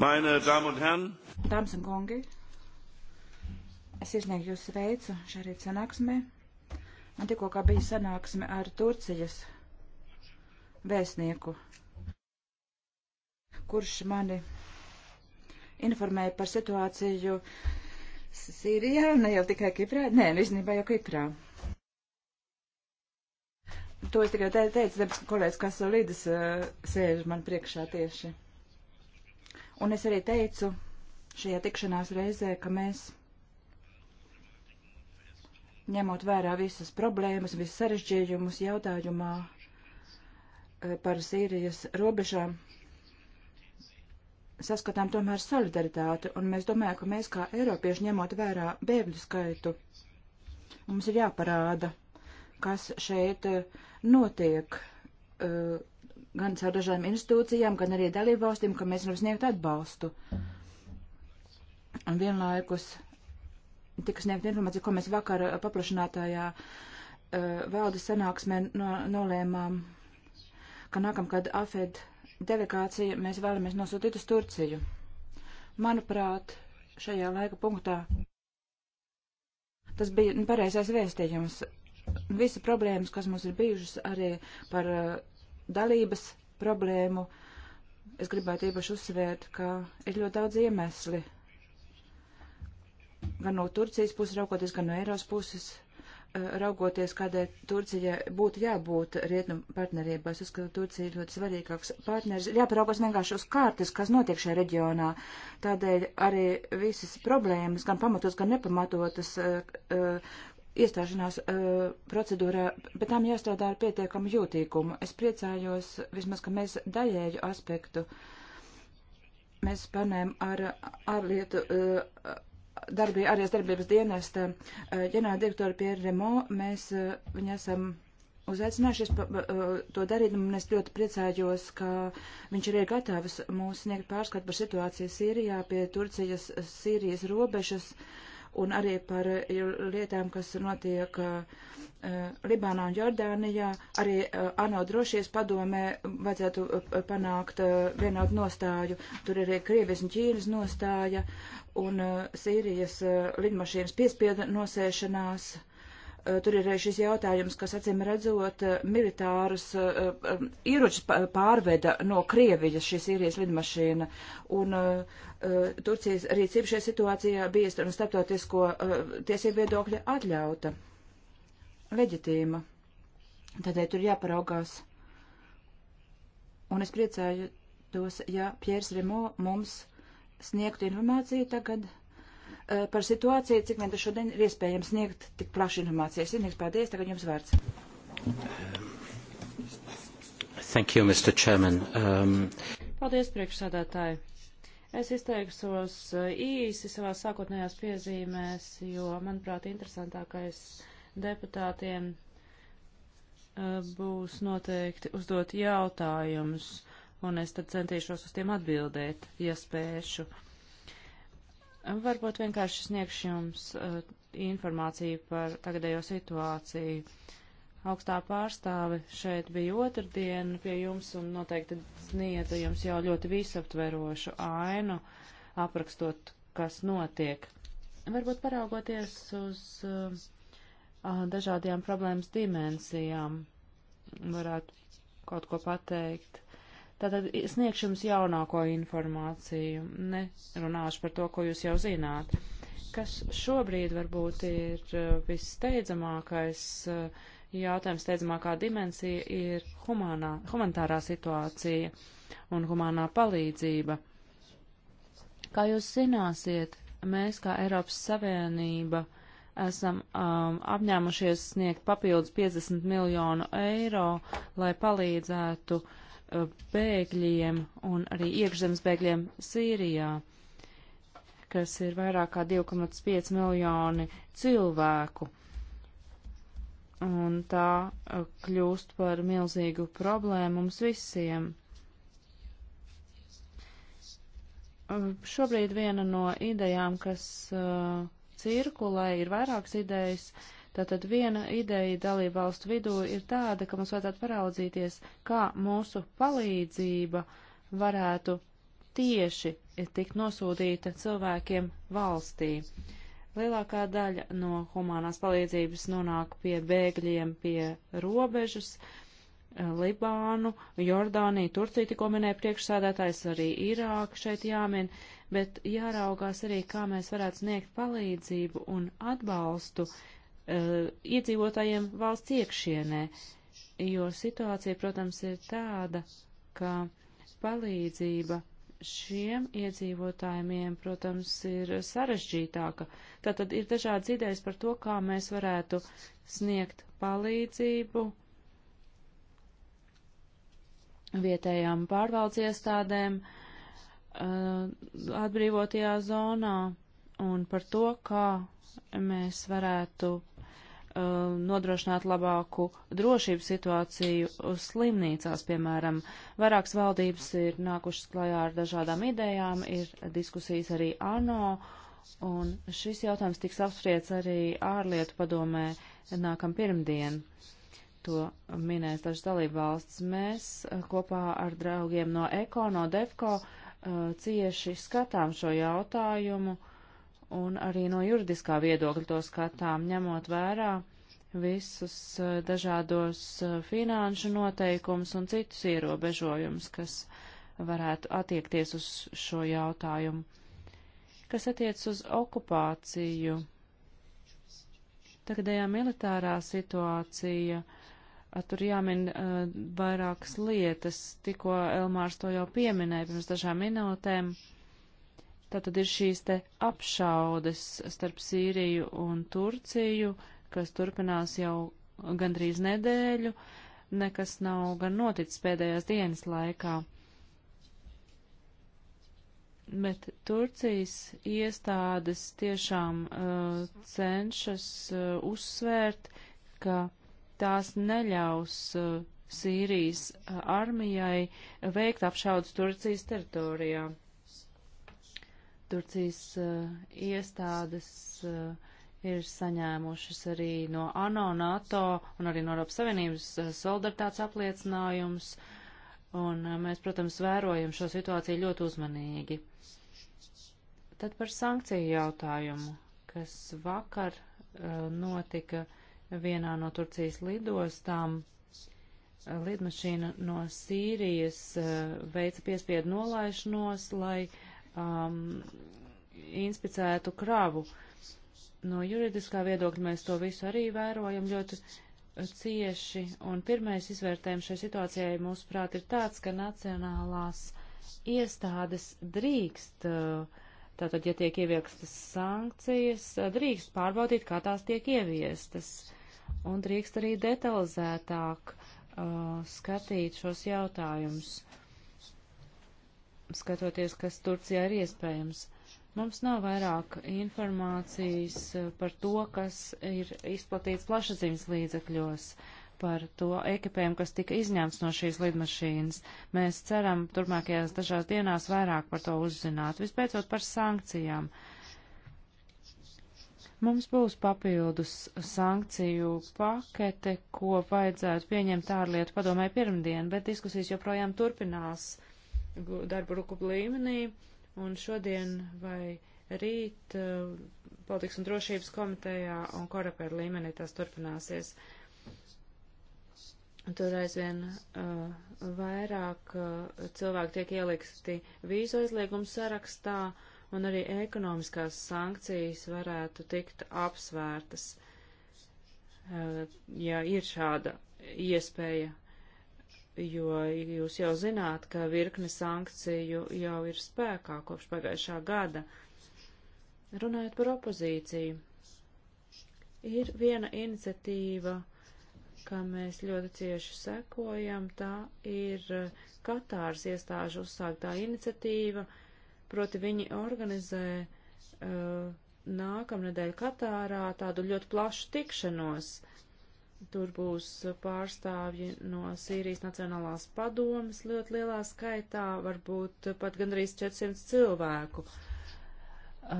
Meine Damen un Herren, Dāmas un kungi, es izniegšu jūs sveicu šorīt sanāksmē. Man tikko kā bija sanāksme ar Turcijas vēstnieku, kurš mani informēja par situāciju Sīrijā, ne jau tikai Kiprā, nē, īstenībā jau Kiprā. To es tikai teicu, tāpēc kolēģis Kasolīdis eh, sēž man priekšā tieši. Un es arī teicu šajā tikšanās reizē, ka mēs, ņemot vērā visas problēmas, visas sarežģījumus jautājumā eh, par Sīrijas robežām, saskatām tomēr solidaritāti, un mēs domājam, ka mēs kā Eiropieši ņemot vērā bēgļu skaitu, mums ir jāparāda, kas šeit eh, notiek, eh, gan caur dažādām institūcijām, gan arī dalībvalstīm, ka mēs varam sniegt atbalstu. Un vienlaikus tika sniegt informācija, ko mēs vakar paplašinātājā uh, valdes sanāksmē no, nolēmām, ka nākamgad AFED delegācija mēs vēlamies nosūtīt uz Turciju. Manuprāt, šajā laika punktā tas bija pareizais vēstījums. Visi problēmas, kas mums ir bijušas arī par uh, dalības problēmu, es gribētu īpaši uzsvērt, ka ir ļoti daudz iemesli. Gan no Turcijas puses raugoties, gan no Eiropas puses eh, raugoties, kādai Turcijai būtu jābūt rietumu partnerībā. Es uzskatu, ka Turcija ir ļoti svarīgāks partneris. Jāparaugās vienkārši uz kārtas, kas notiek šajā reģionā. Tādēļ arī visas problēmas, gan pamatotas, gan nepamatotas, eh, eh, iestāšanās uh, procedūrā, bet tām jāstrādā ar pietiekamu jūtīgumu. Es priecājos, vismaz, ka mēs daļēju aspektu mēs spēnēm ar ārlietu uh, eh, darbī, ārējās darbības dienesta uh, eh, ģenerāla direktora Pierre Remo. Mēs uh, viņu esam uzaicinājušies pa, uh, to darīt, un es ļoti priecājos, ka viņš ir gatavs mūs sniegt pārskatu par situāciju Sīrijā pie Turcijas, Sīrijas robežas. Uh, un arī par eh, lietām, kas notiek eh, Libānā un Jordānijā. Arī eh, ANO drošies padomē vajadzētu panākt vienotu nostāju. Tur ir arī Krievijas un Ķīnas nostāja un Sīrijas lidmašīnas piespieda nosēšanās. Eh, tur ir arī šis jautājums, kas acīm redzot eh, militārus eh, ieročus pārveda no Krievijas šī Sīrijas lidmašīna. Un Turcijas rīcība šajā situācijā bija starptautisko tiesību viedokļa atļauta, leģitīma. Tādēļ tur jāparaugās. Un es priecāju tos, ja Piers Remo mums sniegtu informāciju tagad Eh, par situāciju, cik vien tas šodien ir iespējams sniegt tik plašu informāciju. Sīnīgs, paldies, tagad jums vārds. Thank you, Mr. Chairman. Um... Paldies, priekšsādātāji. Es izteikšos eh, īsi savās sākotnējās piezīmēs, jo, manuprāt, interesantākais deputātiem eh, būs noteikti uzdot jautājumus, un es tad centīšos uz tiem atbildēt, ja spēšu. Uh, Varbūt vienkārši sniegšu jums uh, informāciju par tagadējo situāciju. Augstā pārstāve šeit bija otrdien pie jums un noteikti sniedza jums jau ļoti visaptverošu ainu, aprakstot, kas notiek. Varbūt paraugoties uz uh, dažādajām problēmas dimensijām, varētu kaut ko pateikt. Tātad sniegšu jums jaunāko informāciju, nerunāšu par to, ko jūs jau zināt. Kas šobrīd varbūt ir uh, vissteidzamākais uh, jautājums, steidzamākā dimensija ir humanā, humanitārā situācija un humanā palīdzība. Kā jūs zināsiet, mēs kā Eiropas Savienība esam um, apņēmušies sniegt papildus 50 miljonu eiro, lai palīdzētu uh, bēgļiem un arī iekšzemes bēgļiem Sīrijā, kas ir vairāk kā 2,5 miljoni cilvēku. Un tā e, kļūst par milzīgu problēmu mums visiem. E, šobrīd viena no idejām, kas uh, cirkulē, ir vairākas idejas, uh, Tātad viena ideja dalību valstu vidū ir tāda, ka mums vajadzētu paraudzīties, kā mūsu palīdzība varētu tieši tikt nosūtīta cilvēkiem valstī. Lielākā daļa no humanās palīdzības nonāk pie bēgļiem pie robežas, Libānu, Jordāniju, Turciju tikko minēja priekšsādātājs, arī Irāku šeit jāmin, bet jāraugās arī, kā mēs varētu sniegt palīdzību un atbalstu Eh, iedzīvotājiem valsts iekšienē, jo situācija, protams, ir tāda, ka palīdzība šiem iedzīvotājiem, protams, ir sarežģītāka. Tātad ir dažādas idejas par to, kā mēs varētu sniegt palīdzību vietējām pārvaldes iestādēm eh, atbrīvotajā zonā un par to, kā mēs varētu Uh, nodrošināt labāku drošības situāciju slimnīcās, piemēram. Vairākas valdības ir nākušas klajā ar dažādām idejām, ir diskusijas arī ANO, un šis jautājums tiks apspriests arī ārlietu padomē nākam pirmdien. To minēs dažas dalība valsts. Mēs uh, kopā ar draugiem no ECO, no DEFCO uh, cieši skatām šo jautājumu un arī no juridiskā viedokļa to skatām, ņemot vērā visus eh, dažādos eh, finanšu noteikumus un citus ierobežojumus, kas varētu attiekties uz šo jautājumu. Kas attiec uz okupāciju, tagadējā militārā situācija, tur jāmin uh, vairākas lietas, tikko Elmārs to jau pieminēja pirms dažām minūtēm. Uh, Tātad ir šīs te apšaudes starp Sīriju un Turciju, kas turpinās jau gandrīz nedēļu, nekas nav gan noticis pēdējās dienas laikā. Bet Turcijas iestādes tiešām uh, cenšas uh, uzsvērt, ka tās neļaus uh, Sīrijas uh, armijai veikt apšaudus Turcijas teritorijā. Turcijas uh, iestādes uh, ir saņēmušas arī no ANO, NATO un arī no Eiropas Savienības uh, solidaritātes apliecinājumus, un uh, mēs, protams, vērojam šo situāciju ļoti uzmanīgi. Tad par sankciju jautājumu, kas vakar uh, notika vienā no Turcijas lidostām lidmašīna no Sīrijas veica piespiedu nolaišanos, lai um, inspicētu kravu. No juridiskā viedokļa mēs to visu arī vērojam ļoti uh, cieši, un pirmais izvērtējums šai situācijai mūsuprāt ir tāds, ka nacionālās iestādes drīkst, uh, tātad, ja tiek ieviestas sankcijas, uh, drīkst pārbaudīt, kā tās tiek ieviestas, un drīkst arī detalizētāk uh, skatīt šos jautājumus. Uh, skatoties, kas Turcijā ir iespējams. Mums nav vairāk informācijas eh, par to, kas ir izplatīts plašsaziņas līdzekļos, par to ekipējumu, kas tika izņemts no šīs lidmašīnas. Mēs ceram turpmākajās dažās dienās vairāk par to uzzināt, vispēcot par sankcijām. Mums būs papildus sankciju pakete, ko vajadzētu pieņemt ārlietu padomē pirmdien, bet diskusijas joprojām turpinās darba rukup līmenī, un šodien vai rīt uh, politikas un drošības komitejā un korapēra līmenī tas turpināsies. Tur aizvien uh, vairāk uh, cilvēki tiek ieliksti vīzu aizliegumu sarakstā, un arī ekonomiskās sankcijas varētu tikt apsvērtas, uh, ja ir šāda iespēja. Uh, jo jūs jau zināt, ka virkne sankciju jau ir spēkā kopš pagājušā gada. Runājot par opozīciju, ir viena iniciatīva, kam mēs ļoti cieši sekojam, tā ir eh, Katāras iestāžu uzsāktā iniciatīva, proti viņi organizē uh, nākamnedēļ Katārā tādu ļoti plašu tikšanos uh, Tur būs pārstāvji no Sīrijas Nacionālās padomas ļoti lielā skaitā, varbūt pat gandrīz 400 cilvēku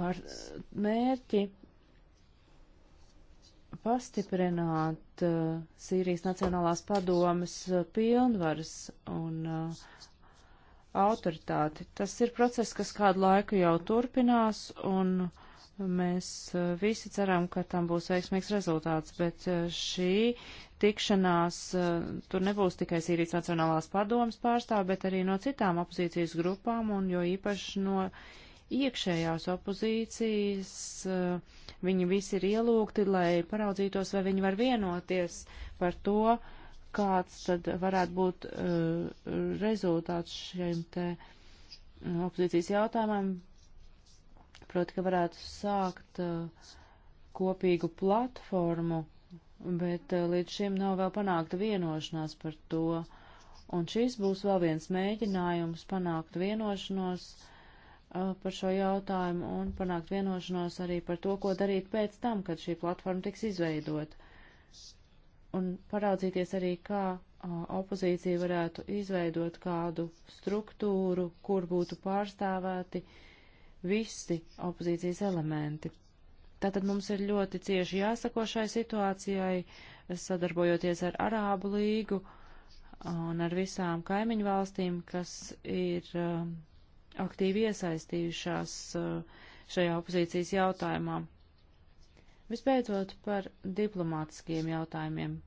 ar mērķi pastiprināt uh, Sīrijas Nacionālās padomas uh, pilnvaras un uh, autoritāti. Tas ir process, kas kādu laiku jau turpinās, un uh, Mēs eh, visi ceram, ka tam būs veiksmīgs rezultāts, bet eh, šī tikšanās, eh, tur nebūs tikai Sīrijas Nacionālās padomas pārstāv, bet arī no citām opozīcijas grupām un jo īpaši no iekšējās opozīcijas, viņi visi ir ielūgti, lai paraudzītos, vai viņi var vienoties par to, kāds tad varētu būt uh, rezultāts šiem te opozīcijas jautājumam proti, ka varētu sākt uh, kopīgu platformu, bet uh, līdz šim nav vēl panākta vienošanās par to. Un šis būs vēl viens mēģinājums panākt vienošanos uh, par šo jautājumu un panākt vienošanos arī par to, ko darīt pēc tam, kad šī platforma tiks izveidot. Un paraudzīties arī, kā opozīcija varētu izveidot kādu struktūru, kur būtu pārstāvēti uh, visi opozīcijas elementi. Tātad mums ir ļoti cieši jāsako šai situācijai, sadarbojoties ar Arābu līgu un ar visām kaimiņu valstīm, kas ir um, aktīvi iesaistījušās uh, šajā opozīcijas jautājumā. Vispēcot par diplomātiskiem jautājumiem.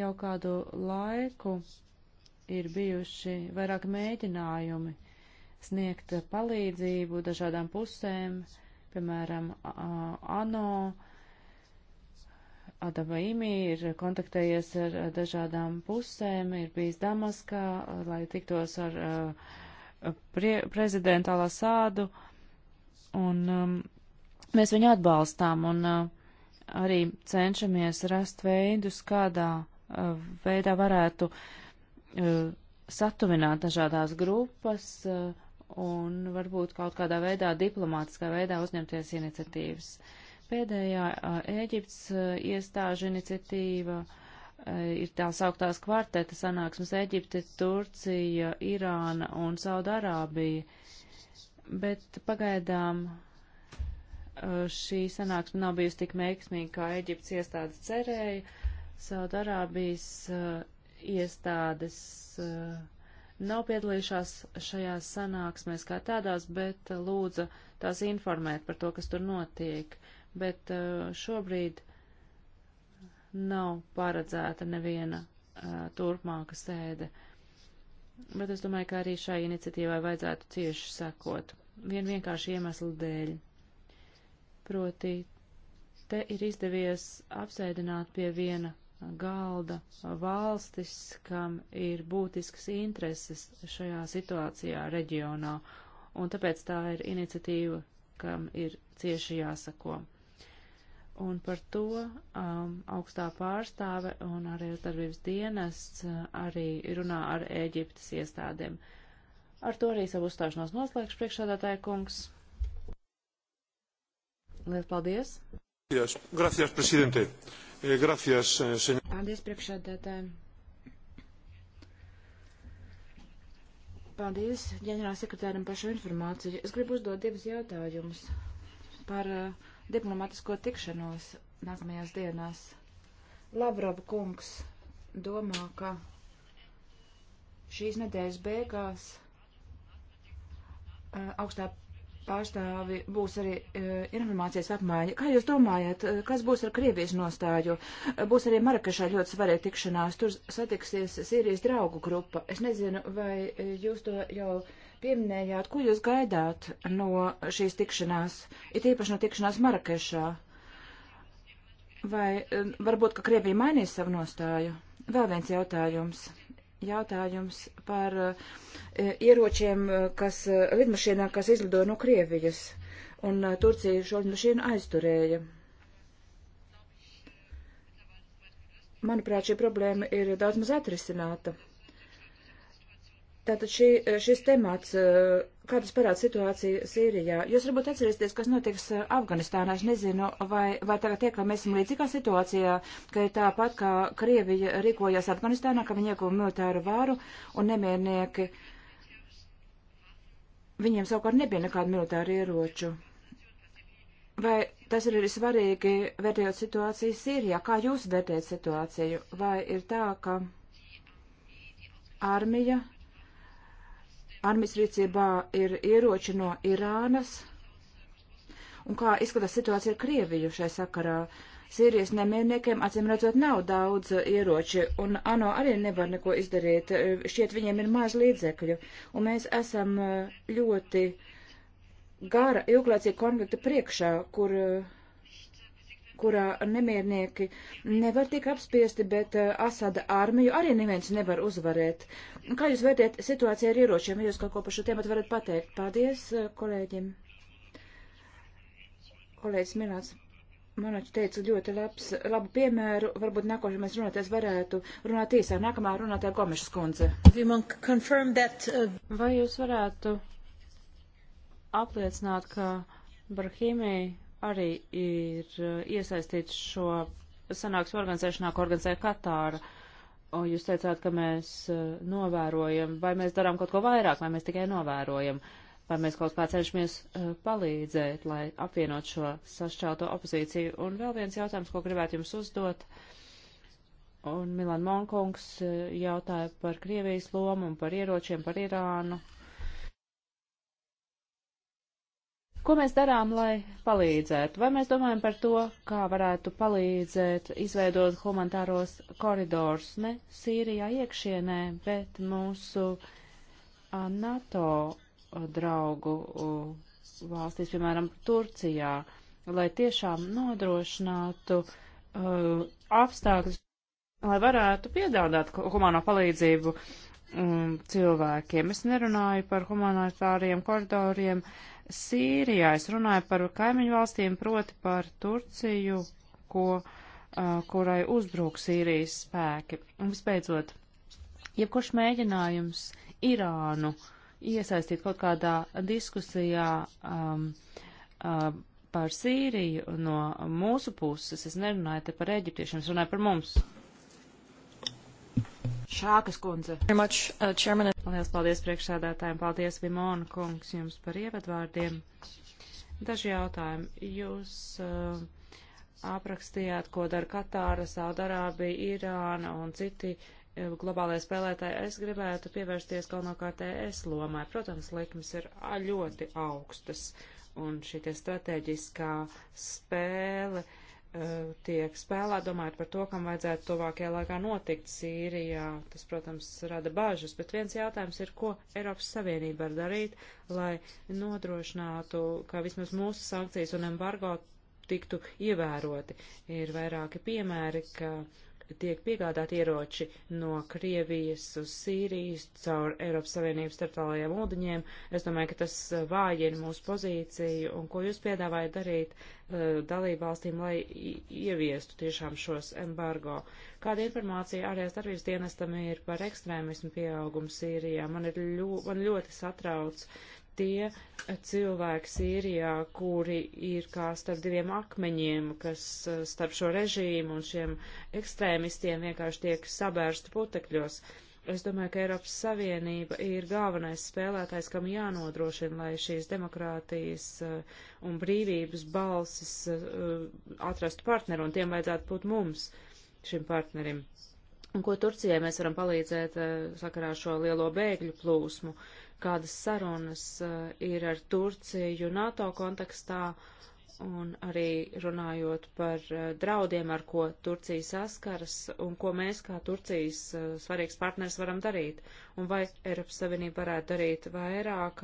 Jau kādu laiku ir bijuši vairāk mēģinājumi sniegt palīdzību dažādām pusēm, piemēram, ANO, Adaba Imī ir kontaktējies ar dažādām pusēm, ir bijis Damaskā, lai tiktos ar pre prezidentu Alasādu, un um, mēs viņu atbalstām un uh, arī cenšamies rast veidus, kādā uh, veidā varētu uh, satuvināt dažādās grupas, uh, un varbūt kaut kādā veidā, diplomātiskā veidā uzņemties iniciatīvas. Pēdējā Ēģipts iestāžu iniciatīva ir tā sauktās kvarteta sanāksmes Eģipte, Turcija, Irāna un Saudārābija. Bet pagaidām šī sanāksme nav bijusi tik veiksmīga, kā Eģiptes iestādes cerēja. Saudārābijas iestādes uh, nav piedalījušās šajās sanāksmēs kā tādās, bet eh, lūdza tās informēt par to, kas tur notiek. Bet eh, šobrīd nav paredzēta neviena eh, turpmāka sēde. Bet es domāju, ka arī šai iniciatīvai vajadzētu cieši sekot. Vien vienkārši iemeslu dēļ. Proti, te ir izdevies apsēdināt pie viena galda valstis, kam ir būtiskas intereses šajā situācijā reģionā, un tāpēc tā ir iniciatīva, kam ir cieši jāsako. Un par to um, augstā pārstāve un arī darbības dienests uh, arī runā ar Ēģiptes iestādēm. Ar to arī savu uzstāšanos noslēgšu priekšādātāja kungs. Liels paldies! Gracias, gracias, presidente. Uh, Eh, gracias, eh, seņ... Paldies, priekšsēdētāji. Paldies ģenerālsekretāram par šo informāciju. Es gribu uzdot divus jautājumus par uh, diplomatisko tikšanos nākamajās dienās. Lavrova kungs domā, ka šīs nedēļas beigās uh, augstā pārstāvi būs arī e, informācijas apmaiņa. Kā jūs domājat, e, kas būs ar Krievijas nostāju? E, būs arī Marakešā ļoti svarīga tikšanās. Tur satiksies Sīrijas draugu grupa. Es nezinu, vai e, jūs to jau pieminējāt. Ko jūs gaidāt no šīs tikšanās? Ir īpaši no tikšanās Marakešā. Vai varbūt, ka Krievija mainīs savu nostāju? Vēl viens jautājums jautājums par e, ieročiem, e, kas e, lidmašīnā, kas izlidoja no Krievijas, un Turcija šo lidmašīnu aizturēja. Manuprāt, šī problēma ir daudz maz atrisināta. Tātad šī, šis temats, eh, kā tas parāda situāciju Sīrijā, jūs varbūt atcerēsieties, kas notiks eh, Afganistānā, es nezinu, vai, vai tagad tiek, ka mēs esam līdzīgā situācijā, ka ir tāpat, kā Krievija rīkojās Afganistānā, ka viņi ieguva militāru vāru un nemiernieki, viņiem savukārt nebija nekādu militāru ieroču. Vai tas ir arī svarīgi vērtējot situāciju Sīrijā? Kā jūs vērtējat situāciju? Vai ir tā, ka armija armijas rīcībā ir ieroči no Irānas. Un kā izskatās situācija ar Krieviju šai sakarā? Sīrijas nemierniekiem acīm redzot nav daudz ieroči, un ANO arī nevar neko izdarīt. Šķiet, viņiem ir maz līdzekļu, un mēs esam eh, ļoti gara ilglaicīga konflikta priekšā, kur uh, kurā nemiernieki nevar tik apspiesti, bet eh, Asada armiju arī neviens nevar uzvarēt. Kā jūs vērtējat situāciju ar ieročiem? Jūs kaut ko par šo tēmu varat pateikt? Paldies eh, kolēģim. Kolēģis Milāns. Manoči teica ļoti labs, labu piemēru. Varbūt nākošajā mēs runāties varētu runāt īsāk. Nākamā runātāja Gomešas kundze. Uh, Vai jūs varētu apliecināt, ka Brahīmī arī ir eh, iesaistīts šo sanāksmu organizēšanā, ko organizē Katāra. O, jūs teicāt, ka mēs eh, novērojam, vai mēs darām kaut ko vairāk, vai mēs tikai novērojam, vai mēs kaut kā cenšamies eh, palīdzēt, lai apvienot šo sašķelto opozīciju. Un vēl viens jautājums, ko gribētu jums uzdot. Un Milan Monkungs jautāja par Krievijas lomu un par ieročiem, par Irānu Ko mēs darām, lai palīdzētu? Vai mēs domājam par to, kā varētu palīdzēt izveidot humanitāros koridors ne Sīrijā iekšienē, bet mūsu NATO draugu valstīs, piemēram, Turcijā, lai tiešām nodrošinātu uh, apstākļus, lai varētu piedāvāt humano palīdzību um, cilvēkiem. Es nerunāju par humanitāriem koridoriem. Uh, Sīrijā. Es runāju par kaimiņu valstīm, proti par Turciju, ko, kurai uzbruk Sīrijas spēki. Un visbeidzot, jebkurš mēģinājums Irānu iesaistīt kaut kādā diskusijā um, um, par Sīriju no mūsu puses, es nerunāju te par eģiptiešiem, es runāju par mums. Šākas kundze. Much, uh, Lielas paldies priekšsēdētājiem, paldies Vimona kungs jums par ievadvārdiem. Daži jautājumi. Jūs uh, aprakstījāt, ko dara Katāra, Saudarābija, Irāna un citi uh, globālajie spēlētāji. Es gribētu pievērsties galvenokārt ES lomai. Protams, likmes ir ļoti augstas un šī strateģiskā spēle. Uh, Uh, tiek spēlēt, domājot par to, kam vajadzētu tuvākajā laikā notikt Sīrijā. Tas, protams, rada bažas, bet viens jautājums ir, ko Eiropas Savienība var darīt, lai nodrošinātu, ka vismaz mūsu sankcijas un embargo tiktu ievēroti. Ir vairāki piemēri, ka uh, tiek piegādāti ieroči no Krievijas uz Sīrijas caur Eiropas Savienības starptālajiem ūdeņiem. Es domāju, ka tas eh, vājina mūsu pozīciju un ko jūs piedāvājat darīt uh, eh, dalībvalstīm, lai ieviestu tiešām šos embargo. Kāda informācija ārējās darbības dienestam ir par ekstrēmismu pieaugumu Sīrijā? Man, ir ļo, man ļoti satrauc tie cilvēki Sīrijā, kuri ir kā starp diviem akmeņiem, kas eh, starp šo režīmu un šiem ekstrēmistiem vienkārši tiek sabērsti putekļos. Es domāju, ka Eiropas Savienība ir galvenais spēlētājs, kam jānodrošina, lai šīs demokrātijas eh, un brīvības balsis eh, atrastu partneru, un tiem vajadzētu būt mums, šim partnerim. Un ko Turcijai mēs varam palīdzēt sakarā šo lielo bēgļu plūsmu? kādas sarunas eh, ir ar Turciju NATO kontekstā un arī runājot par eh, draudiem, ar ko Turcija saskaras un ko mēs kā Turcijas eh, svarīgs partners varam darīt. Un vai Eiropas Savienība varētu darīt vairāk,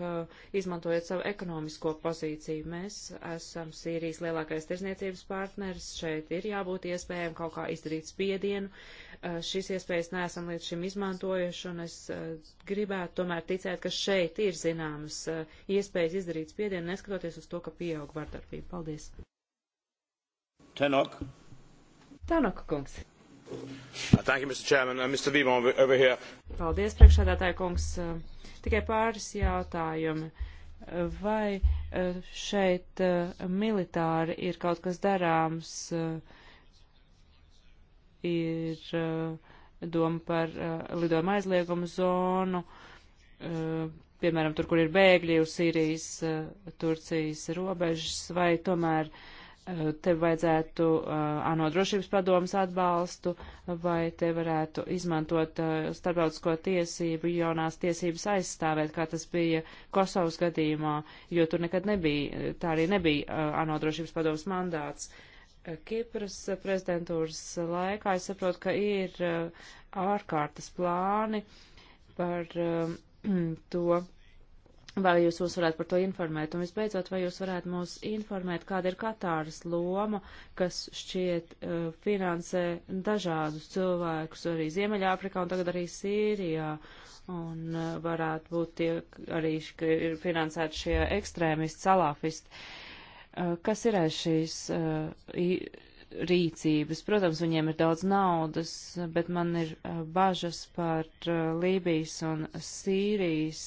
izmantojot savu ekonomisko pozīciju. Mēs esam Sīrijas lielākais tirzniecības partners, šeit ir jābūt iespējām kaut kā izdarīt spiedienu, šīs iespējas neesam līdz šim izmantojuši, un es gribētu tomēr ticēt, ka šeit ir zināmas iespējas izdarīt spiedienu, neskatoties uz to, ka pieaug vardarbība. Paldies! Tenok. Tenok, kungs. Uh, thank you, Mr. Chairman. Uh, Mr. Vimon, over here. Paldies, priekšādātāja kungs. Tikai pāris jautājumi. Vai šeit militāri ir kaut kas darāms? Uh, ir eh, doma par eh, lidojuma aizliegumu zonu, eh, piemēram, tur, kur ir bēgļi uz Sīrijas, Turcijas robežas, vai tomēr te vajadzētu ANO drošības padomas atbalstu, vai te varētu izmantot starptautisko tiesību jaunās tiesības aizstāvēt, kā tas bija Kosovas gadījumā, jo tur nekad nebija, tā arī nebija ANO drošības padomas mandāts. Uh, Kipras prezidentūras laikā es saprotu, ka ir eh, ārkārtas plāni par eh, to, vai jūs mūs varētu par to informēt. Un visbeidzot, vai jūs varētu mūs informēt, kāda ir Katāras loma, kas šķiet eh, finansē dažādus cilvēkus arī Ziemeļāfrikā un tagad arī Sīrijā. Un varētu būt tie arī, ka ir finansēti šie ekstrēmisti, salāfisti. Uh, Eh, kas ir aiz šīs eh, rīcības. Protams, viņiem ir daudz naudas, bet man ir eh, bažas par Lībijas un Sīrijas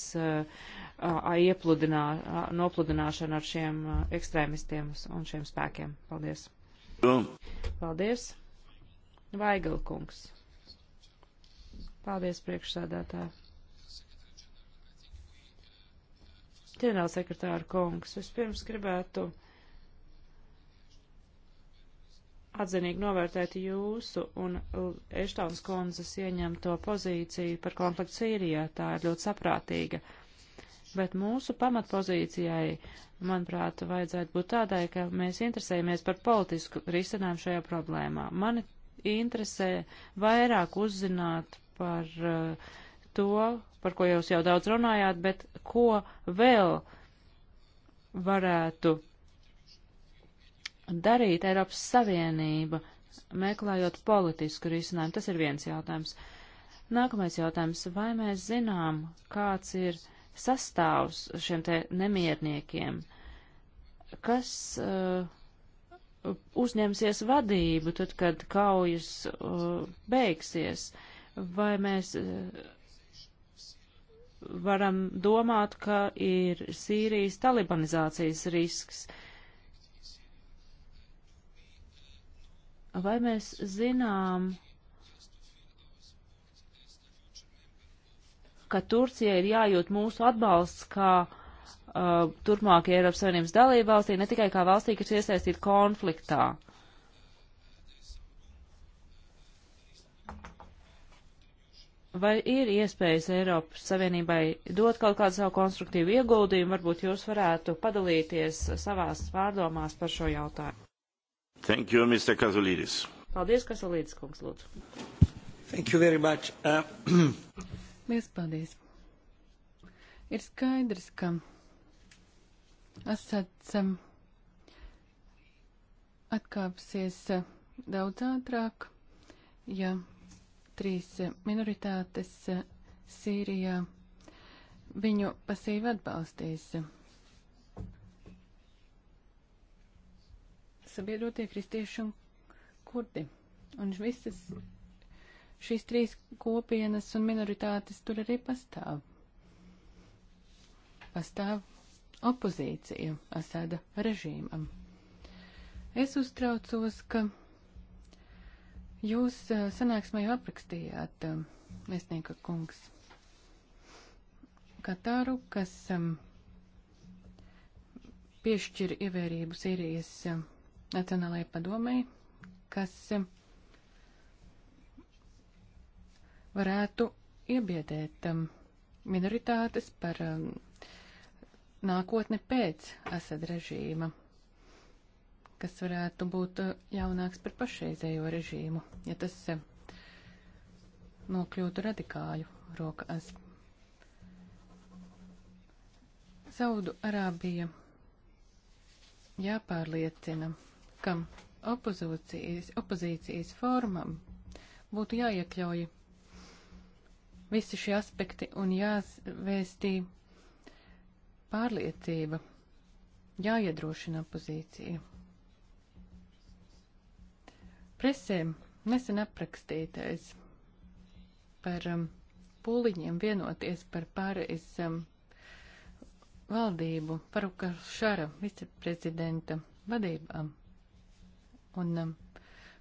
iepludinā, nopludināšanu ar šiem ekstrēmistiem un šiem spēkiem. Paldies. Paldies. Vaigalkungs. Paldies, priekšsādātāji. Ģenerālsekretāra kungs, vispirms gribētu atzinīgi novērtēt jūsu un Eštāns kundzes ieņemto pozīciju par konfliktu Sīrijā. Tā ir ļoti saprātīga. Bet mūsu pamatpozīcijai, manuprāt, vajadzētu būt tādai, ka mēs interesējamies par politisku risinājumu šajā problēmā. Mani interesē vairāk uzzināt par uh, to, par ko jūs jau daudz runājāt, bet ko vēl varētu darīt Eiropas Savienība, meklējot politisku risinājumu? Tas ir viens jautājums. Nākamais jautājums. Vai mēs zinām, kāds ir sastāvs šiem te nemierniekiem? Kas uh, uzņemsies vadību tad, kad kaujas uh, beigsies? Vai mēs. Uh, varam domāt, ka ir Sīrijas talibanizācijas risks. Vai mēs zinām, ka Turcija ir jājūt mūsu atbalsts kā uh, turpmākajai Eiropas Savienības dalībvalstī, ne tikai kā valstī, kas iesaistīta konfliktā? Vai ir iespējas Eiropas Savienībai dot kaut kādu savu konstruktīvu ieguldījumu? Varbūt jūs varētu padalīties savās pārdomās par šo jautājumu. Thank you, Mr. Kazulīdis. Paldies, Kazulīdis kungs, lūdzu. Thank you very much. Uh, Liels paldies. Ir skaidrs, ka esat um, atkāpsies uh, daudz ātrāk, ja trīs uh, minoritātes uh, Sīrijā viņu pasīvi atbalstīs. sabiedrotie kristieši un kurdi. Un visas šīs trīs kopienas un minoritātes tur arī pastāv. Pastāv opozīcija Asada režīmam. Es uztraucos, ka jūs sanāksmē jau aprakstījāt, vēstnieka kungs, Katāru, kas piešķir ievērību Sīrijas Nacionālajai padomei, kas varētu iebiedēt um, minoritātes par um, nākotni pēc Asad režīma, kas varētu būt uh, jaunāks par pašreizējo režīmu, ja tas um, nokļūtu radikāļu rokās. Saudu Arābija jāpārliecina kam opozīcijas, opozīcijas formam būtu jāiekļauj visi šie aspekti un jāsvēstī pārliecība, jāiedrošina opozīcija. Presēm nesen aprakstītais par um, pūliņiem vienoties par pāreiz um, valdību, paruka šara viceprezidenta vadībām. Um, un um,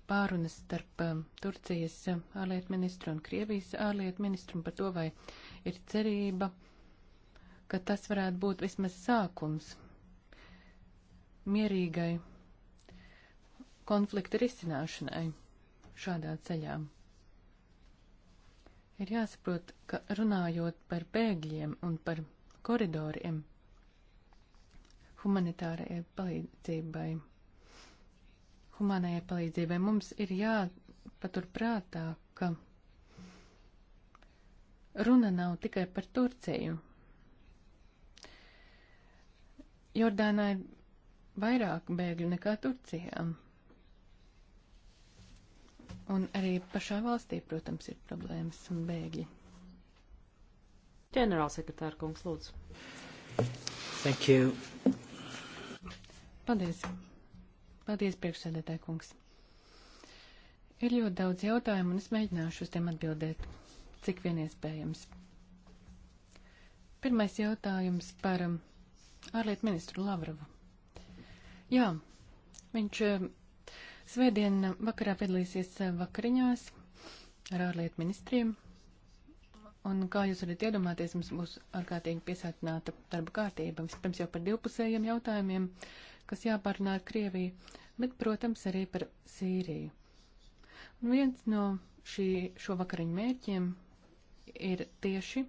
pārunas starp um, Turcijas um, ārlietu ministru un Krievijas ārlietu ministru un par to, vai ir cerība, ka tas varētu būt vismaz sākums mierīgai konflikta risināšanai šādā ceļā. Ir jāsaprot, ka runājot par bēgļiem un par koridoriem, humanitārajai palīdzībai humanajai palīdzībai. Mums ir jāpaturprātā, ka runa nav tikai par Turciju. Jordānā ir vairāk bēgļu nekā Turcijā. Un arī pašā valstī, protams, ir problēmas un bēgļi. Ģenerālsekretāra kungs, lūdzu. Thank you. Paldies. Paldies, priekšsēdētāji kungs. Ir ļoti daudz jautājumu, un es mēģināšu uz tiem atbildēt, cik vien iespējams. Pirmais jautājums par um, ārlietu ministru Lavrovu. Jā, viņš um, svētdien um, vakarā piedalīsies uh, vakariņās ar ārlietu ministriem. Un kā jūs varat iedomāties, mums būs ārkārtīgi piesātināta darba kārtība. Vispirms jau par divpusējiem jautājumiem, kas jāpārunā ar Krieviju, bet, protams, arī par Sīriju. Un viens no šī šovakariņu mērķiem ir tieši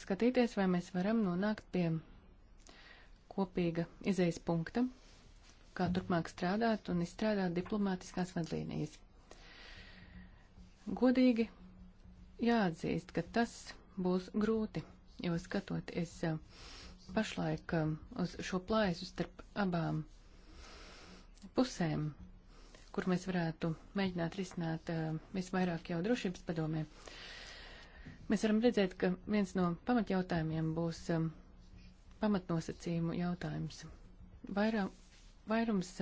skatīties, vai mēs varam nonākt pie kopīga izejas punkta, kā turpmāk strādāt un izstrādāt diplomātiskās vadlīnijas. Godīgi jāatzīst, ka tas būs grūti, jo skatoties uh, pašlaik um, uz šo plaisu starp abām pusēm, kur mēs varētu mēģināt risināt um, visvairāk jau drošības padomē, mēs varam redzēt, ka viens no pamatjautājumiem būs um, pamatnosacījumu jautājums. Vairā, vairums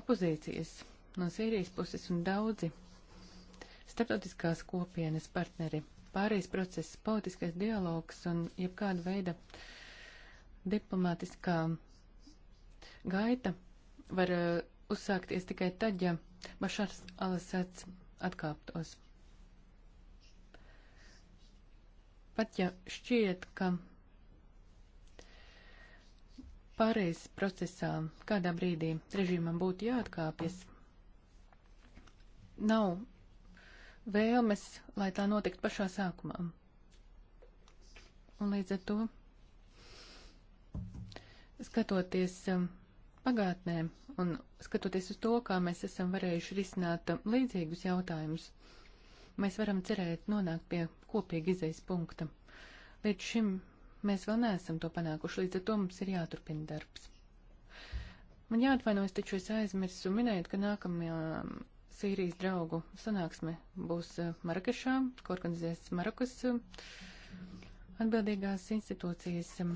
opozīcijas no Sīrijas puses un daudzi starptautiskās kopienas partneri pārējais process, politiskais dialogs un jebkāda veida diplomātiskā gaita var uh, uzsākties tikai tad, ja Bašars Alasats atkāptos. Pat ja šķiet, ka pārējais procesā kādā brīdī režīmam būtu jāatkāpjas, nav vēlmes, lai tā notikt pašā sākumā. Un līdz ar to, skatoties um, pagātnē un skatoties uz to, kā mēs esam varējuši risināt um, līdzīgus jautājumus, mēs varam cerēt nonākt pie kopīga izejas punkta. Līdz šim mēs vēl neesam to panākuši, līdz ar to mums ir jāturpina darbs. Man jāatvainojas, taču es aizmirsu minēt, ka nākamajā Sīrijas draugu sanāksme būs eh, Marakešā, ko organizēs Marokas eh, atbildīgās institūcijas. Eh,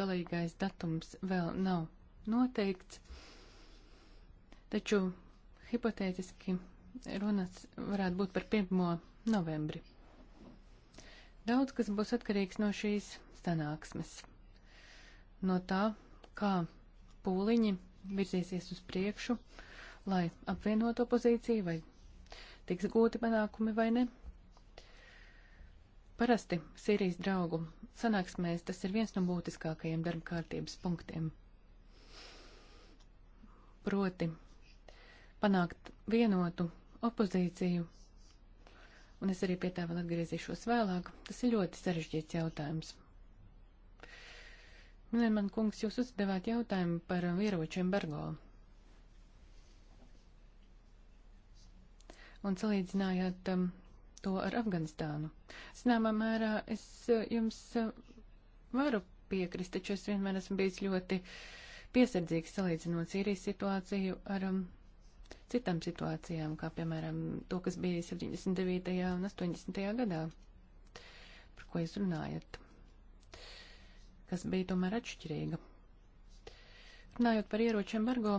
galīgais datums vēl nav noteikts, taču hipotētiski runas varētu būt par 1. novembri. Daudz kas būs atkarīgs no šīs sanāksmes, no tā, kā pūliņi virzīsies uz priekšu, uh, lai apvienotu opozīciju, vai tiks gūti panākumi vai ne. Parasti Sīrijas draugu sanāksmēs tas ir viens no būtiskākajiem darba kārtības punktiem. Proti panākt vienotu opozīciju, un es arī pie tā vēl atgriezīšos vēlāk, tas ir ļoti sarežģīts jautājums. Milēman kungs, jūs uzdevāt jautājumu par ieroču embargo. un salīdzinājāt um, to ar Afganistānu. Zināmā mērā es uh, jums uh, varu piekrist, taču es vienmēr esmu bijis ļoti piesardzīgs salīdzinot Sīrijas situāciju ar um, citām situācijām, kā piemēram to, kas bija 79. un 80. gadā, par ko jūs runājat, kas bija tomēr atšķirīga. Runājot par ieroču embargo,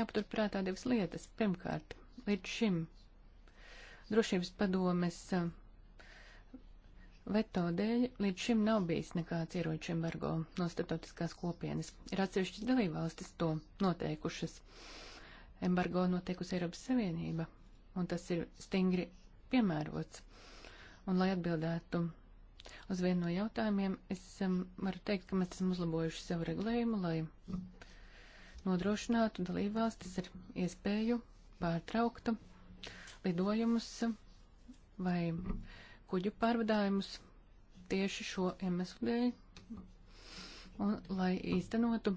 jāpaturprātā divas lietas. Pirmkārt, līdz šim drošības padomes eh, veto dēļ līdz šim nav bijis nekāds ieroču embargo no starptautiskās kopienas. Ir atsevišķas dalībvalstis to noteikušas. Embargo noteikusi Eiropas Savienība, un tas ir stingri piemērots. Un, lai atbildētu uz vienu no jautājumiem, es um, varu teikt, ka mēs esam uzlabojuši savu regulējumu, lai nodrošinātu dalībvalstis ar iespēju pārtrauktu lidojumus vai kuģu pārvadājumus tieši šo iemeslu dēļ, un, lai īstenotu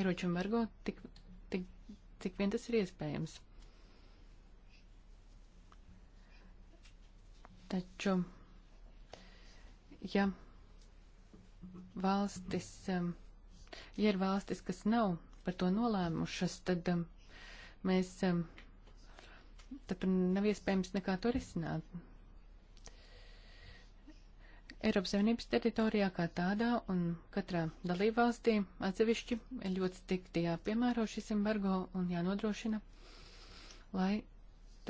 ieroču embargo tik, tik, cik vien tas ir iespējams. Taču, ja valstis, um, ja ir valstis, kas nav par to nolēmušas, tad um, mēs um, tad nav iespējams nekā to risināt. Eiropas Savienības teritorijā kā tādā un katrā dalībvalstī atsevišķi ir ļoti stikti jāpiemēro šis embargo un jānodrošina, lai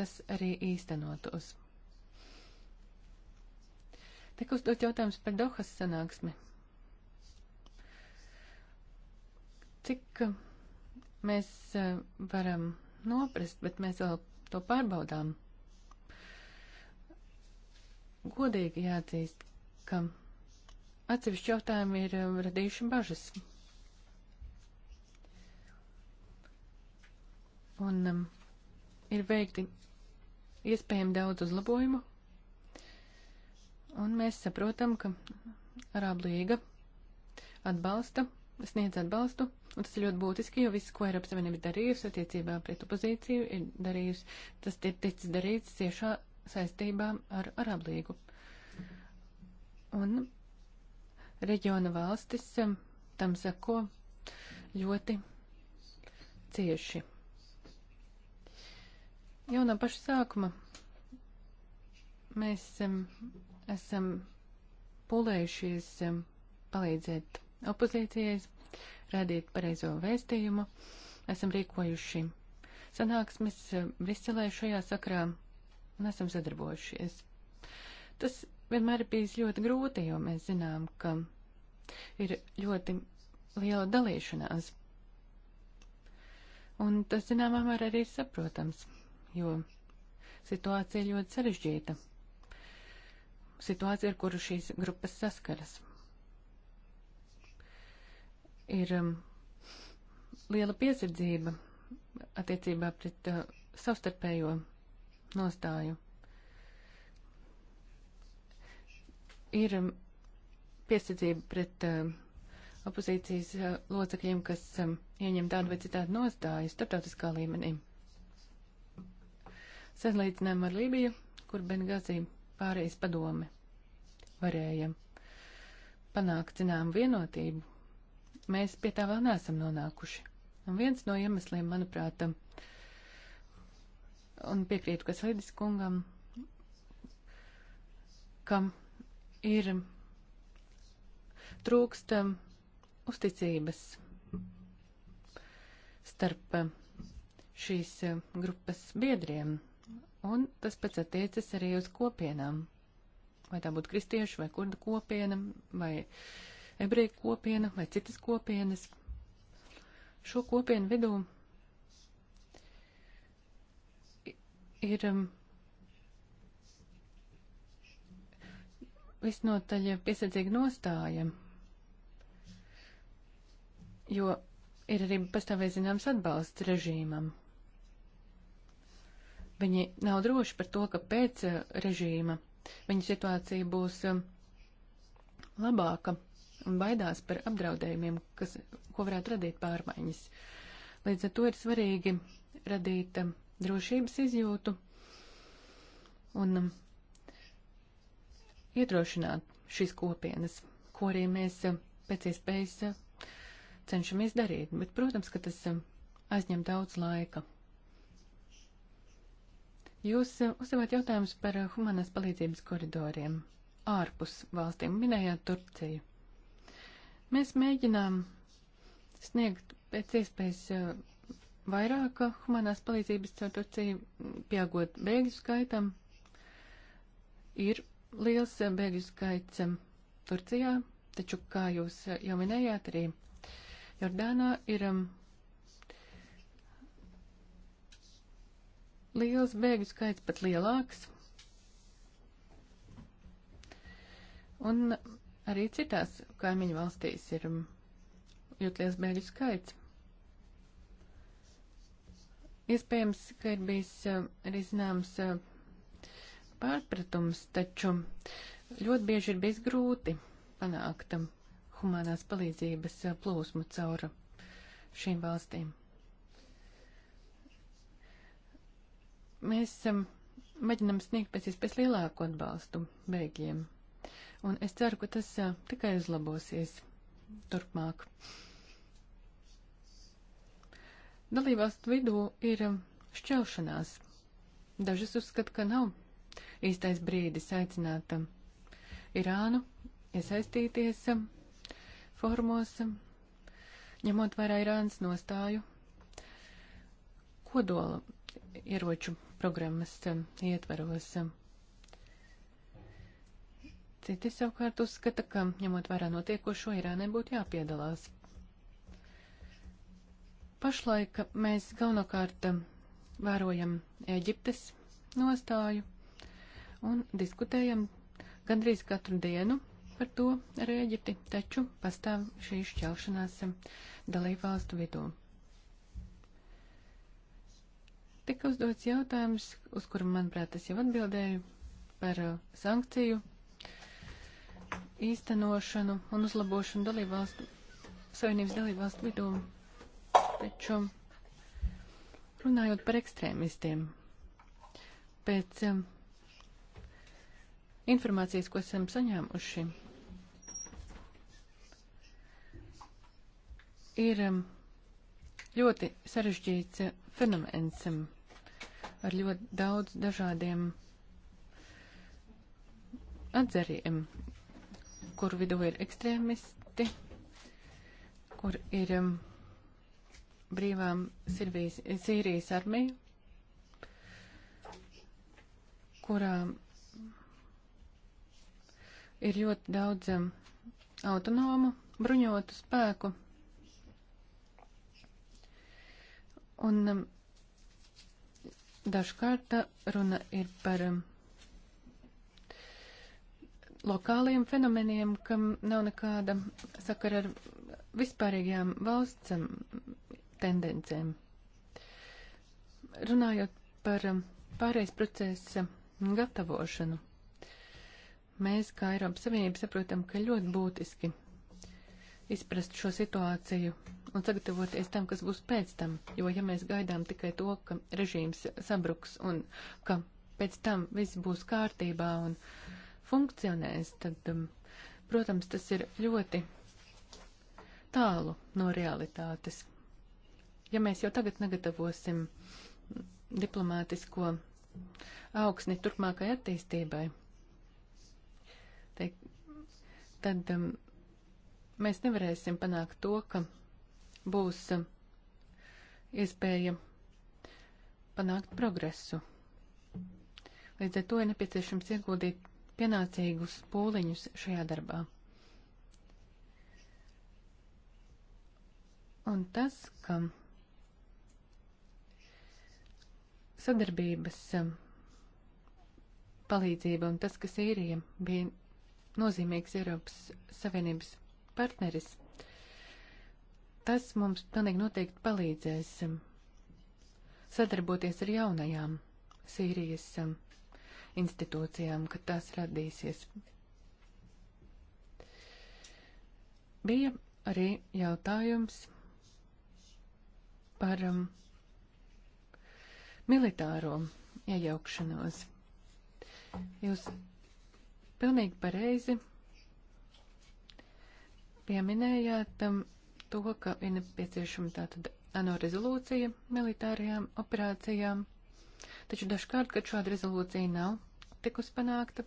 tas arī īstenotos. Tik uzdot jautājums par Dohas sanāksmi. Cik mēs eh, varam noprast, bet mēs vēl to pārbaudām. Godīgi jāatzīst, ka atsevišķi jautājumi ir eh, radījuši bažas. Un um, ir veikti iespējami daudz uzlabojumu. Un mēs saprotam, ka Arāblīga atbalsta sniedz atbalstu, un tas ir ļoti būtiski, jo viss, ko Eiropas Savienība darījusi attiecībā pret opozīciju, ir darījusi, tas ir ticis darīts ciešā saistībā ar Arablīgu. Un reģiona valstis um, tam sako ļoti cieši. Jau no paša sākuma mēs um, esam pulējušies um, palīdzēt opozīcijai, radīt pareizo vēstījumu. Esam rīkojuši sanāksmes eh, Briselē šajā sakrā un esam sadarbojušies. Tas vienmēr ir bijis ļoti grūti, jo mēs zinām, ka ir ļoti liela dalīšanās. Un tas, zināmā mērā, arī ir saprotams, jo situācija ir ļoti sarežģīta. Situācija, ar kuru šīs grupas saskaras ir um, liela piesardzība attiecībā pret uh, savstarpējo nostāju. Ir um, piesardzība pret uh, opozīcijas uh, locekļiem, kas um, ieņem tādu vai citādu nostāju starptautiskā līmenī. Salīdzinājumu ar Lībiju, kur Bengāzī pārējais padome varēja panākt zināmu vienotību Mēs pie tā vēl neesam nonākuši. Un viens no iemesliem, manuprāt, un piekrītu, ka Saidis kungam, ka ir trūkst uzticības starp šīs grupas biedriem, un tas pats attiecas arī uz kopienām. Vai tā būtu kristiešu vai kurda kopiena, vai uh, ebreju kopiena vai citas kopienas. Šo kopienu vidū ir um, visnotaļ piesardzīga nostāja, jo ir arī pastāvēja zināms atbalsts režīmam. Viņi nav droši par to, ka pēc uh, režīma viņa situācija būs um, labāka un baidās par apdraudējumiem, kas, ko varētu radīt pārmaiņas. Līdz ar to ir svarīgi radīt um, drošības izjūtu un um, iedrošināt šīs kopienas, ko arī mēs um, pēc iespējas uh, cenšamies darīt. Bet, protams, ka tas aizņem daudz laika. Jūs uh, uzdevāt jautājumus par uh, humanās palīdzības koridoriem ārpus valstīm, minējāt Turciju. Mēs mēģinām sniegt pēc iespējas eh, vairāk humanās palīdzības caur Turciju, pieaugot bēgļu skaitam. Ir liels eh, bēgļu skaits eh, Turcijā, taču, kā jūs jau minējāt, arī Jordānā ir liels bēgļu skaits, pat lielāks. Un Arī citās kaimiņu valstīs ir mm, jūtlies bēgļu skaits. Iespējams, ka ir bijis mm, arī zināms mm, pārpratums, taču ļoti bieži ir bijis grūti panākt humanās palīdzības plūsmu caura šīm valstīm. Mēs mēģinam sniegt pēc iespējas lielāku atbalstu bēgļiem Un es ceru, ka tas a, tikai uzlabosies turpmāk. Dalībvalstu vidū ir šķelšanās. Dažas uzskata, ka nav īstais brīdis aicināt a, Irānu iesaistīties a, formos, ņemot vērā Irānas nostāju kodola ieroču programmas ietveros. Citi savukārt uzskata, ka, ņemot vērā notiekošo, Irānai būtu jāpiedalās. Pašlaik mēs galvenokārt um, vērojam Eģiptes nostāju un diskutējam gandrīz katru dienu par to ar Eģipti, taču pastāv šī šķelšanās um, dalībvalstu vidū. Tika uzdots jautājums, uz kuru, manuprāt, es jau atbildēju par uh, sankciju īstenošanu un uzlabošanu dalībvalstu, savienības dalībvalstu vidū. Taču runājot par ekstrēmistiem, pēc um, informācijas, ko esam saņēmuši, ir um, ļoti sarežģīts uh, fenomens um, ar ļoti daudz dažādiem atzariem kuru vidū ir ekstrēmisti, kur ir um, brīvām Sirvijas, Sīrijas armija, kurā ir ļoti daudz um, autonomu bruņotu spēku. Un um, dažkārt runa ir par um, lokāliem fenomeniem, kam nav nekāda sakara ar vispārīgajām valsts um, tendencēm. Runājot par um, pārējais procesa gatavošanu, mēs, kā Eiropas Savienība, saprotam, ka ļoti būtiski izprast šo situāciju un sagatavoties tam, kas būs pēc tam. Jo, ja mēs gaidām tikai to, ka režīms sabruks un ka pēc tam viss būs kārtībā un uh, funkcionēs, tad, um, protams, tas ir ļoti tālu no realitātes. Ja mēs jau tagad negatavosim diplomātisko augsni turpmākai attīstībai, te, tad um, mēs nevarēsim panākt to, ka būs um, iespēja panākt progresu. Līdz ar to ir nepieciešams ieguldīt pienācīgus pūliņus šajā darbā. Un tas, ka sadarbības um, palīdzība un tas, ka Sīrija bija nozīmīgs Eiropas Savienības partneris, tas mums pilnīgi noteikti palīdzēs um, sadarboties ar jaunajām Sīrijas um, institūcijām, kad tās radīsies. Bija arī jautājums par um, militāro iejaukšanos. Jūs pilnīgi pareizi pieminējāt um, to, ka ir nepieciešama tātad ANO rezolūcija militārajām operācijām. Taču dažkārt, kad šāda rezolūcija nav tikus panākta,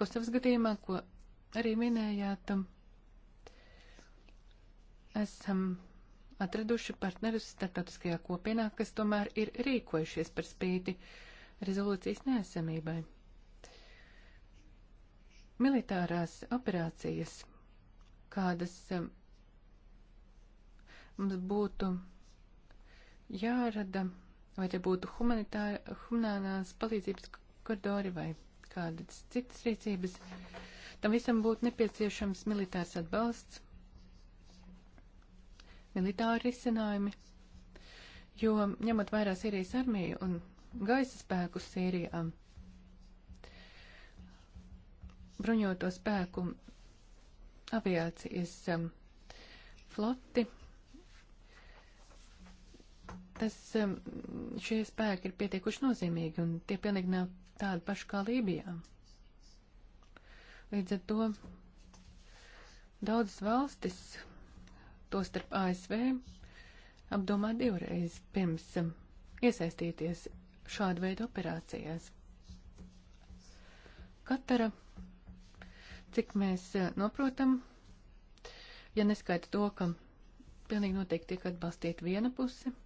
Kosovas gadījumā, ko arī minējāt, esam atraduši partnerus starptautiskajā kopienā, kas tomēr ir rīkojušies par spīti rezolūcijas neesamībai. Militārās operācijas, kādas um, mums būtu jārada vai te būtu humanās palīdzības koridori vai kādas citas rīcības, tam visam būtu nepieciešams militārs atbalsts, militāri risinājumi, jo ņemot vairāk Sīrijas armiju un gaisa spēku Sīrijā, bruņoto spēku aviācijas um, floti, tas, um, šie spēki ir pietiekuši nozīmīgi un tie pilnīgi nav tādi paši kā Lībijā. Līdz ar to daudzas valstis, tostarp ASV, apdomā divreiz pirms um, iesaistīties šādu veidu operācijās. Katara, cik mēs uh, noprotam, ja neskaita to, ka pilnīgi noteikti tiek atbalstīta viena puse –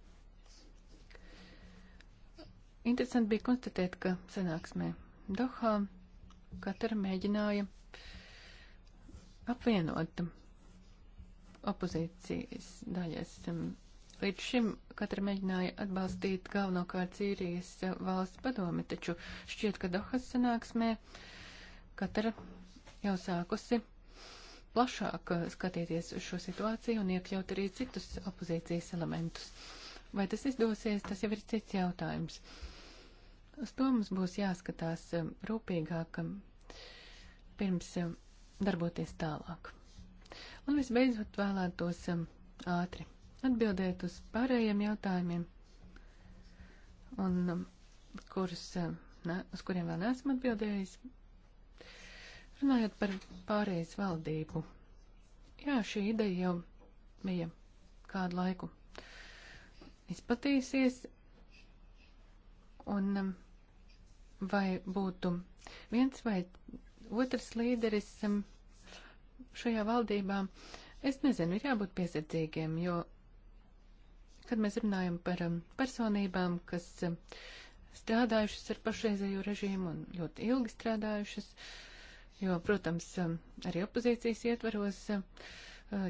Interesanti bija konstatēt, ka sanāksmē Dohā katra mēģināja apvienot opozīcijas daļas. Līdz šim katra mēģināja atbalstīt galvenokārt Sīrijas valsts padomi, taču šķiet, ka Dohas sanāksmē katra jau sākusi plašāk skatīties uz šo situāciju un iekļaut arī citus opozīcijas elementus. Vai tas izdosies, tas jau ir cits jautājums. Uh, Uz to mums būs jāskatās eh, rūpīgāk eh, pirms eh, darboties tālāk. Un visbeidzot vēlētos ātri atbildēt uz pārējiem jautājumiem, un kurus, ne, uz kuriem vēl neesmu atbildējis. Runājot par pārējais valdību. Jā, šī ideja jau bija kādu laiku izplatījusies, un vai būtu viens vai otrs līderis um, šajā valdībā, es nezinu, ir jābūt piesardzīgiem, jo, kad mēs runājam par um, personībām, kas um, strādājušas ar pašreizējo režīmu un ļoti ilgi strādājušas, jo, protams, arī opozīcijas ietvaros, uh,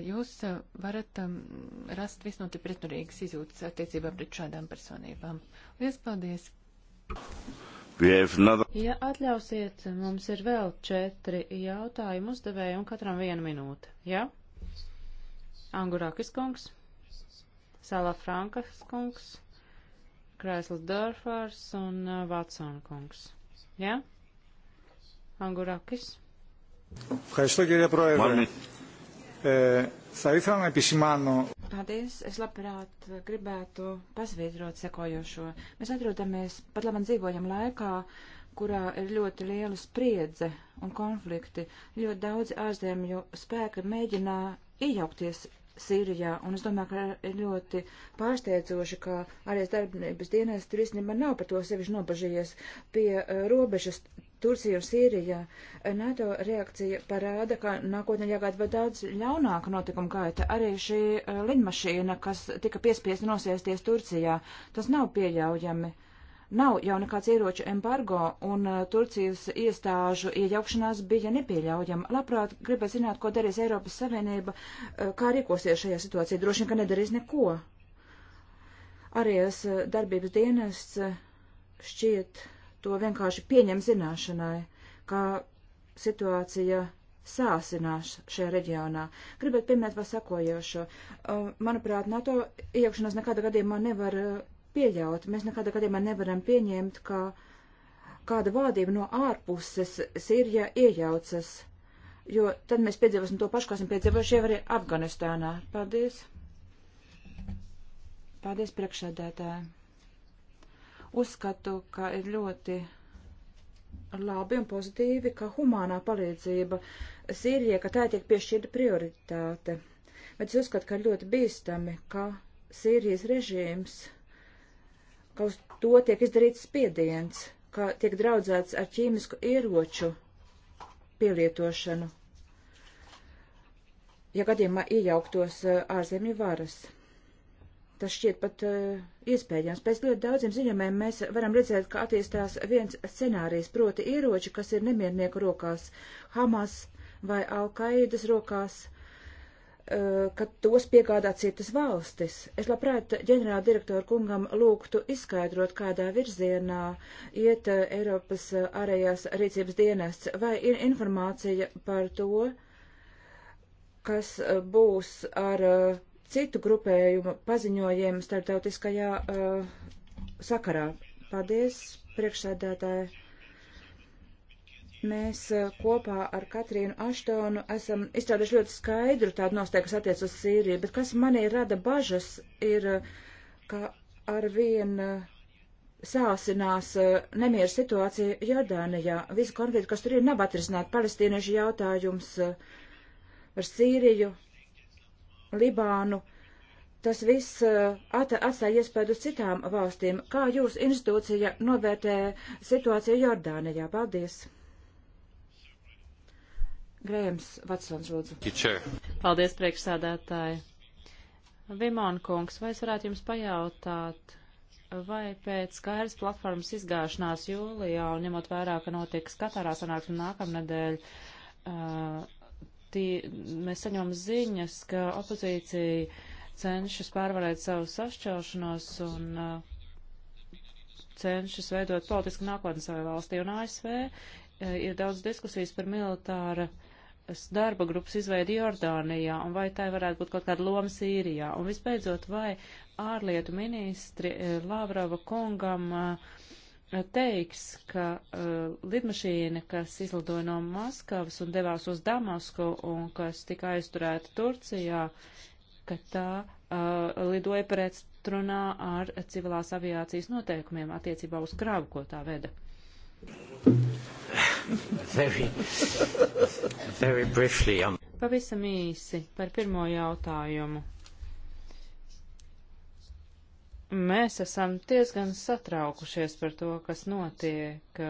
jūs uh, varat rast visnotaļ pretrunīgas izjūtas attiecībā pret šādām personībām. Lielas paldies! Another... Ja atļausiet, mums ir vēl četri jautājumu uzdevēji un katram viena minūte. Ja? Angurakis kungs, Sala Frankas kungs, Kraisls Dörfārs un uh, Vatsona kungs. Ja? Angurakis. Ευχαριστώ κύριε Πρόεδρε. Μάλιστα. Θα ήθελα να επισημάνω. Paldies, es labprāt eh, gribētu pasvītrot sekojošo. Mēs atrodamies, pat labam dzīvojam laikā, kurā ir ļoti liela spriedze un konflikti. Ļoti daudz ārzemju spēka mēģinā iejaukties Sīrijā, un es domāju, ka ir ļoti pārsteidzoši, ka arī darbības dienas tur īstenībā nav par to sevišķi nobažījies. Pie uh, robežas Turcija un Sīrija. Eh, NATO reakcija parāda, ka nākotnē jāgaida vēl daudz ļaunāka notikuma gaita. Arī šī eh, lidmašīna, kas tika piespiesta nosēsties Turcijā, tas nav pieļaujami. Nav jau nekāds ieroču embargo, un eh, Turcijas iestāžu iejaukšanās bija nepieļaujama. Labprāt, gribētu zināt, ko darīs Eiropas Savienība, kā rīkosies šajā situācijā. Droši vien, ka nedarīs neko. Arī es darbības dienests šķiet to vienkārši pieņem zināšanai, ka situācija sāsinās šajā reģionā. Gribētu pieminēt vēl sekojošo. Uh, manuprāt, NATO iekšanās nekāda gadījumā nevar uh, pieļaut. Mēs nekāda gadījumā nevaram pieņemt, ka kāda vādība no ārpuses Sīrijā iejaucas, jo tad mēs piedzīvosim to pašu, kā esam piedzīvojuši jau arī Afganistānā. Paldies! Paldies priekšsēdētājiem! Uzskatu, ka ir ļoti labi un pozitīvi, ka humānā palīdzība Sīrijai, ka tā tiek piešķirta prioritāte. Bet es uzskatu, ka ļoti bīstami, ka Sīrijas režīms, ka uz to tiek izdarīts spiediens, ka tiek draudzēts ar ķīmisku ieroču pielietošanu, ja gadījumā iejauktos ārzemju varas. Tas šķiet pat uh, iespējams. Pēc ļoti daudziem ziņojumiem mēs varam redzēt, ka attīstās viens scenārijs, proti ieroči, kas ir nemiernieku rokās, Hamas vai Alkaidas rokās, uh, eh, ka tos piegādā citas valstis. Es labprāt ģenerāla direktoru kungam lūgtu izskaidrot, kādā virzienā iet uh, Eiropas ārējās rīcības dienests, vai ir informācija par to, kas būs ar uh, citu grupējumu paziņojiem starptautiskajā uh, sakarā. Paldies, priekšsēdētāji. Mēs uh, kopā ar Katrīnu Aštonu esam izstrādājuši ļoti skaidru tādu nostāju, kas attiec uz Sīriju, bet kas manī rada bažas, ir, uh, ka arvien uh, sāsinās uh, nemieru situācija Jordānijā. Visi konflikti, kas tur ir, nav atrisināti. Palestīniešu jautājums uh, par Sīriju, Libānu. Tas viss uh, atstāja iespēju uz citām valstīm. Kā jūs institūcija novērtē situāciju Jordānijā? Paldies! Grējams Vatsons, lūdzu. Paldies, priekšsādātāji. Vimon kungs, vai es varētu jums pajautāt, vai pēc Kairas platformas izgāšanās jūlijā un ņemot vērā, ka notiks Katārā sanāksme nākamnedēļ, uh, tie, mēs saņemam ziņas, ka opozīcija cenšas pārvarēt savu sašķelšanos un uh, cenšas veidot politisku nākotni savai valstī. Un ASV uh, ir daudz diskusijas par militāra darba grupas izveidi Jordānijā un vai tai varētu būt kaut kāda loma Sīrijā. Un visbeidzot, vai ārlietu ministri uh, Lavrava kungam uh, teiks, ka uh, lidmašīna, kas izlidoja no Maskavas un devās uz Damasku un kas tika aizturēta Turcijā, ka tā uh, lidoja pretrunā ar civilās aviācijas noteikumiem attiecībā uz kravu, ko tā veda. Very, very briefly, um... Pavisam īsi par pirmo jautājumu mēs esam diezgan satraukušies par to, kas notiek.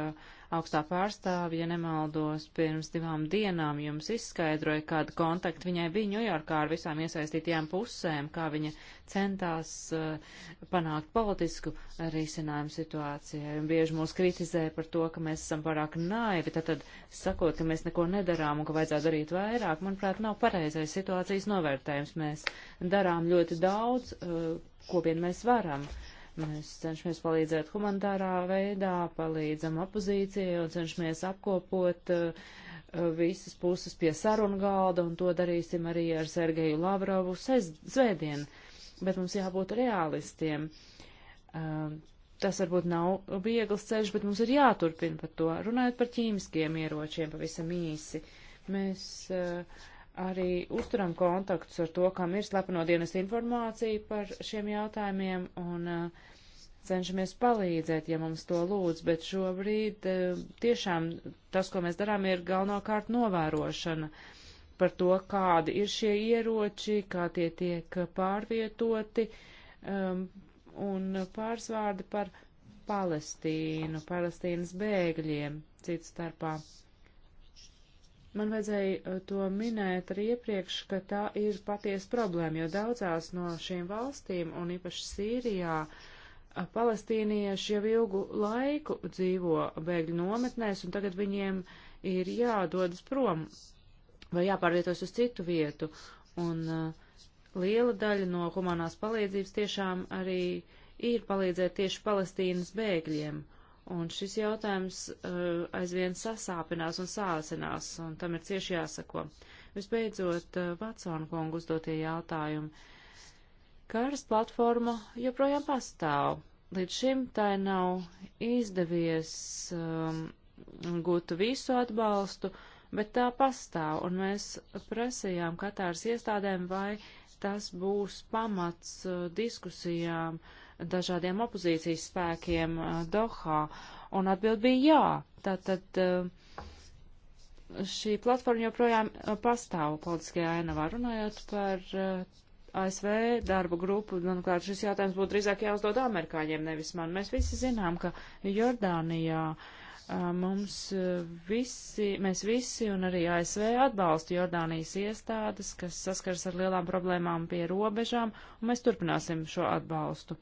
Augstā pārstāvja, ja nemaldos, pirms divām dienām jums izskaidroja, kāda kontakta viņai bija Ņujorkā ar visām iesaistītajām pusēm, kā viņa centās uh, panākt politisku eh, risinājumu situācijai. Un bieži mūs kritizē par to, ka mēs esam pārāk naivi, tad, tad sakot, ka mēs neko nedarām un ka vajadzētu darīt vairāk, manuprāt, nav pareizais situācijas novērtējums. Mēs darām ļoti daudz, uh, ko vien mēs varam. Mēs cenšamies palīdzēt humanitārā veidā, palīdzam opozīcijai un cenšamies apkopot uh, visas puses pie sarunu galda, un to darīsim arī ar Sergeju Lavrovu svētdien. Bet mums jābūt realistiem. Uh, tas varbūt nav viegls ceļš, bet mums ir jāturpina par to. Runājot par ķīmiskiem ieročiem pavisam īsi, mēs uh, arī uzturam kontaktus ar to, kam ir slepeno dienas informācija par šiem jautājumiem un uh, cenšamies palīdzēt, ja mums to lūdz, bet šobrīd uh, tiešām tas, ko mēs darām, ir galvenokārt novērošana par to, kādi ir šie ieroči, kā tie tiek pārvietoti um, un pārsvārdi par Palestīnu, Palestīnas bēgļiem, cits starpā. Man vajadzēja uh, to minēt arī iepriekš, ka tā ir patiesa problēma, jo daudzās no šīm valstīm, un īpaši Sīrijā, uh, palestīnieši jau ilgu laiku dzīvo bēgļu nometnēs, un tagad viņiem ir jādodas prom vai jāpārvietos uz citu vietu. Un uh, liela daļa no humanās palīdzības tiešām arī ir palīdzēt tieši Palestīnas bēgļiem. Uh, Un šis jautājums uh, aizvien sasāpinās un sāsinās, un tam ir cieši jāsako. Visbeidzot, uh, Vatsona kungu uzdotie jautājumi. Kāras platforma joprojām pastāv. Līdz šim tai nav izdevies um, gūt visu atbalstu, bet tā pastāv, un mēs prasījām Katāras iestādēm, vai tas būs pamats uh, diskusijām uh, dažādiem opozīcijas spēkiem uh, Dohā? Un atbild bija jā. Tātad uh, šī platforma joprojām uh, pastāv politiskajā ainavā. Runājot par ASV darba grupu, manuprāt, šis jautājums būtu drīzāk jāuzdod amerikāņiem, nevis man. Mēs visi zinām, ka Jordānijā mums visi, mēs visi un arī ASV atbalsta Jordānijas iestādes, kas saskaras ar lielām problēmām pie robežām, un mēs turpināsim šo atbalstu.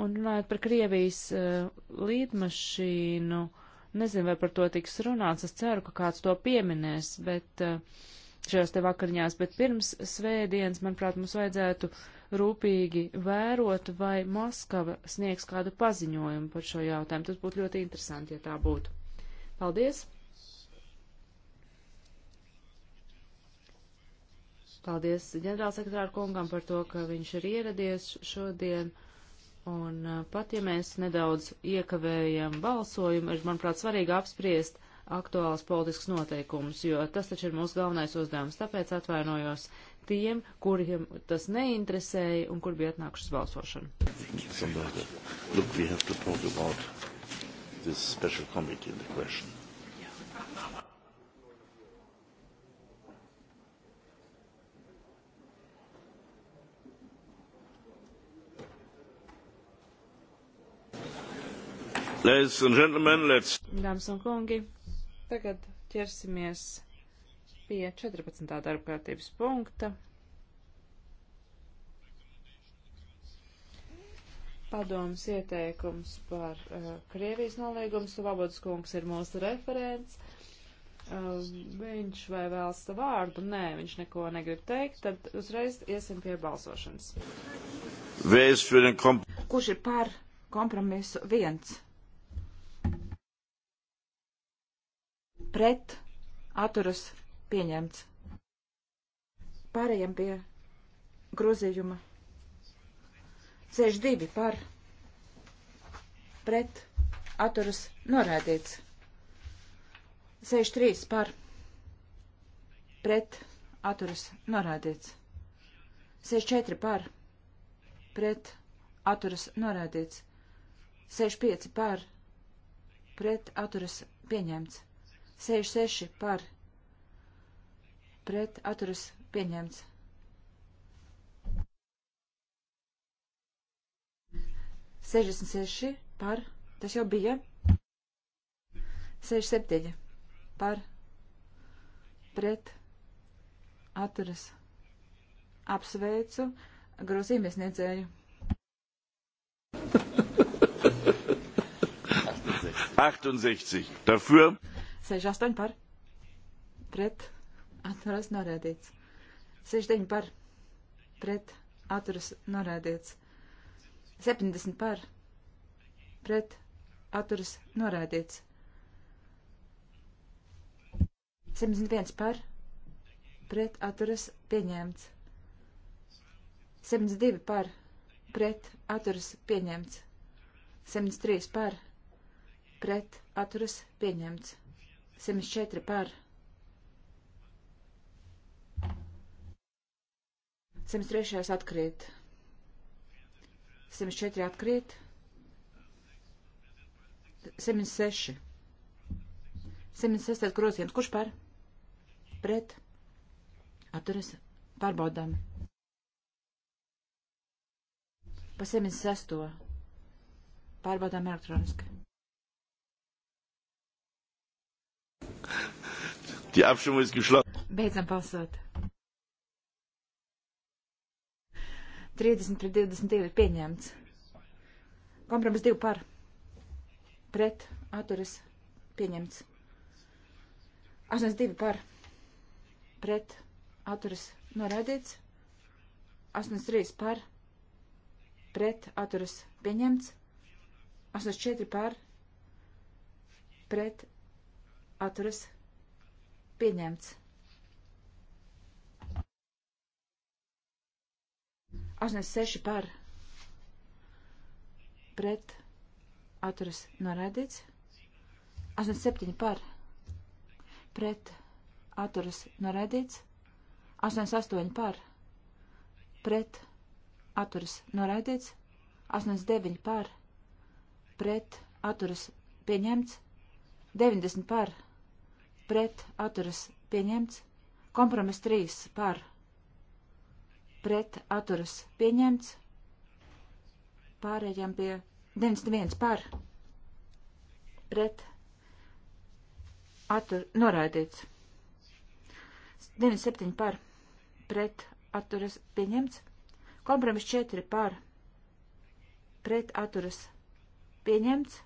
Un runājot par Krievijas uh, eh, līdmašīnu, nezinu, vai par to tiks runāts, es ceru, ka kāds to pieminēs, bet uh, eh, šajās te vakariņās, bet pirms svētdienas, manuprāt, mums vajadzētu rūpīgi vērot, vai Maskava sniegs kādu paziņojumu par šo jautājumu. Tas būtu ļoti interesanti, ja tā būtu. Paldies! Paldies ģenerālsekretāru kungam par to, ka viņš ir ieradies šodien. Un pat ja mēs nedaudz iekavējam balsojumu, ir, manuprāt, svarīgi apspriest aktuāls politisks noteikums, jo tas taču ir mūsu galvenais uzdevums. Tāpēc atvainojos tiem, kuriem tas neinteresēja un kur bija atnākuši uz balsošanu. Look, we have to talk about this special committee in the question. Ladies and gentlemen, let's. Dāmas un kungi, tagad ķersimies pie 14. darba kārtības punkta. Padomas ieteikums par uh, Krievijas nolīgumu. Svabodas kungs ir mūsu referents. Uh, viņš vai vēlas savu vārdu? Nē, viņš neko negrib teikt. Tad uzreiz iesim pie balsošanas. Kurš ir par kompromisu viens? pret atturas pieņemts. Pārējiem pie grozījuma. 62 par pret atturas norādīts. 63 par pret atturas norādīts. 64 par pret atturas norādīts. 65 par pret atturas pieņemts. 66 par pret atturas pieņemts. Sešdesmit seši par, tas jau bija. Seši septiņi par, pret, atturas. Apsveicu grozījumies niedzēju. 68 dafür. 68 par pret atturas norēdīts. 69 par pret atturas norēdīts. 70 par pret atturas norēdīts. 71 par pret atturas pieņemts. 72 par pret atturas pieņemts. 73 par pret atturas pieņemts. 104 par. 103 atkrīt. 104 atkrīt. 106. 106 grozījums. Kurš par? Pret. Atturas. Pārbaudām. Pa 106. Pārbaudām elektroniski. Die Abstimmung ist geschlossen. Beidzam balsot. 30 pret 22 ir pieņemts. Kompromiss 2 par. Pret atturas pieņemts. 82 par. Pret atturas noraidīts. 83 par. Pret atturas pieņemts. 84 par. Pret atturas pieņemts Pieņemts. 86 par pret atturas norādīts. 87 par pret atturas norādīts. 88 par pret atturas norādīts. 89 par pret atturas pieņemts. 90 par pret pret atturas pieņemts. Kompromis 3 par pret atturas pieņemts. Pārējām pie 91 par pret attur noraidīts. 97 par pret atturas pieņemts. Kompromis 4 par pret atturas pieņemts.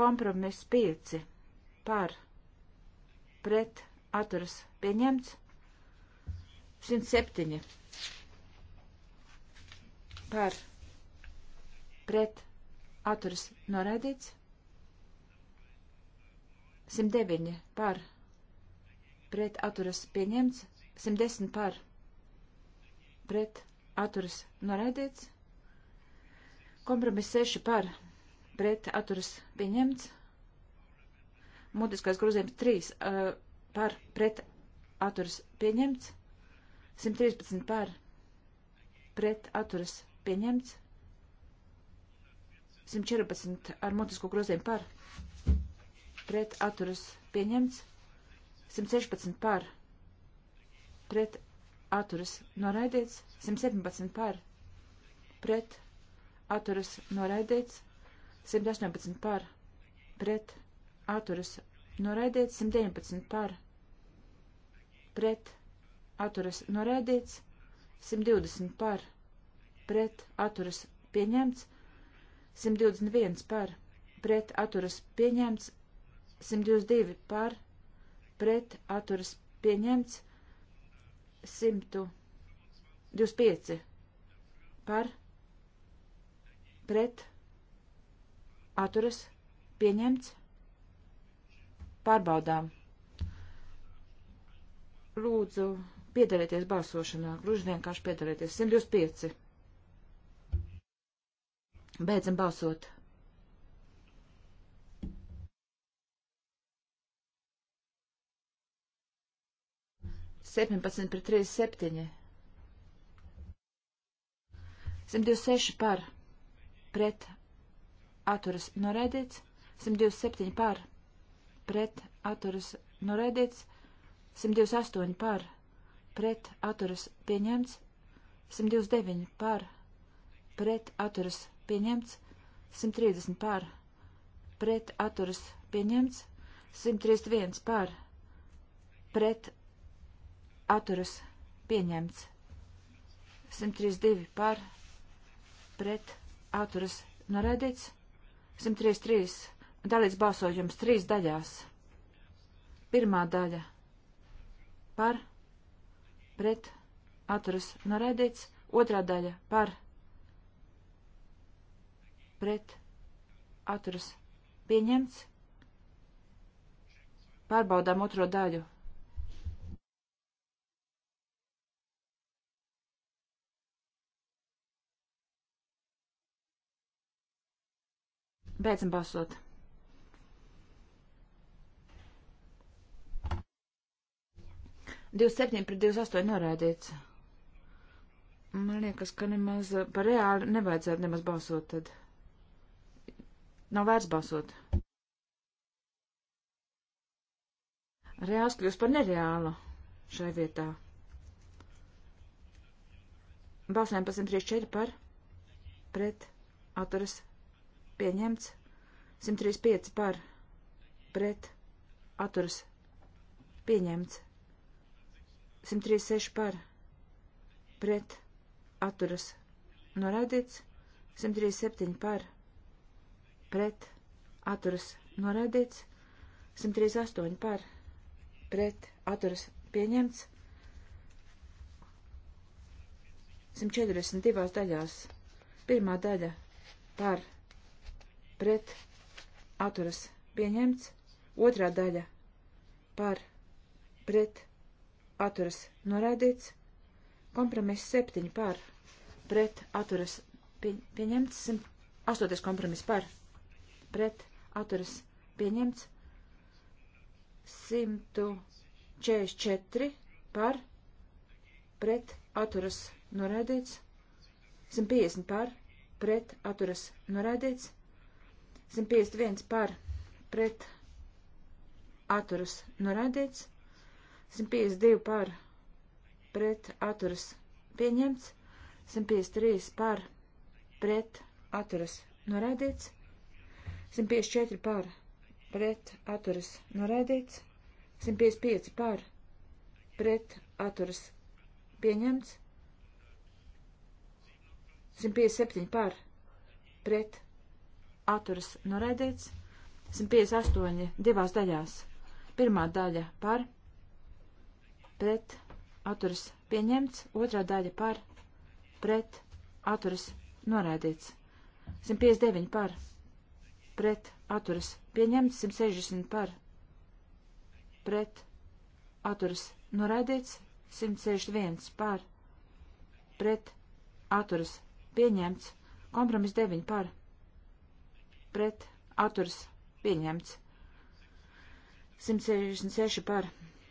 Kompromis 5 par pret atturas pieņemts. 107 par pret atturas noraidīts. 109 par pret atturas pieņemts. 110 par pret atturas noraidīts. Kompromiss 6 par pret atturas pieņemts mutiskais grozījums 3 uh, par pret atturas pieņemts, 113 par pret atturas pieņemts, 114 ar mutisko grozījumu par pret atturas pieņemts, 116 par pret atturas noraidīts, 117 par pret atturas noraidīts, 118 par pret atturas atturas noraidīts, 119 par pret atturas noraidīts, 120 par pret atturas pieņemts, 121 par pret atturas pieņemts, 122 par pret atturas pieņemts, 125 par pret atturas pieņemts. Pārbaudām. Lūdzu, piedalieties balsošanā. Gluži vienkārši piedalieties. 125. Beidzam balsot. Septiņpadsmit pret trīs septiņi. 126 par pret atturas noraidīts, 127 par pret atturas noraidīts, 128 par pret atturas pieņemts, 129 par pret atturas pieņemts, 130 par pret atturas pieņemts, 131 par pret atturas pieņemts, 132 par pret atturas noraidīts, 133 par Dalīts balsojums trīs daļās. Pirmā daļa par, pret, atturas noraidīts. Otrā daļa par, pret, atturas pieņemts. Pārbaudām otro daļu. Beidzam balsot. 27 pret 28 norādīts. Man liekas, ka nemaz par reāli nevajadzētu nemaz balsot tad. Nav vērts balsot. Reāls kļūst par nereālu šai vietā. Balsojam par 134 par pret atturas pieņemts. 135 par pret atturas pieņemts. 136 par pret atturas noraidīts, 137 par pret atturas noraidīts, 138 par pret atturas pieņemts, 142 daļās, pirmā daļa par pret atturas pieņemts, otrā daļa par pret atturas atturas noraidīts, kompromiss 7 par, pret atturas pieņemts, 108 kompromiss par, pret atturas pieņemts, 144 par, pret atturas noraidīts, 150 par, pret atturas noraidīts, 151 par, pret atturas noraidīts, 152 par pret atturas pieņemts, 153 par pret atturas noraidīts, 154 par pret atturas noraidīts, 155 par pret atturas pieņemts, 157 par pret atturas noraidīts, 158 divās daļās. Pirmā daļa par pret pret atturas pieņemts, otrā daļa par pret atturas noraidīts. 159 par pret atturas pieņemts, 160 par pret atturas noraidīts, 161 par pret atturas pieņemts, kompromis 9 par pret atturas pieņemts, 166 par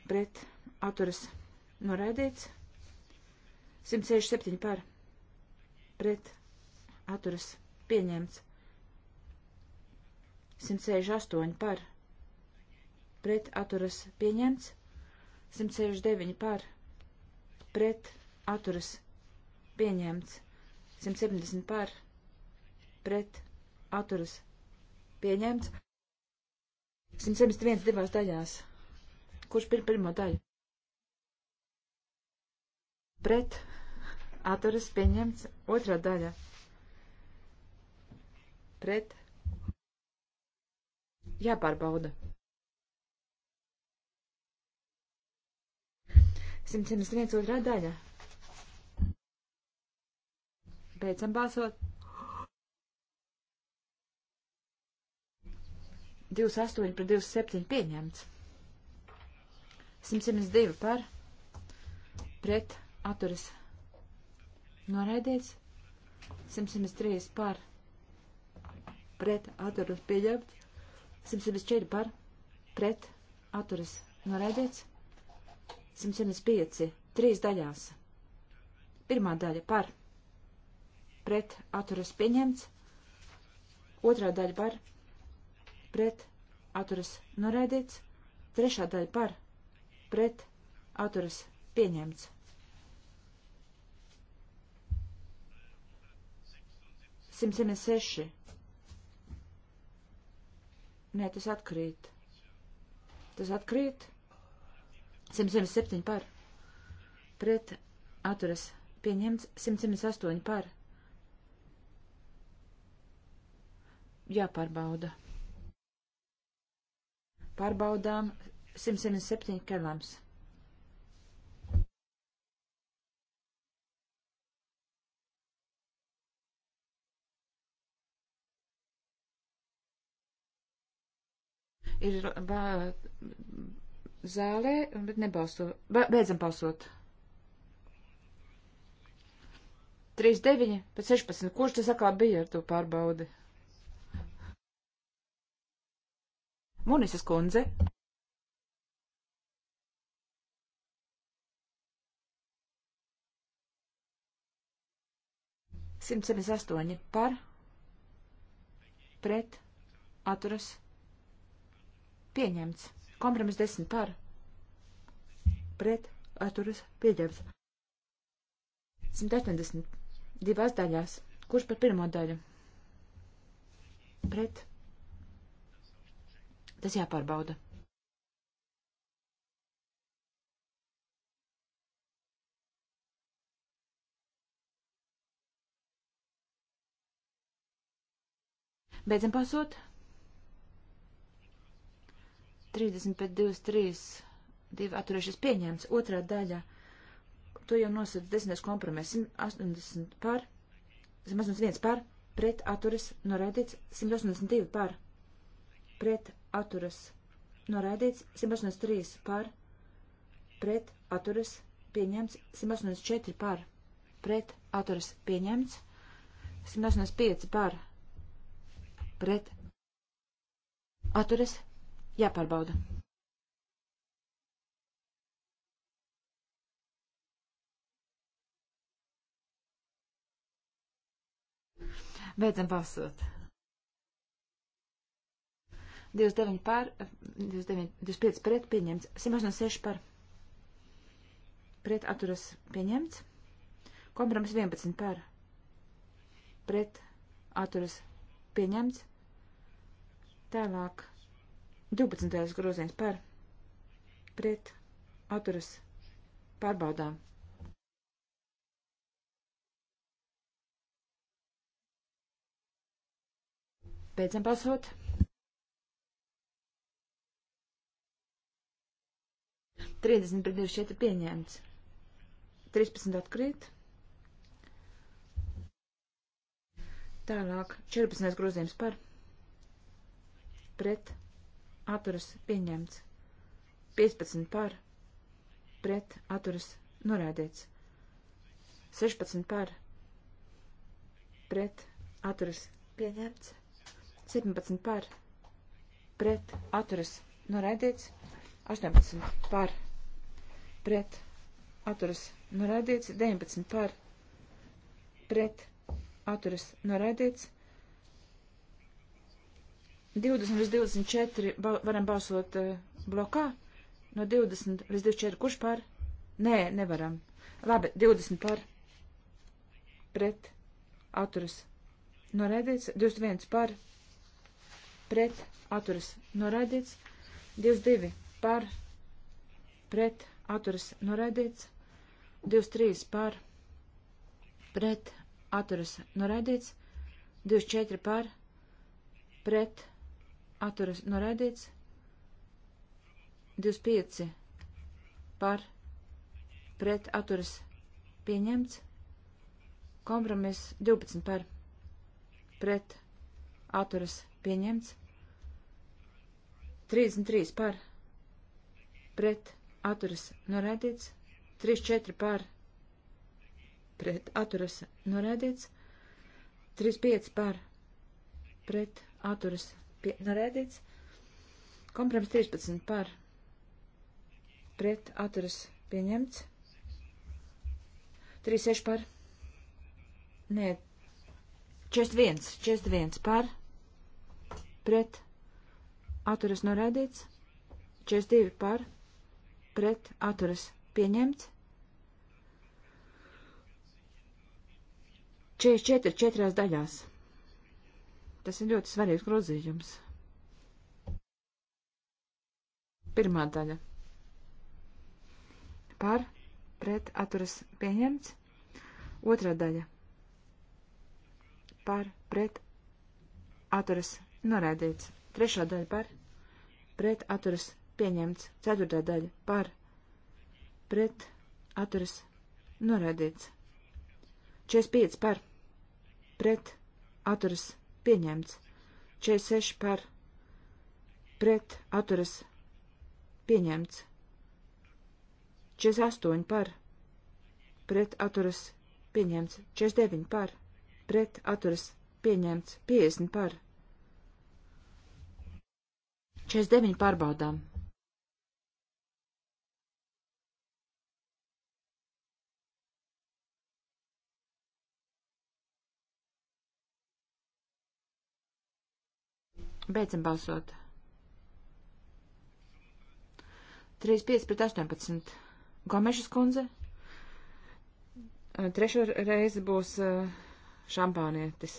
pret atturas noraidīts. 167 par pret atturas pieņemts. 168 par pret atturas pieņemts. 169 par pret atturas pieņemts. 170 par pret atturas pieņemts. 171 divās daļās. Kurš pir pirmo daļu? pret atturas pieņemts otrā daļa pret jāpārbauda. 171 otrā daļa. Beidzam balsot. 28 pret 27 pieņemts. 172 par pret atturas noraidīts, 173 par pret atturas pieļauts, 174 par pret atturas noraidīts, 175 trīs daļās. Pirmā daļa par pret atturas pieņemts, otrā daļa par pret atturas noraidīts, trešā daļa par pret atturas pieņemts. 106. Nē, tas atkrīt. Tas atkrīt. 107 par. Pret atturas pieņemts 108 par. Jāpārbauda. Pārbaudām 107 kelams. ir zālē, bet nebalso. Beidzam balsot. 3, 9, pēc 16. Kurš tas atkal bija ar to pārbaudi? Munisas kundze. Simts septiņdesmit astoņi par pret atturas Pieņemts. Kompromiss 10 par. Pret atturas pieņemts. 180. Divās daļās. Kurš par pirmo daļu? Pret. Tas jāpārbauda. Beidzam pasūt. 30 pēc 23, 2 atturējušies pieņemts, otrā daļa, to jau nosaka desmitais kompromiss, 180 par, 181 par, pret atturas noraidīts, 182 par, pret atturas noraidīts, 183 par, pret atturas pieņemts, 184 par, pret atturas pieņemts, 185 par, pret atturas pieņemts Jāpārbauda. Beidzam balsot. 29 pār, 29, 25 pret pieņemts, 186 par pret atturas pieņemts, kompromis 11 par pret atturas pieņemts, tālāk 12. groziens par pret atturas pārbaudām. Beidzam balsot. Trīsdesmit pret divi šeit ir pieņēmts. Trīspadsmit atkrīt. Tālāk 14. grozījums par pret atturas atturas pieņemts. 15 par pret atturas norādīts. 16 par pret atturas pieņemts. 17 par pret atturas norādīts. 18 par pret atturas norādīts. 19 par pret atturas norādīts. 20 līdz 24 ba varam balsot uh, blokā. No 20 līdz 24 kurš par? Nē, nevaram. Labi, 20 par. Pret. Atturas. Noraidīts. 21 par. Pret. Atturas. Noraidīts. 22 par. Pret. Atturas. Noraidīts. 23 par. Pret. Atturas. Noraidīts. 24 par. Pret atturas noraidīts, 25 par pret atturas pieņemts, kompromiss 12 par pret atturas pieņemts, 33 par pret atturas noraidīts, 34 par pret atturas noraidīts, 35 par pret atturas noraidīts Pie, norēdīts. Kompromis 13 par. Pret atturas pieņemts. 36 par. Nē. 41. 41 par. Pret. Atturas norēdīts. 42 par. Pret. Atturas pieņemts. 44 četrās daļās. Tas ir ļoti svarīgs grozījums. Pirmā daļa. Par, pret, atturas pieņemts. Otrā daļa. Par, pret, atturas noraidīts. Trešā daļa par, pret, atturas pieņemts. Ceturtā daļa par, pret, atturas noraidīts. 45 par, pret, atturas pieņemts pieņemts. 46 par pret atturas pieņemts. 48 par pret atturas pieņemts. 49 par pret atturas pieņemts. 50 par 49 pārbaudām. Beidzam balsot. 35 pret 18. Gomešas kundze. Trešo reizi būs šampānietis.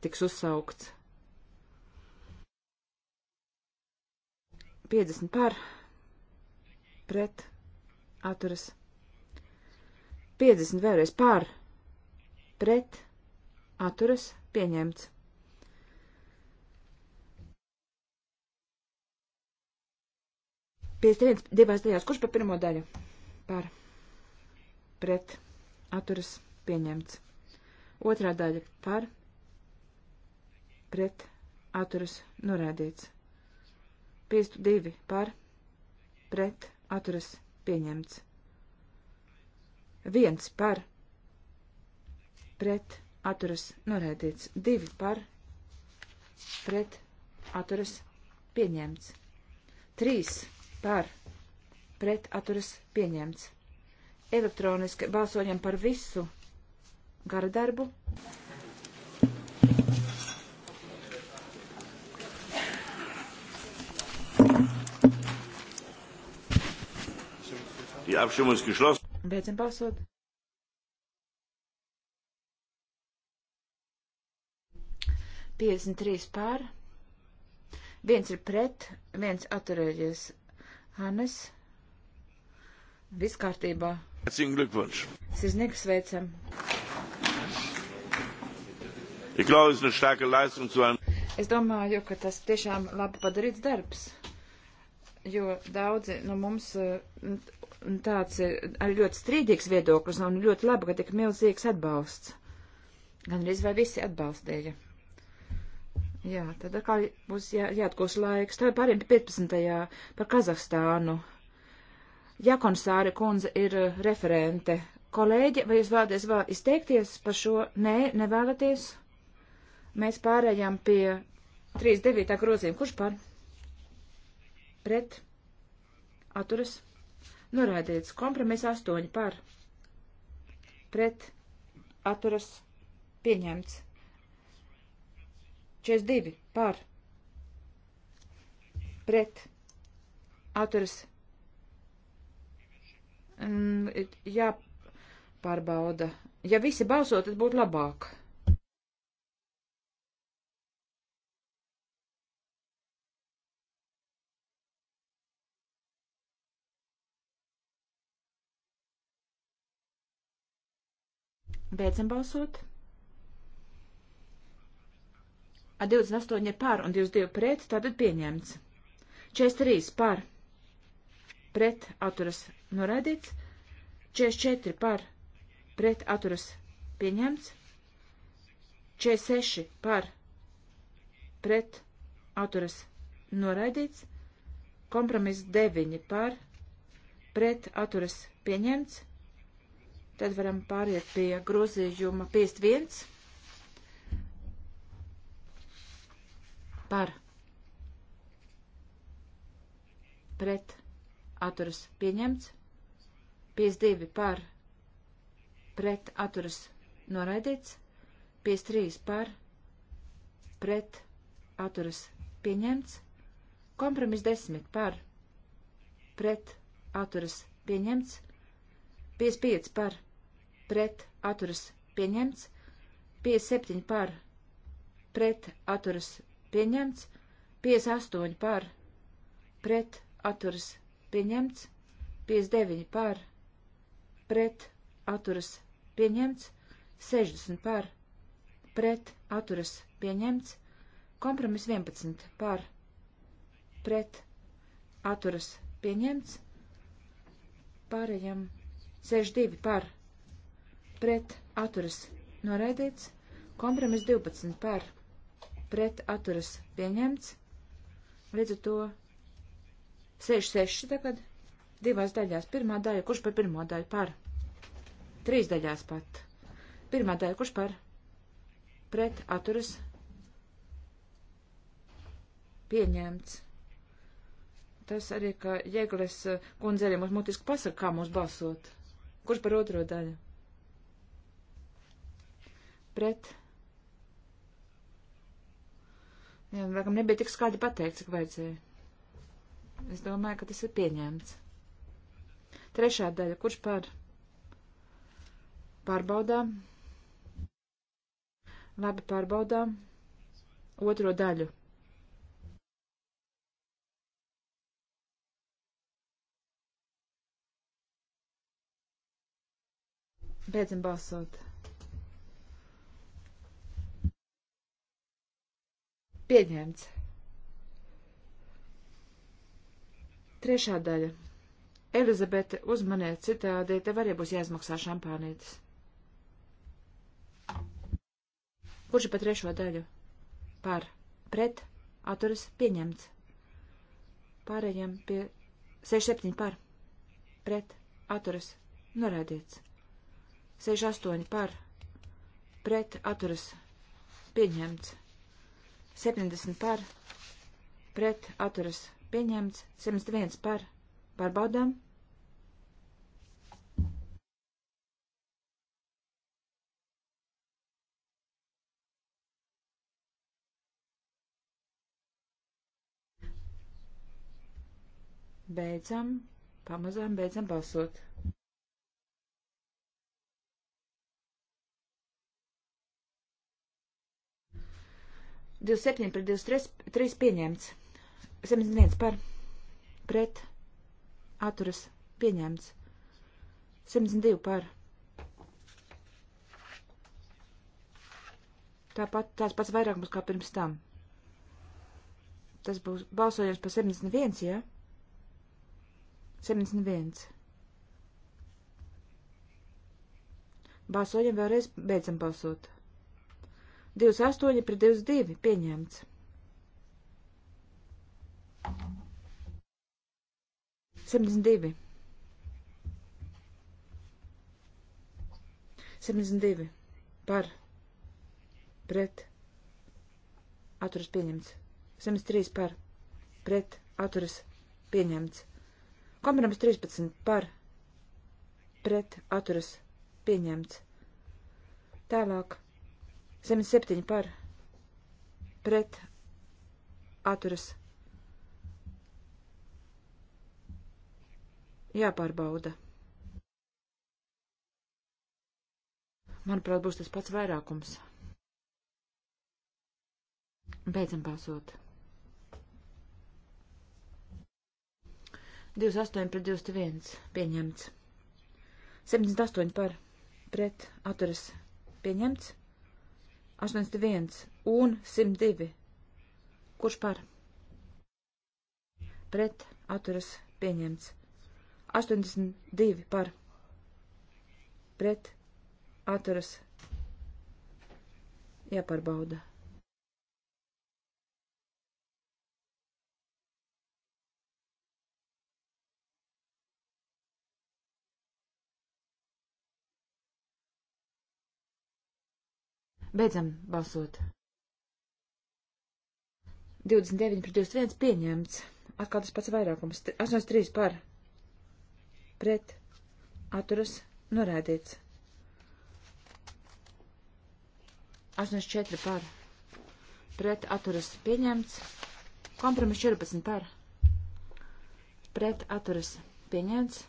Tiks uzsaukts. 50 par pret atturas. 50 vēlreiz par pret atturas pieņemts. 51, divās daļās, kurš par pirmo daļu? Par. Pret. Atturas pieņemts. Otrā daļa par. Pret. Atturas norādīts. 52 par. Pret. Atturas pieņemts. 1 par. Pret. Atturas norādīts. 2 par. Pret. Atturas pieņemts. 3 par pret atturas pieņemts. Elektroniski balsojam par visu gara darbu. Die Abstimmung ist geschlossen. Beidzam balsot. Piecdesmit trīs pār, viens ir pret, viens atturējies Hannes, viss kārtībā. Herzlichen Glückwunsch. Sirsnīgi sveicam. Ich glaube, es ist eine starke Leistung zu einem. Es domāju, ka tas tiešām labi padarīts darbs, jo daudzi no mums eh, tāds ir arī ļoti strīdīgs viedoklis un ļoti labi, ka tik milzīgs atbalsts. Gan arī vai visi atbalstīja. Jā, tad atkal būs jā, jāatgūst laiks. Tagad pāriem pie 15. par Kazahstānu. Jakonsāri kundze ir eh, referente. Kolēģi, vai jūs vēlaties vēl izteikties par šo? Nē, nevēlaties. Mēs pārējām pie 39. grozījuma. Kurš par? Pret? Atturas? Norādīts. Kompromiss 8 par. Pret? Atturas? Pieņemts. 42 par pret atturas mm, jāpārbauda. Ja visi balso, tad būtu labāk. Beidzam balsot ar 28 par un 22 pret, tātad pieņemts. 43 par pret atturas noraidīts, 44 par pret atturas pieņemts, 46 par pret atturas noraidīts, kompromiss 9 par pret atturas pieņemts, tad varam pāriet pie grozījuma 51 par pret atturas pieņemts, 52 par pret atturas noraidīts, 53 par pret atturas pieņemts, kompromis 10 par pret atturas pieņemts, 55 par pret atturas pieņemts, 57 par pret atturas pieņemts, 58 par, pret atturas pieņemts, 59 par, pret atturas pieņemts, 60 par, pret atturas pieņemts, kompromis 11 par, pret atturas pieņemts, pārējām 62 par, pret atturas noraidīts, kompromis 12 par, pret pret atturas pieņemts. Līdz ar to 66 tagad divās daļās. Pirmā daļa, kurš par pirmo daļu par? Trīs daļās pat. Pirmā daļa, kurš par? Pret atturas pieņemts. Tas arī, ka Jēgles kundze arī mums mutiski pasaka, kā mums balsot. Kurš par otro daļu? Pret Jā, laikam nu, nebija tik skaļi pateikts, cik vajadzēja. Es domāju, ka tas ir pieņemts. Trešā daļa, kurš par pārbaudām? Labi, pārbaudām otro daļu. Beidzam balsot. Pieņemts. Trešā daļa. Elizabete, uzmaniet citādi, tev arī būs jāizmaksā šampānītis. Kurš ir pa trešo daļu? Par, pret, atturas, pieņemts. Pārējiem pie 67 par, pret, atturas, norādīts. 68 par, pret, atturas, pieņemts. 70 par pret atturas pieņemts, 71 par pārbaudām. Beidzam, pamazām beidzam balsot. 27 pret 23 3 pieņemts. 71 par pret atturas pieņemts. 72 par. Tāpat tās pats vairākums kā pirms tam. Tas būs balsojums par 71, jā? Ja? 71. Balsojam vēlreiz, beidzam balsot. 72. 28 pret 22 pieņemts. 72. 72 par pret atturas pieņemts. 73 par pret atturas pieņemts. Kompromis 13 par pret atturas pieņemts. Tālāk 77 par pret atturas jāpārbauda. Manuprāt, būs tas pats vairākums. Beidzam balsot. 28 pret 21 pieņemts. 78 par pret atturas pieņemts. 81 un 102. Kurš par? Pret atturas pieņemts. 82 par. Pret atturas jāpārbauda. Beidzam balsot. 29 pret 21 pieņemts. Atkal tas pats vairākums. 83 par. Pret. Atturas. Norēdīts. 84 par. Pret. Atturas. Pieņemts. Kompromis 14 par. Pret. Atturas. Pieņemts.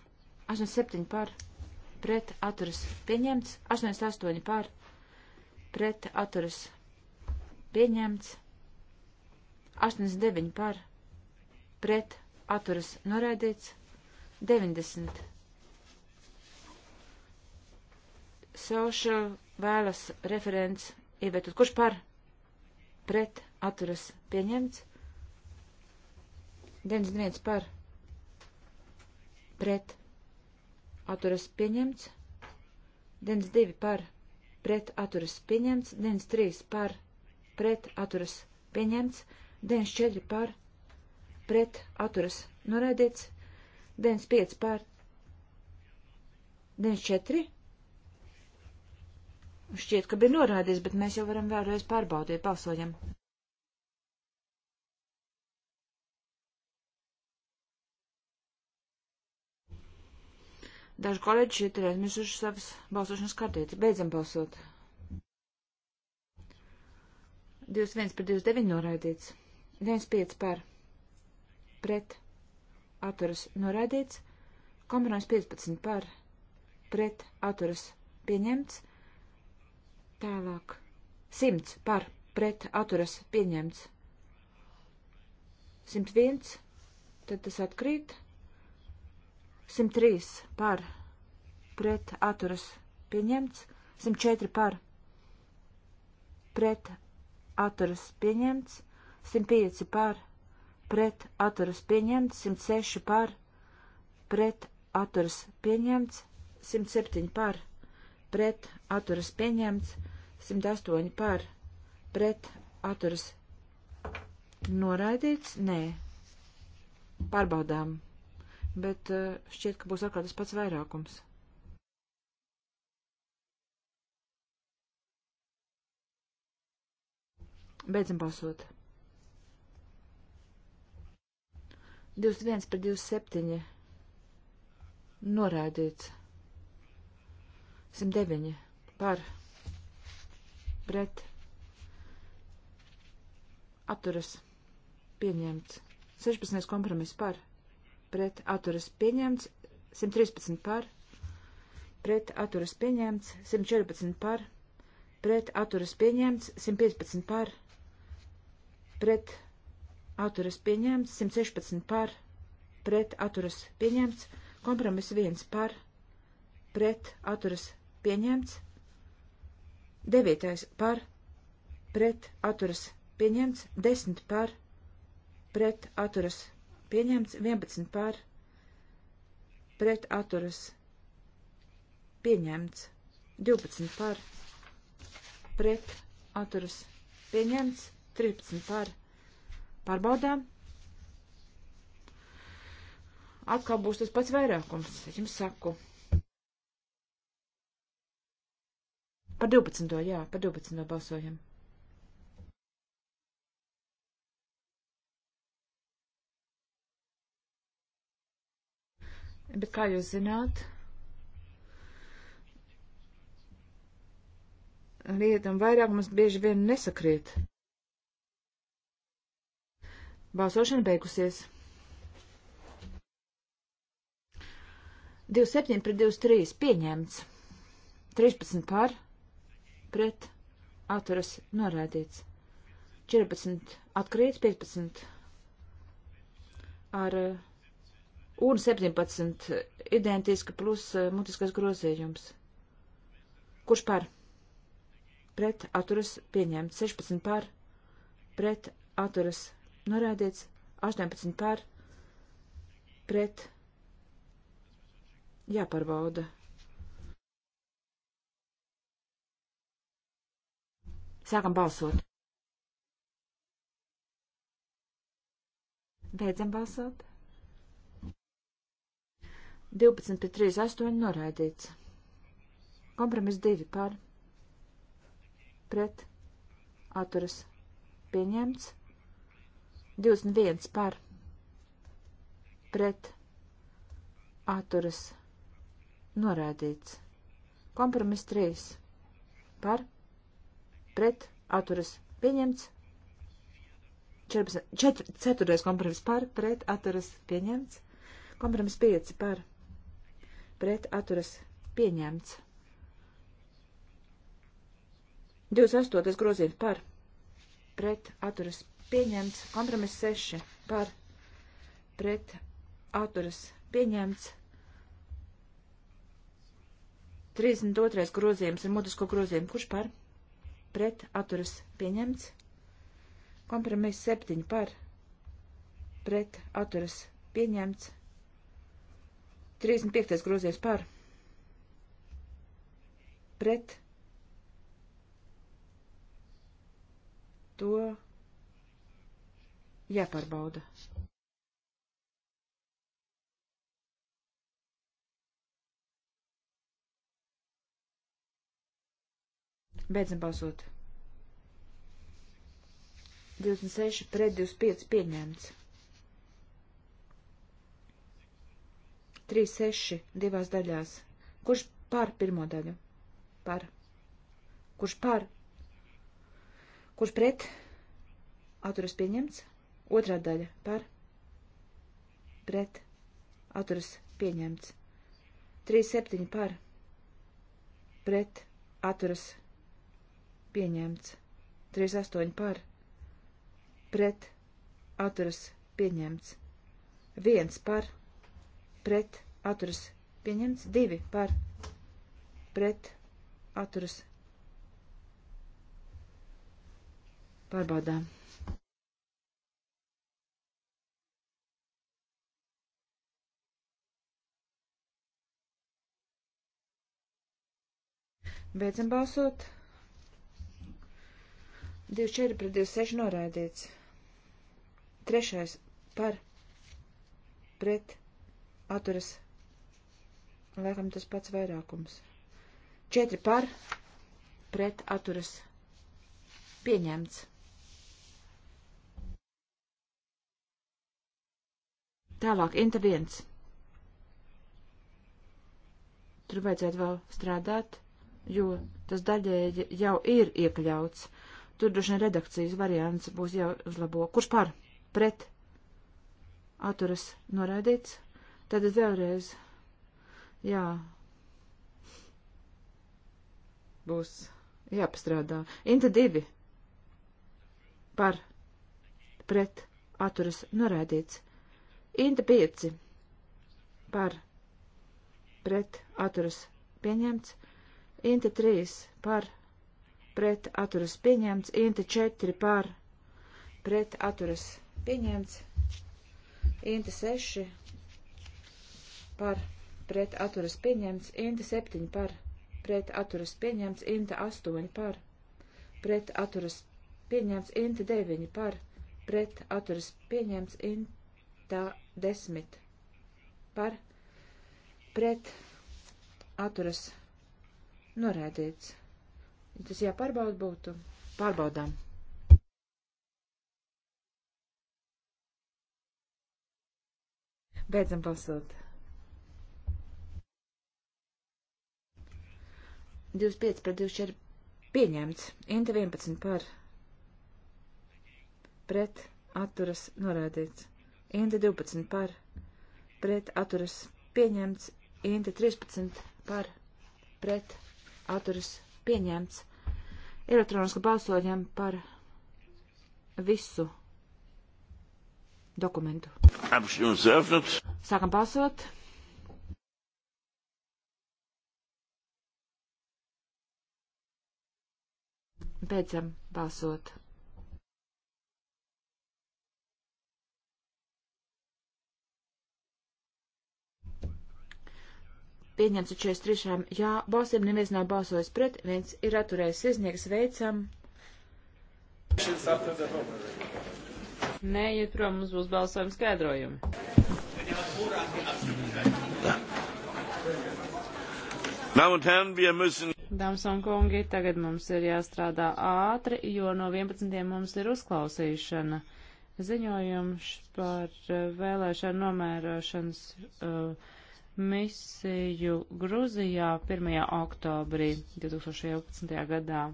87 par. Pret. Atturas. Pieņemts. 88 par pret atturas pieņemts, 89 par pret atturas noraidīts, 90. Sauša vēlas referents ievietot, kurš par pret atturas pieņemts, 91 par pret atturas pieņemts, 92 par pret pret atturas pieņemts, 93 par pret atturas pieņemts, 94 par pret atturas noraidīts, 95 par 94. Šķiet, ka bija norādīts, bet mēs jau varam vēlreiz pārbaudīt. Balsojam! Daži kolēģi šeit ir aizmirsuši savas balsošanas kartītes. Beidzam balsot. 21 par 29 noraidīts. 95 par. Pret. Atturas noraidīts. Kompromiss 15 par. Pret. Atturas pieņemts. Tālāk. 100 par. Pret. Atturas pieņemts. 101. Tad tas atkrīt. 103 par pret atturas pieņemts, 104 par pret atturas pieņemts, 105 par pret atturas pieņemts, 106 par pret atturas pieņemts, 107 par pret atturas pieņemts, 108 par pret atturas noraidīts, nē, pārbaudām bet eh, šķiet, ka būs atkal tas pats vairākums. Beidzam balsot. 21 par 27. Norādīts. 109 par pret atturas pieņemts. 16. kompromiss par pret pret atturas pieņemts, 113 par, pret atturas pieņemts, 114 par, pret atturas pieņemts, 115 par, pret atturas pieņemts, 116 par, pret atturas pieņemts, kompromiss 1 par, pret atturas pieņemts, 9 par, pret atturas pieņemts, 10 par, pret atturas pieņemts pieņemts, 11 par, pret atturas, pieņemts, 12 par, pret atturas, pieņemts, 13 par, pārbaudām. Atkal būs tas pats vairākums, es jums saku. Par 12. jā, par 12. balsojam. Bet kā jūs zināt, lieta un vairāk mums bieži vien nesakrīt. Balsošana beigusies. 27 pret 23 pieņemts. 13 par, pret, atturas norādīts. 14 atkrīt, 15 ar uh, un 17 identiski plus eh, mutiskais grozījums. Kurš par? Pret atturas pieņemts 16 par, pret atturas norādīts 18 par, pret jāpārbauda. Sākam balsot. Beidzam balsot. 12 pie 3, 8 noraidīts. Kompromis 2 par pret atturas pieņemts. 21 par pret atturas noraidīts. Kompromis 3 par pret atturas pieņemts. 14, 4, 4. kompromis par pret atturas pieņemts. Kompromis 5 par pret pret atturas pieņemts. 28. grozījums par pret atturas pieņemts. Kompromiss 6 par pret atturas pieņemts. 32. grozījums ir mutisko grozījumu. Kurš par? Pret atturas pieņemts. Kompromiss 7 par pret atturas pieņemts. 35. grozies par pret to jāpārbauda. Beidzam balsot. 26 pret 25 pieņemts. 3-6 divās daļās. Kurš par pirmo daļu? Par. Kurš par? Kurš pret? Atturas pieņemts. Otrā daļa par. Pret. Atturas pieņemts. 3-7 par. Pret. Atturas pieņemts. 3-8 par. Pret. Atturas pieņemts. 1 par pret atturas pieņemts, 2 par pret atturas pārbaudām. Beidzam balsot. 24 pret 26 noraidīts. Trešais par pret atturas laikam tas pats vairākums. 4 par pret atturas pieņemts. Tālāk, inter viens. Tur vajadzētu vēl strādāt, jo tas daļēji jau ir iekļauts. Tur droši vien redakcijas variants būs jau uzlabo. Kurš par? Pret? Atturas noraidīts. Tad vēlreiz. Jā. Būs jāpastrādā. Inta divi. Par. Pret. Atturas norādīts. Inta pieci. Par. Pret. Atturas pieņemts. Inta trīs. Par. Pret. Atturas pieņemts. Inta četri. Par. Pret. Atturas pieņemts. Inta seši par pret atturas pieņemts, Inta 7 par pret atturas pieņemts, Inta 8 par pret atturas pieņemts, Inta 9 par pret atturas pieņemts, Inta 10 par pret atturas norēdīts. Tas jāpārbauda būtu. Pārbaudām. Beidzam balsot. 25 pret 24 pieņemts. Inta 11 par pret atturas norādīts. Inta 12 par pret atturas pieņemts. Inta 13 par pret atturas pieņemts. Elektroniski balsojam par visu dokumentu. Sākam balsot. Beidzam balsot. Pieņemts 43. Jā, balsiem neviens nav balsojis pret, viens ir atturējis izniegs veicam. Nē, iet prom, mums būs balsojums skaidrojumi. Damen und Herren, wir müssen. Dāmas un kungi, tagad mums ir jāstrādā ātri, jo no 11. mums ir uzklausīšana. Ziņojums par eh, vēlēšanu nomērošanas uh, misiju Gruzijā 1. oktobrī 2011. gadā.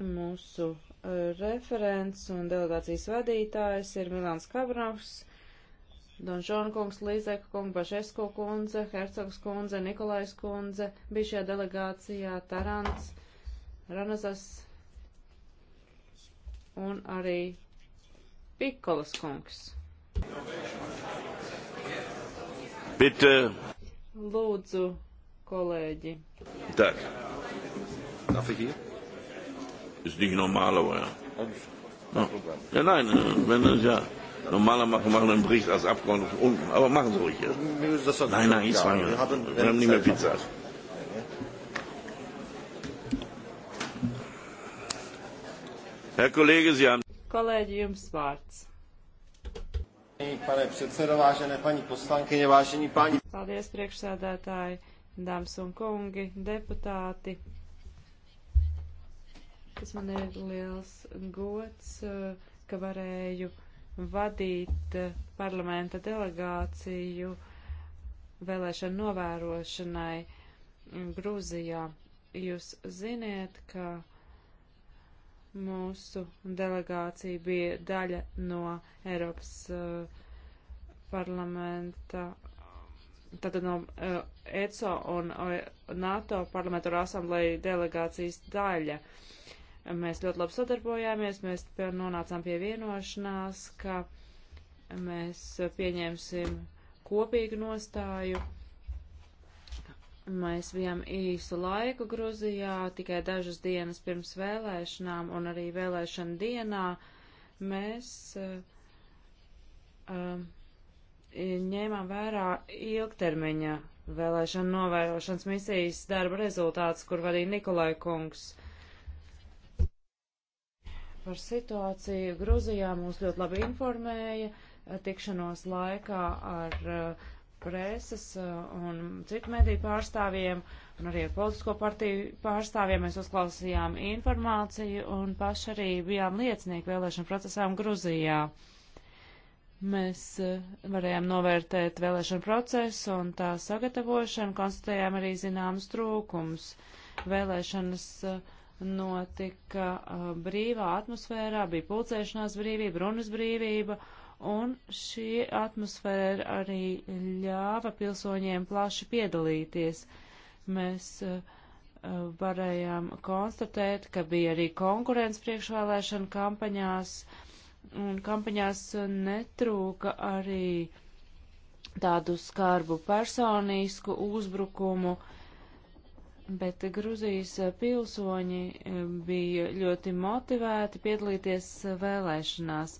Mūsu uh, referents un delegācijas vadītājs ir Milāns Kabrovs. Donžona kungs, Līzeka kunga, Bažesko kundze, Hercogs kundze, Nikolais kundze, bija šajā delegācijā Tarants, Ranazas un arī Pikolas kungs. Bet, uh... Lūdzu, kolēģi. Tā. Kaffee? Ist nicht normal, aber ja. No. Ja, nein, äh, wenn es äh, ja. Normalerweise machen wir einen Bericht als Abgeordnete von unten, aber machen Sie ruhig jetzt. Nein, nein, ich fange. Wir haben, wir haben nicht mehr Pizza. Herr Kollege, Sie haben. Kolēģi, jums vārds. Pane předsedo, vážené paní poslankyně, vážení páni. Paldies, priekšsēdētāji, dāmas un kungi, deputāti. Tas man ir liels gods, eh, ka varēju uh, vadīt eh, parlamenta delegāciju vēlēšanu novērošanai Grūzijā. Jūs ziniet, ka mūsu delegācija bija daļa no Eiropas uh, parlamenta, tātad no uh, ECO un uh, NATO parlamentāro asambleju delegācijas daļa. Uh, Mēs ļoti labi sadarbojāmies, mēs nonācām pie vienošanās, ka mēs pieņemsim kopīgu nostāju. Mēs bijām īsu laiku Gruzijā, tikai dažas dienas pirms vēlēšanām un arī vēlēšana dienā mēs uh, uh, ņēmām vērā ilgtermiņa vēlēšana novērošanas misijas darba rezultāts, kur vadīja Nikolai Kungs. Uh, par situāciju Gruzijā mūs ļoti labi informēja eh, tikšanos laikā ar uh, preses eh, un citu mediju pārstāvjiem un arī ar politisko partiju pārstāvjiem. Mēs uzklausījām informāciju un paši arī bijām liecinieki vēlēšanu procesām Gruzijā. Mēs uh, varējām novērtēt vēlēšanu procesu un tā sagatavošanu, konstatējām arī zināmas trūkums. Vēlēšanas uh, notika uh, brīvā atmosfērā, bija pulcēšanās brīvība, runas brīvība, un šī atmosfēra arī ļāva pilsoņiem plaši piedalīties. Mēs uh, uh varējām konstatēt, ka bija arī konkurence priekšvēlēšana kampaņās, un kampaņās netrūka arī tādu skarbu personisku uzbrukumu uh, bet Gruzijas eh, pilsoņi eh, bija ļoti motivēti piedalīties eh, vēlēšanās.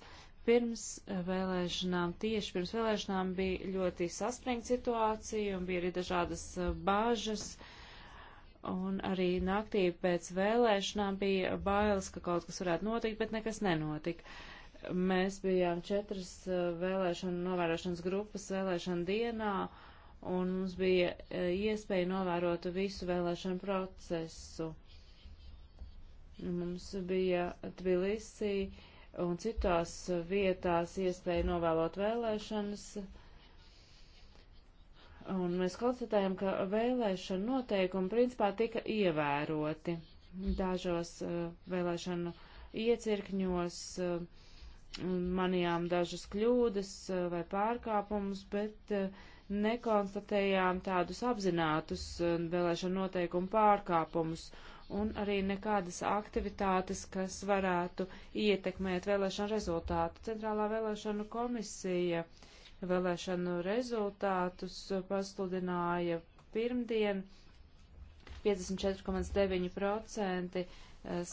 Pirms vēlēšanām, tieši pirms vēlēšanām bija ļoti saspringta situācija un bija arī dažādas bāžas. Un arī naktī pēc vēlēšanām bija bailes, ka kaut kas varētu notikt, bet nekas nenotika. Mēs bijām četras vēlēšanu novērošanas grupas vēlēšana dienā, uh, un mums bija e, iespēja novērot visu vēlēšanu procesu. Mums bija Tbilisī un citās vietās iespēja novēlot vēlēšanas. Un mēs konstatējam, ka vēlēšana noteikumi principā tika ievēroti. Dažos e, vēlēšanu iecirkņos e, manījām dažas kļūdas vai pārkāpumus, bet uh, nekonstatējām tādus apzinātus eh, vēlēšanu noteikumu pārkāpumus un arī nekādas aktivitātes, kas varētu ietekmēt vēlēšanu rezultātu. Centrālā vēlēšanu komisija vēlēšanu rezultātus pasludināja pirmdien 54,9% eh,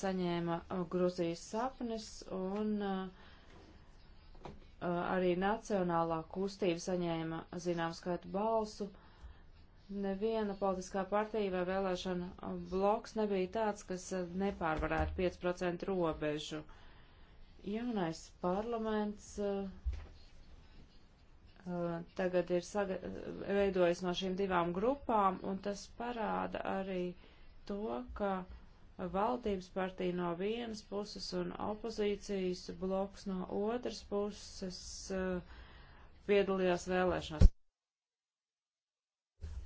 saņēma Gruzijas sapnis un uh, Uh, arī nacionālā kustība saņēma zinām skaitu balsu. Neviena politiskā partija vai vēlēšana bloks nebija tāds, kas uh, nepārvarētu 5% robežu. Jaunais parlaments uh, tagad ir saga, veidojis no šīm divām grupām, un tas parāda arī to, ka uh, valdības partija no vienas puses un opozīcijas bloks no otras puses eh, piedalījās vēlēšanās.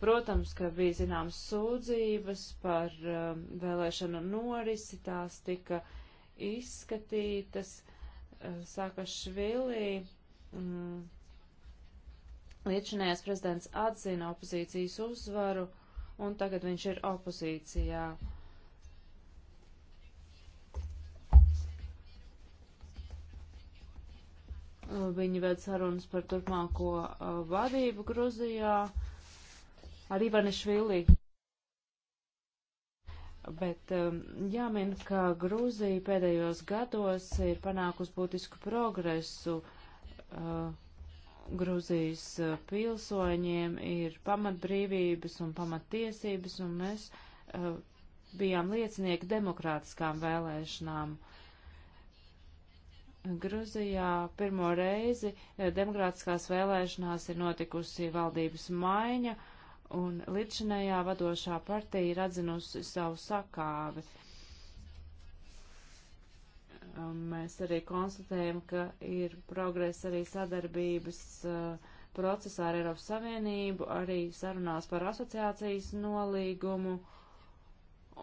Protams, ka bija zināmas sūdzības par um, vēlēšanu norisi, tās tika izskatītas, eh, saka Švilī. Mm, Liečinējais prezidents atzina opozīcijas uzvaru, un tagad viņš ir opozīcijā. Uh, Viņi ved sarunas par turpmāko uh, vadību Gruzijā ar Ivanišvili. Bet um, jāmin, ka Grūzija pēdējos gados ir panākusi būtisku progresu. Uh, Grūzijas uh, pilsoņiem ir pamatbrīvības un pamattiesības, un mēs bijām liecinieki demokrātiskām vēlēšanām. Uh, Gruzijā pirmo reizi eh, demokrātiskās vēlēšanās ir notikusi valdības maiņa, un līdzinējā vadošā partija ir atzinusi savu sakāvi. Um, mēs arī konstatējam, ka ir progress arī sadarbības uh, procesā ar Eiropas Savienību, arī sarunās par asociācijas nolīgumu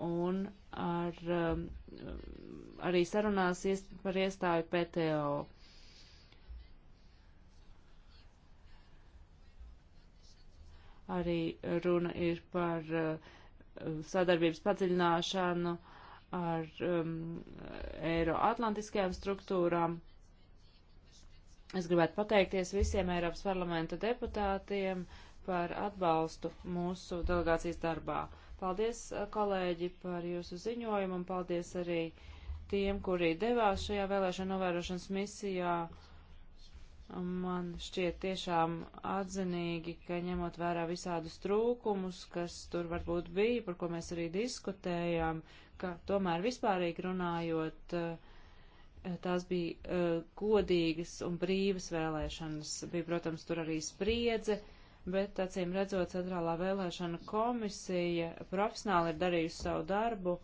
un ar, um, arī sarunās iest, par iestāju PTO. Arī runa ir par uh, sadarbības padziļināšanu ar um, Eiroatlantiskajām struktūrām. Es gribētu pateikties visiem Eiropas parlamenta deputātiem par atbalstu mūsu delegācijas darbā. Paldies, eh, kolēģi, par jūsu ziņojumu un paldies arī tiem, kuri devās šajā vēlēšana novērošanas misijā. Man šķiet tiešām atzinīgi, ka ņemot vērā visādus trūkumus, kas tur varbūt bija, par ko mēs arī diskutējām, ka tomēr vispārīgi runājot, eh, tās bija eh, godīgas un brīvas vēlēšanas. Bija, protams, tur arī spriedze bet, acīm redzot, Centrālā vēlēšana komisija profesionāli ir darījusi savu darbu.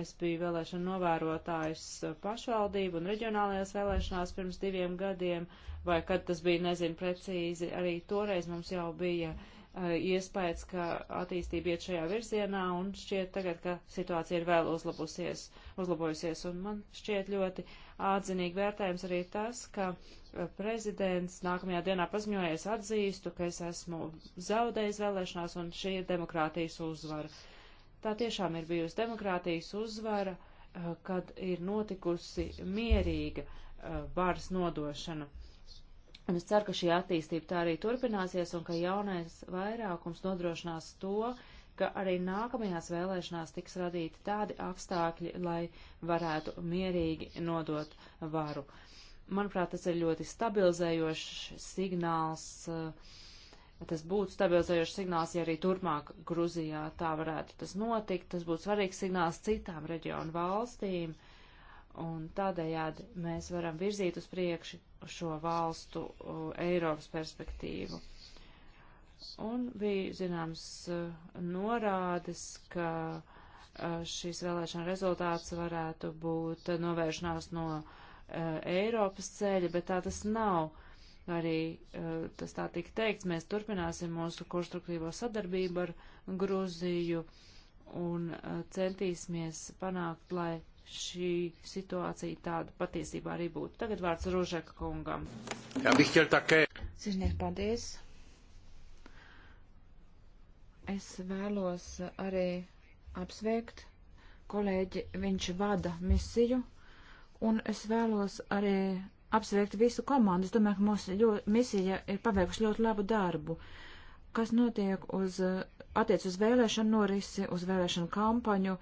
Es biju vēlēšana novērotājs pašvaldību un reģionālajās vēlēšanās pirms diviem gadiem, vai kad tas bija, nezinu precīzi, arī toreiz mums jau bija uh, Uh, iespējas, ka attīstība iet šajā virzienā un šķiet tagad, ka situācija ir vēl uzlabusies, uzlabojusies. Un man šķiet ļoti atzinīgi vērtējums arī tas, ka uh, prezidents nākamajā dienā paziņojies atzīstu, ka es esmu zaudējis vēlēšanās un šī ir demokrātijas uzvara. Tā tiešām ir bijusi demokrātijas uzvara, uh, kad ir notikusi mierīga varas nodošana Un es ceru, ka šī attīstība tā arī turpināsies un ka jaunais vairākums nodrošinās to, ka arī nākamajās vēlēšanās tiks radīti tādi apstākļi, lai varētu mierīgi nodot varu. Manuprāt, tas ir ļoti stabilizējošs signāls. Eh, tas būtu stabilizējošs signāls, ja arī turpmāk Gruzijā tā varētu tas notikt. Tas būtu svarīgs signāls citām reģionu valstīm. Un tādējādi mēs varam virzīt uz priekšu šo valstu uh, Eiropas perspektīvu. Un bija zināms uh, norādes, ka uh, šīs vēlēšana rezultāts varētu būt novēršanās no Eiropas ceļa, bet tā tas nav. Arī tas tā tika teikts, mēs turpināsim mūsu konstruktīvo sadarbību ar Gruziju un centīsimies panākt, lai šī situācija tāda patiesībā arī būtu. Tagad vārds Rožeka kungam. Jā, Mihķel Takē. Sirdnieks, paldies. Es vēlos arī apsveikt kolēģi, viņš vada misiju, un es vēlos arī apsveikt visu komandu. Es domāju, ka mūsu ļo, misija ir paveikusi ļoti labu darbu. Kas notiek uz attiec uz vēlēšanu norisi, uz vēlēšanu kampaņu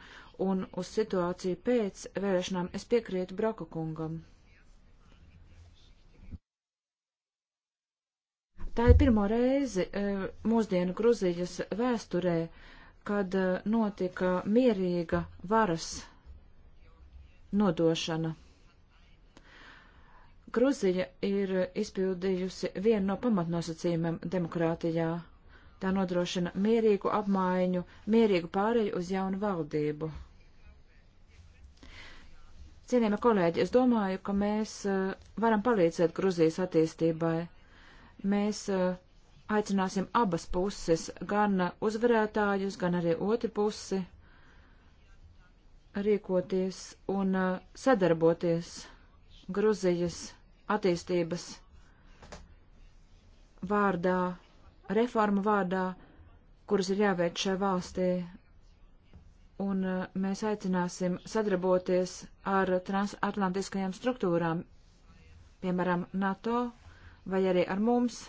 un uz situāciju pēc vēlēšanām, es piekrītu Braka kungam. Tā ir pirmo reizi e, mūsdienu Gruzijas vēsturē, kad e, notika mierīga varas nodošana. Gruzija ir izpildījusi vienu no pamatnosacījumiem demokrātijā Tā nodrošina mierīgu apmaiņu, mierīgu pāreju uz jaunu valdību. Cienījami kolēģi, es domāju, ka mēs eh, varam palīdzēt Gruzijas attīstībai. Mēs eh, aicināsim abas puses, gan uzvarētājus, gan arī otru pusi, rīkoties un eh, sadarboties Gruzijas attīstības vārdā reformu vārdā, kuras ir jāveic šai valstī, un eh, mēs aicināsim sadarboties ar transatlantiskajām struktūrām, piemēram, NATO vai arī ar mums,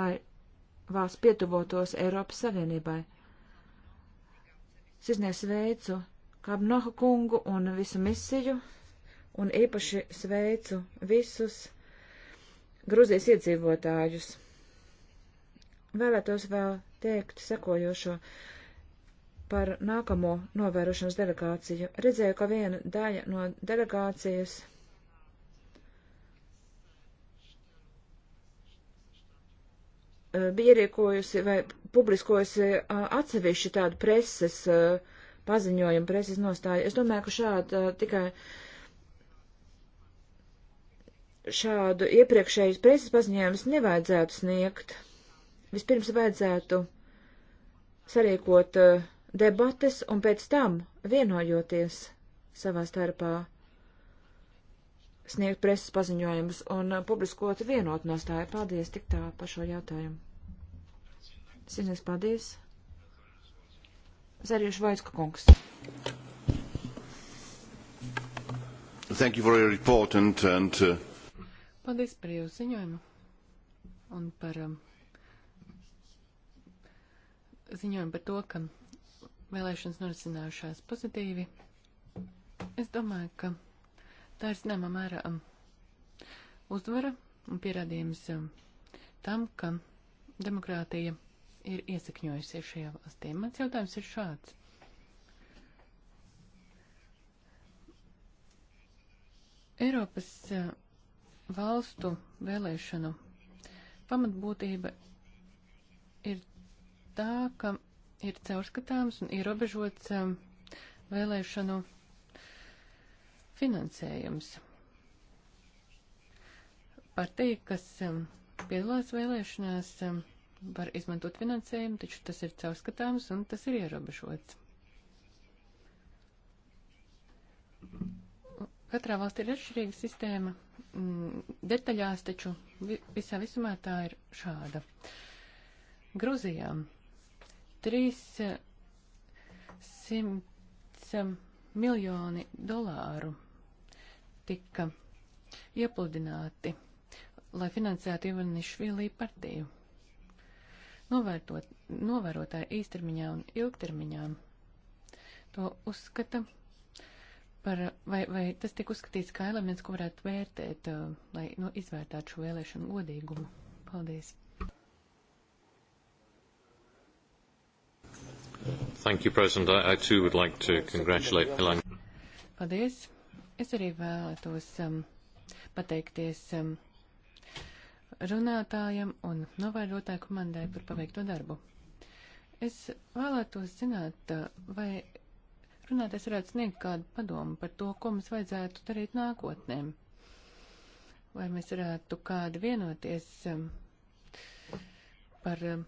lai valsts pietuvotos Eiropas Savienibai. Siznieks sveicu Kabnoha kungu un visu misiju, un īpaši sveicu visus Gruzijas iedzīvotājus. Vēlētos vēl teikt sekojošo par nākamo novērošanas delegāciju. Redzēju, ka viena daļa no delegācijas bija ierīkojusi vai publiskojusi atsevišķi tādu preses paziņojumu, preses nostāju. Es domāju, ka šāda tikai šādu iepriekšējus preses paziņojumus nevajadzētu sniegt. Vispirms vajadzētu sarīkot eh, debates un pēc tam vienojoties savā starpā sniegt preses paziņojumus un eh, publiskot vienot nostāju. Paldies tik tā par šo jautājumu. Sinies paldies. Zariešu Vaicka kungs. Thank you for your report and, and uh... Paldies par jūsu ziņojumu un par um, ziņojumu par to, ka vēlēšanas norisinājušās pozitīvi, es domāju, ka tā ir zināmā mērā um, uzvara un pierādījums um, tam, ka demokrātija ir iesakņojusies šajā valstī. Mans jautājums ir šāds. Eiropas uh, valstu vēlēšanu pamatbūtība ir tā, ka ir caurskatāms un ierobežots um, vēlēšanu finansējums. Partija, kas um, piedalās vēlēšanās, um, var izmantot finansējumu, taču tas ir caurskatāms un tas ir ierobežots. Katrā valstī ir atšķirīga sistēma, mm, detaļās, taču vi visā visumā tā ir šāda. Gruzijām 300 miljoni dolāru tika iepludināti, lai finansētu Ivanišvili partiju. Novērtot, novērotāji īstermiņā un ilgtermiņā to uzskata par, vai, vai tas tika uzskatīts kā elements, ko varētu vērtēt, uh, lai nu, izvērtētu šo vēlēšanu godīgumu. Paldies! Thank you, President. I, I too would like to congratulate Milan. Paldies. Es arī vēlētos um, pateikties um, runātājam un novērotāju komandai par paveikto darbu. Es vēlētos zināt, uh, vai runātājs varētu sniegt kādu padomu par to, ko mums vajadzētu darīt nākotnēm. Vai mēs varētu kādu vienoties um, par um,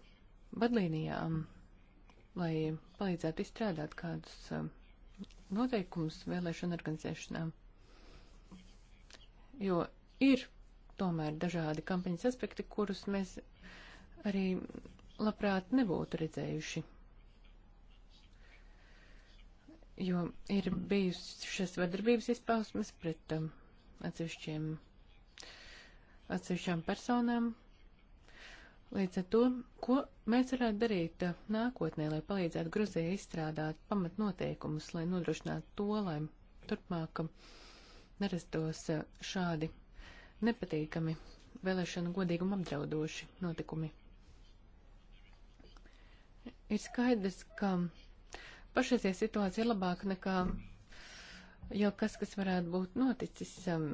vadlīnijām lai palīdzētu izstrādāt kādus um, noteikumus vēlēšana organizēšanām. Jo ir tomēr dažādi kampaņas aspekti, kurus mēs arī labprāt nebūtu redzējuši. Jo ir bijušas vardarbības izpausmes pret um, atsevišķiem, atsevišķām personām, Līdz ar to, ko mēs varētu darīt nākotnē, lai palīdzētu Gruzijai izstrādāt pamatnoteikumus, lai nodrošinātu to, lai turpmāk nerastos šādi nepatīkami vēlēšanu godīgumu apdraudoši notikumi. Ir skaidrs, ka pašreizie situācija ir labāka nekā jau kas, kas varētu būt noticis um,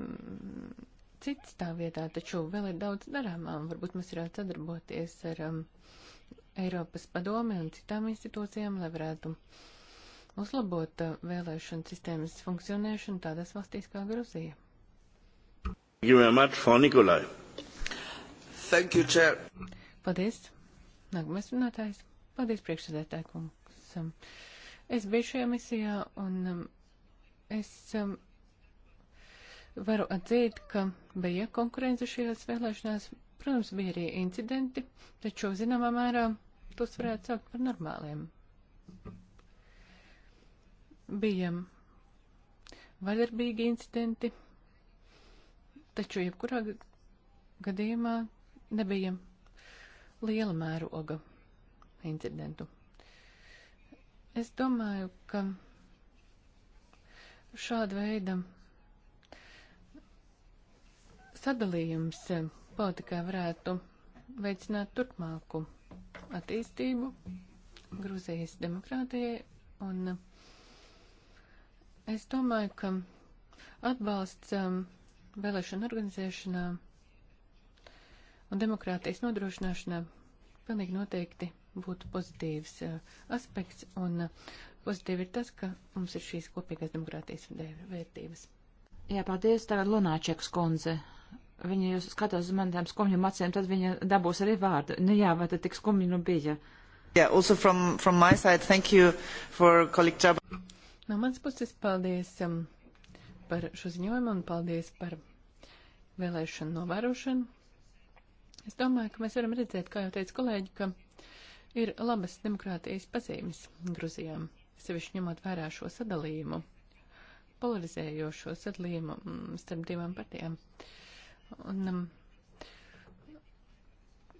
cits tā vietā, taču vēl ir daudz darāmām. Varbūt mēs varētu sadarboties ar um, Eiropas padomi un citām institūcijām, lai varētu uzlabot uh, vēlēšanu sistēmas funkcionēšanu tādās valstīs kā Gruzija. Thank you very much for Nikolai. Thank you, Chair. Paldies. Nākamais runātājs. Paldies, priekšsēdētāj kungs. Um, es biju šajā misijā un um, es um, varu atzīt, ka bija konkurence šajās vēlēšanās. Protams, bija arī incidenti, taču zināmā mērā tos varētu saukt par normāliem. Bija vaļarbīgi incidenti, taču jebkurā gadījumā nebija liela mēroga incidentu. Es domāju, ka šāda veida sadalījums e, politikā varētu veicināt turpmāku attīstību Gruzijas demokrātijai, un e, es domāju, ka atbalsts e, vēlēšana organizēšanā un demokrātijas nodrošināšanā pilnīgi noteikti būtu pozitīvs aspekts, un pozitīvi ir tas, ka mums ir šīs kopīgās demokrātijas vērtības. Jā, paldies, tagad Lunāčeks kundze viņa jūs skatās uz manām skumjām acīm, tad viņa dabūs arī vārdu. Nu jā, vai tad tik skumji nu bija? Yeah, also from, from my side, thank you for colleague Jab. No mans puses paldies um, par šo ziņojumu un paldies par vēlēšanu novērošanu. Es domāju, ka mēs varam redzēt, kā jau teica kolēģi, ka ir labas demokrātijas pazīmes Gruzijām, sevišķi ņemot vērā šo sadalījumu, polarizējošo sadalījumu mm, starp divām partijām. Uh, Un um,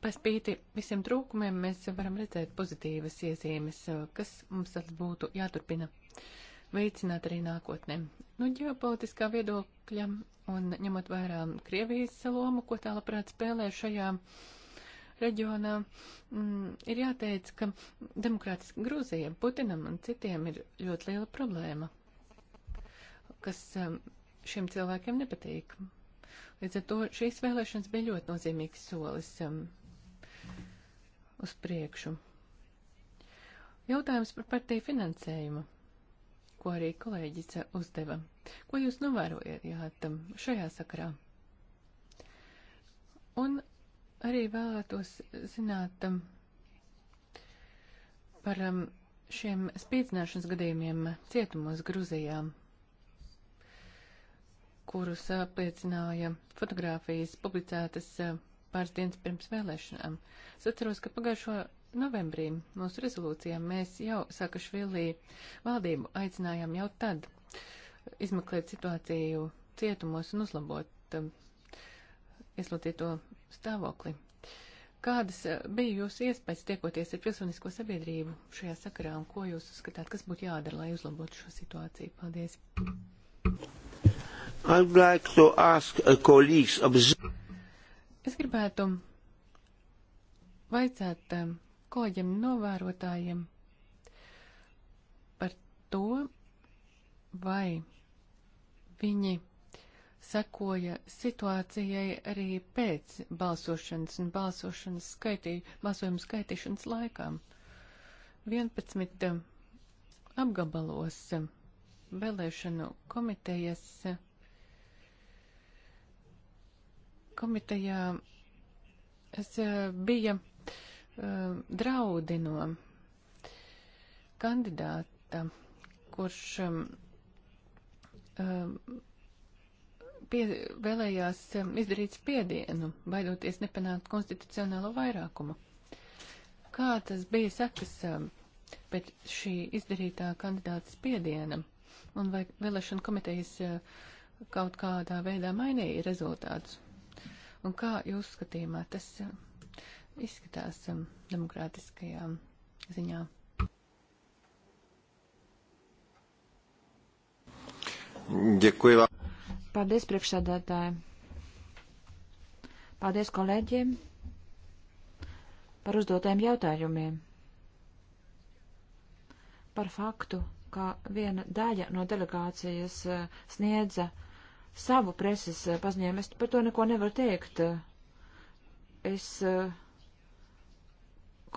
paspīti visiem trūkumiem mēs varam redzēt pozitīvas iezīmes, uh, kas mums tad būtu jāturpina veicināt arī nākotnē. Nu, ģeopolitiskā viedokļa un ņemot vērā Krievijas lomu, ko tā labprāt spēlē šajā reģionā, mm, ir jāteic, ka demokrātiski Grūzija Putinam un citiem ir ļoti liela problēma, kas um, šiem cilvēkiem nepatīk. Līdz ar to šīs vēlēšanas bija ļoti nozīmīgs solis um, uz priekšu. Jautājums par partiju finansējumu, ko arī kolēģis uh, uzdeva. Ko jūs novērojat um, šajā sakarā? Un arī vēlētos zināt um, par um, šiem spīdzināšanas gadījumiem cietumos Gruzijām kurus apliecināja fotogrāfijas publicētas eh, pāris dienas pirms vēlēšanām. Es atceros, ka pagājušo novembrī mūsu rezolūcijā mēs jau Sakašvilī valdību aicinājām jau tad izmeklēt situāciju cietumos un uzlabot um, ieslodzīto stāvokli. Kādas eh, bija jūsu iespējas tiekoties ar pilsonisko sabiedrību šajā sakarā un ko jūs uzskatāt, kas būtu jādara, lai uzlabotu šo situāciju? Paldies! Thank you. I would like to ask uh, colleagues Es gribētu vaicāt um, kolēģiem novērotājiem par to, vai viņi sekoja situācijai arī pēc balsošanas un balsošanas skaitī, balsojuma skaitīšanas laikām. 11 um, apgabalos um, vēlēšanu komitejas komitejā es, eh, bija eh, draudi no kandidāta, kurš eh, pie, vēlējās izdarīt spiedienu, baidoties nepanākt konstitucionālo vairākumu. Kā tas bija sakas pēc šī izdarītā kandidāta spiediena? Un vai vēlēšana komitejas kaut kādā veidā mainīja rezultātus? Un kā jūs skatījumā tas eh, izskatās eh, demokrātiskajā ziņā? Děkuji vám. Paldies priekšsēdētāji. Paldies kolēģiem par uzdotajiem jautājumiem. Par faktu, ka viena daļa no delegācijas eh, sniedza uh, savu preses eh, paziņojumu. Es par to neko nevaru teikt. Es eh,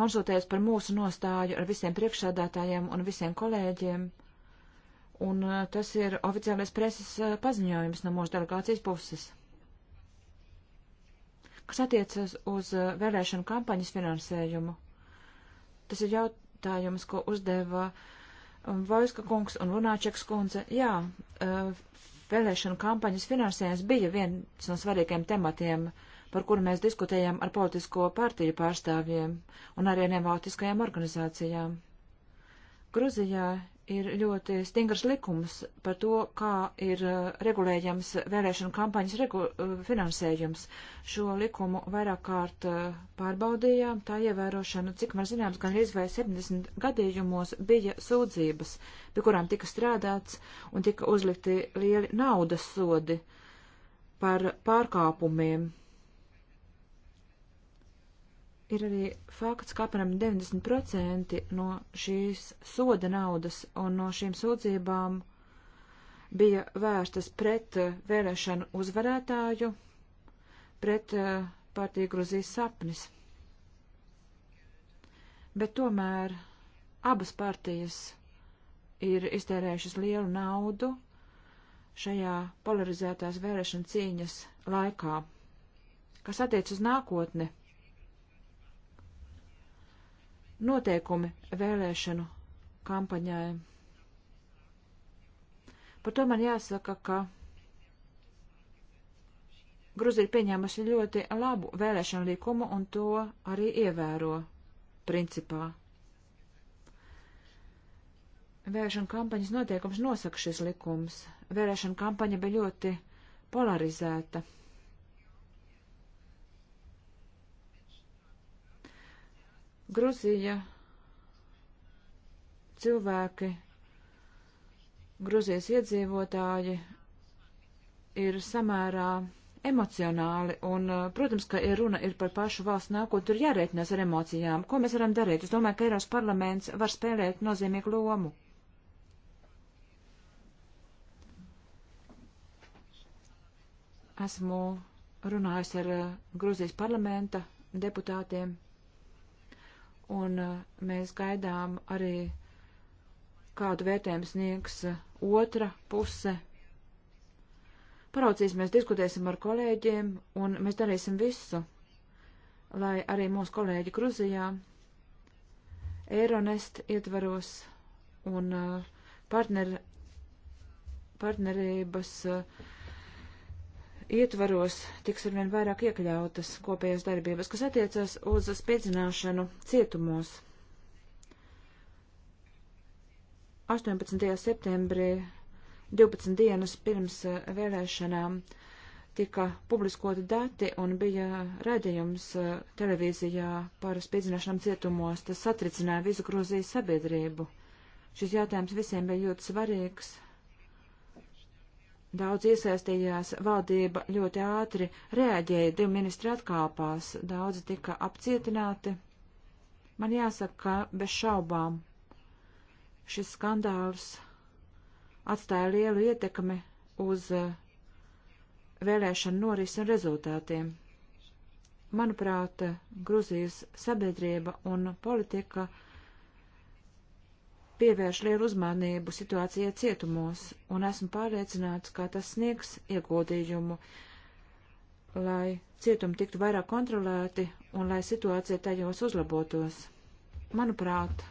konsultējos par mūsu nostāju ar visiem priekšsādātājiem un visiem kolēģiem. Un eh, tas ir oficiālais preses paziņojums no mūsu delegācijas puses. Kas attiecas uz vēlēšanu kampaņas finansējumu, tas ir jautājums, ko uzdeva um, Vojska kungs un Lunāčeks kundze. Jā, vēlēšanu kampaņas finansējums bija viens no svarīgiem tematiem, par kuru mēs diskutējām ar politisko partiju pārstāvjiem un arī nevalstiskajām organizācijām. Gruzijā ir ļoti stingrs likums par to, kā ir uh, regulējams vēlēšanu kampaņas regu, uh, finansējums. Šo likumu vairāk kārt uh, pārbaudījām, tā ievērošana, cik man zināms, gan reiz vai 70 gadījumos bija sūdzības, pie kurām tika strādāts un tika uzlikti lieli naudas sodi par pārkāpumiem ir arī fakts, ka apmēram 90% no šīs soda naudas un no šīm sūdzībām bija vērstas pret eh, vēlēšanu uzvarētāju, pret eh, partiju Gruzijas sapnis. Bet tomēr abas partijas ir iztērējušas lielu naudu šajā polarizētās vēlēšana cīņas laikā. Kas attiec uz nākotni? noteikumi vēlēšanu kampaņai. Par to man jāsaka, ka Gruzija ir pieņēmusi ļoti labu vēlēšanu likumu un to arī ievēro principā. Vēlēšana kampaņas noteikums nosaka šis likums. Vēlēšana kampaņa bija ļoti polarizēta. Gruzija cilvēki, Gruzijas iedzīvotāji ir samērā emocionāli, un, uh, protams, ka, ja runa ir par pašu valsts nākotni, tur jārēķinās ar emocijām. Ko mēs varam darīt? Es domāju, ka Eiropas parlaments var spēlēt nozīmīgu lomu. Esmu runājis ar uh, Gruzijas parlamenta deputātiem un uh, mēs gaidām arī kādu vērtējumu sniegs uh, otra puse. Paraucīsimies, diskutēsim ar kolēģiem, un mēs darīsim visu, lai arī mūsu kolēģi Gruzijā, Eironest ietvaros un uh, partner, partnerības uh, ietvaros tiks arvien vairāk iekļautas kopējās darbības, kas attiecas uz spēcināšanu cietumos. 18. septembrī, 12 dienas pirms eh, vēlēšanām, tika publiskoti dati un bija redzējums eh, televīzijā par spīdzināšanām cietumos. Tas satricināja visu Grūzijas sabiedrību. Šis jautājums visiem bija ļoti svarīgs Daudz iesaistījās, valdība ļoti ātri reaģēja, divi ministri atkāpās, daudzi tika apcietināti. Man jāsaka, ka bez šaubām šis skandāls atstāja lielu ietekmi uz eh, vēlēšanu noris un rezultātiem. Manuprāt, Gruzijas sabiedrība un politika pievērš lielu uzmanību situācijai cietumos, un esmu pārliecināts, ka tas sniegs ieguldījumu, lai cietumi tiktu vairāk kontrolēti un lai situācija tajos uzlabotos. Manuprāt,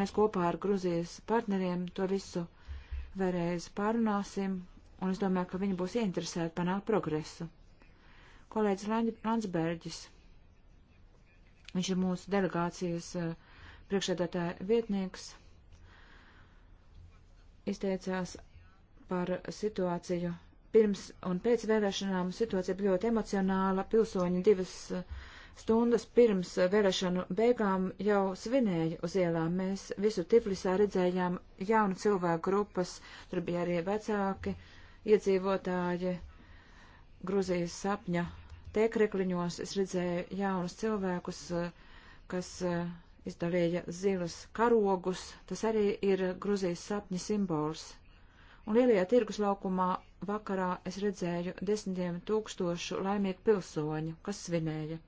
mēs kopā ar Gruzijas partneriem to visu vēlreiz pārunāsim, un es domāju, ka viņi būs ieinteresēti panākt progresu. Kolēģis Landsberģis, viņš ir mūsu delegācijas uh, priekšēdētāja vietnieks izteicās par situāciju pirms un pēc vēlēšanām. Situācija bija ļoti emocionāla. Pilsoņi divas uh, stundas pirms vēlēšanu beigām jau svinēja uz ielām. Mēs visu Tiflisā redzējām jaunu cilvēku grupas, tur bija arī vecāki, iedzīvotāji, Gruzijas sapņa tēkrekliņos. Es redzēju jaunus cilvēkus, uh, kas uh, izdalīja zilus karogus, tas arī ir Gruzijas sapņa simbols. Un lielajā tirgus laukumā vakarā es redzēju desmitiem tūkstošu laimīgu pilsoņu, kas svinēja.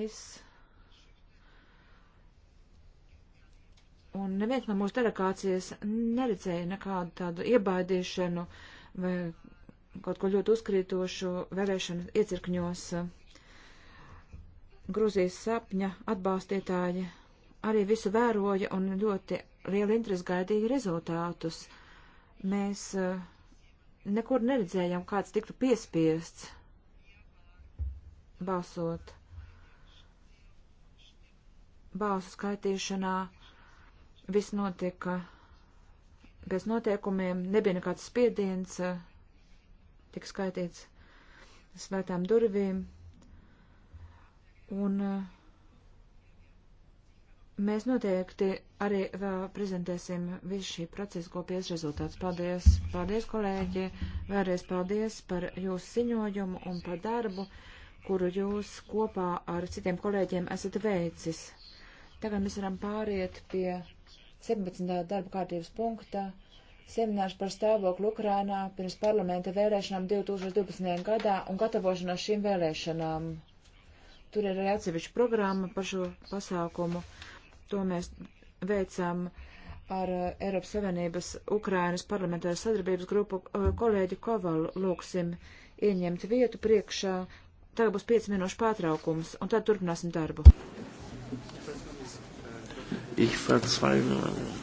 Es un neviens no mūsu delegācijas neredzēja nekādu tādu iebaidīšanu vai kaut ko ļoti uzkrītošu vēlēšanu iecirkņos. Uh, Gruzijas sapņa atbalstītāji arī visu vēroja un ļoti liela interesi gaidīja rezultātus. Mēs uh, nekur neredzējām, kāds tiktu piespiests balsot. Balsu skaitīšanā viss notika bez noteikumiem, nebija nekāds spiediens, uh, eh, tik skaitīts svētām durvīm. Un eh, mēs noteikti arī vēl prezentēsim visu šī procesa kopijas rezultātus. Paldies, paldies, kolēģi, vēlreiz paldies par jūsu ziņojumu un par darbu, kuru jūs kopā ar citiem kolēģiem esat veicis. Tagad mēs varam pāriet pie 17. darba kārtības punkta seminārs par stāvokli Ukrainā pirms parlamenta vēlēšanām 2012. gadā un gatavošanos šīm vēlēšanām. Tur ir arī atsevišķa programma par šo pasākumu. To mēs veicam ar uh, Eiropas Savienības Ukrainas parlamentāras sadarbības grupu uh, kolēģi Kovalu lūksim ieņemt vietu priekšā. Tagad būs 5 minūšu pārtraukums, un tad turpināsim darbu. Ich verzweifle.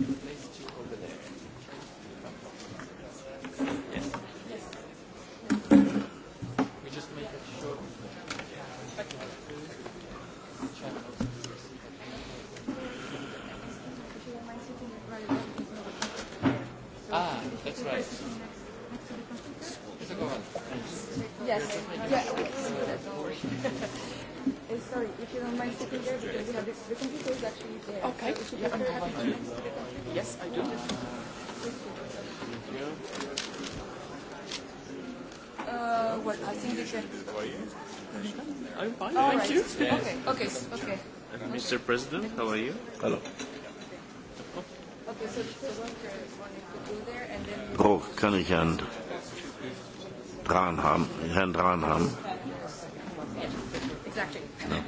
Thank you. Mr. President, how are you? Hello. Okay, so the worker is wanting to do there and then... Oh, kann ich Herrn Dran haben? Herrn Dran haben? Yes, exactly. No.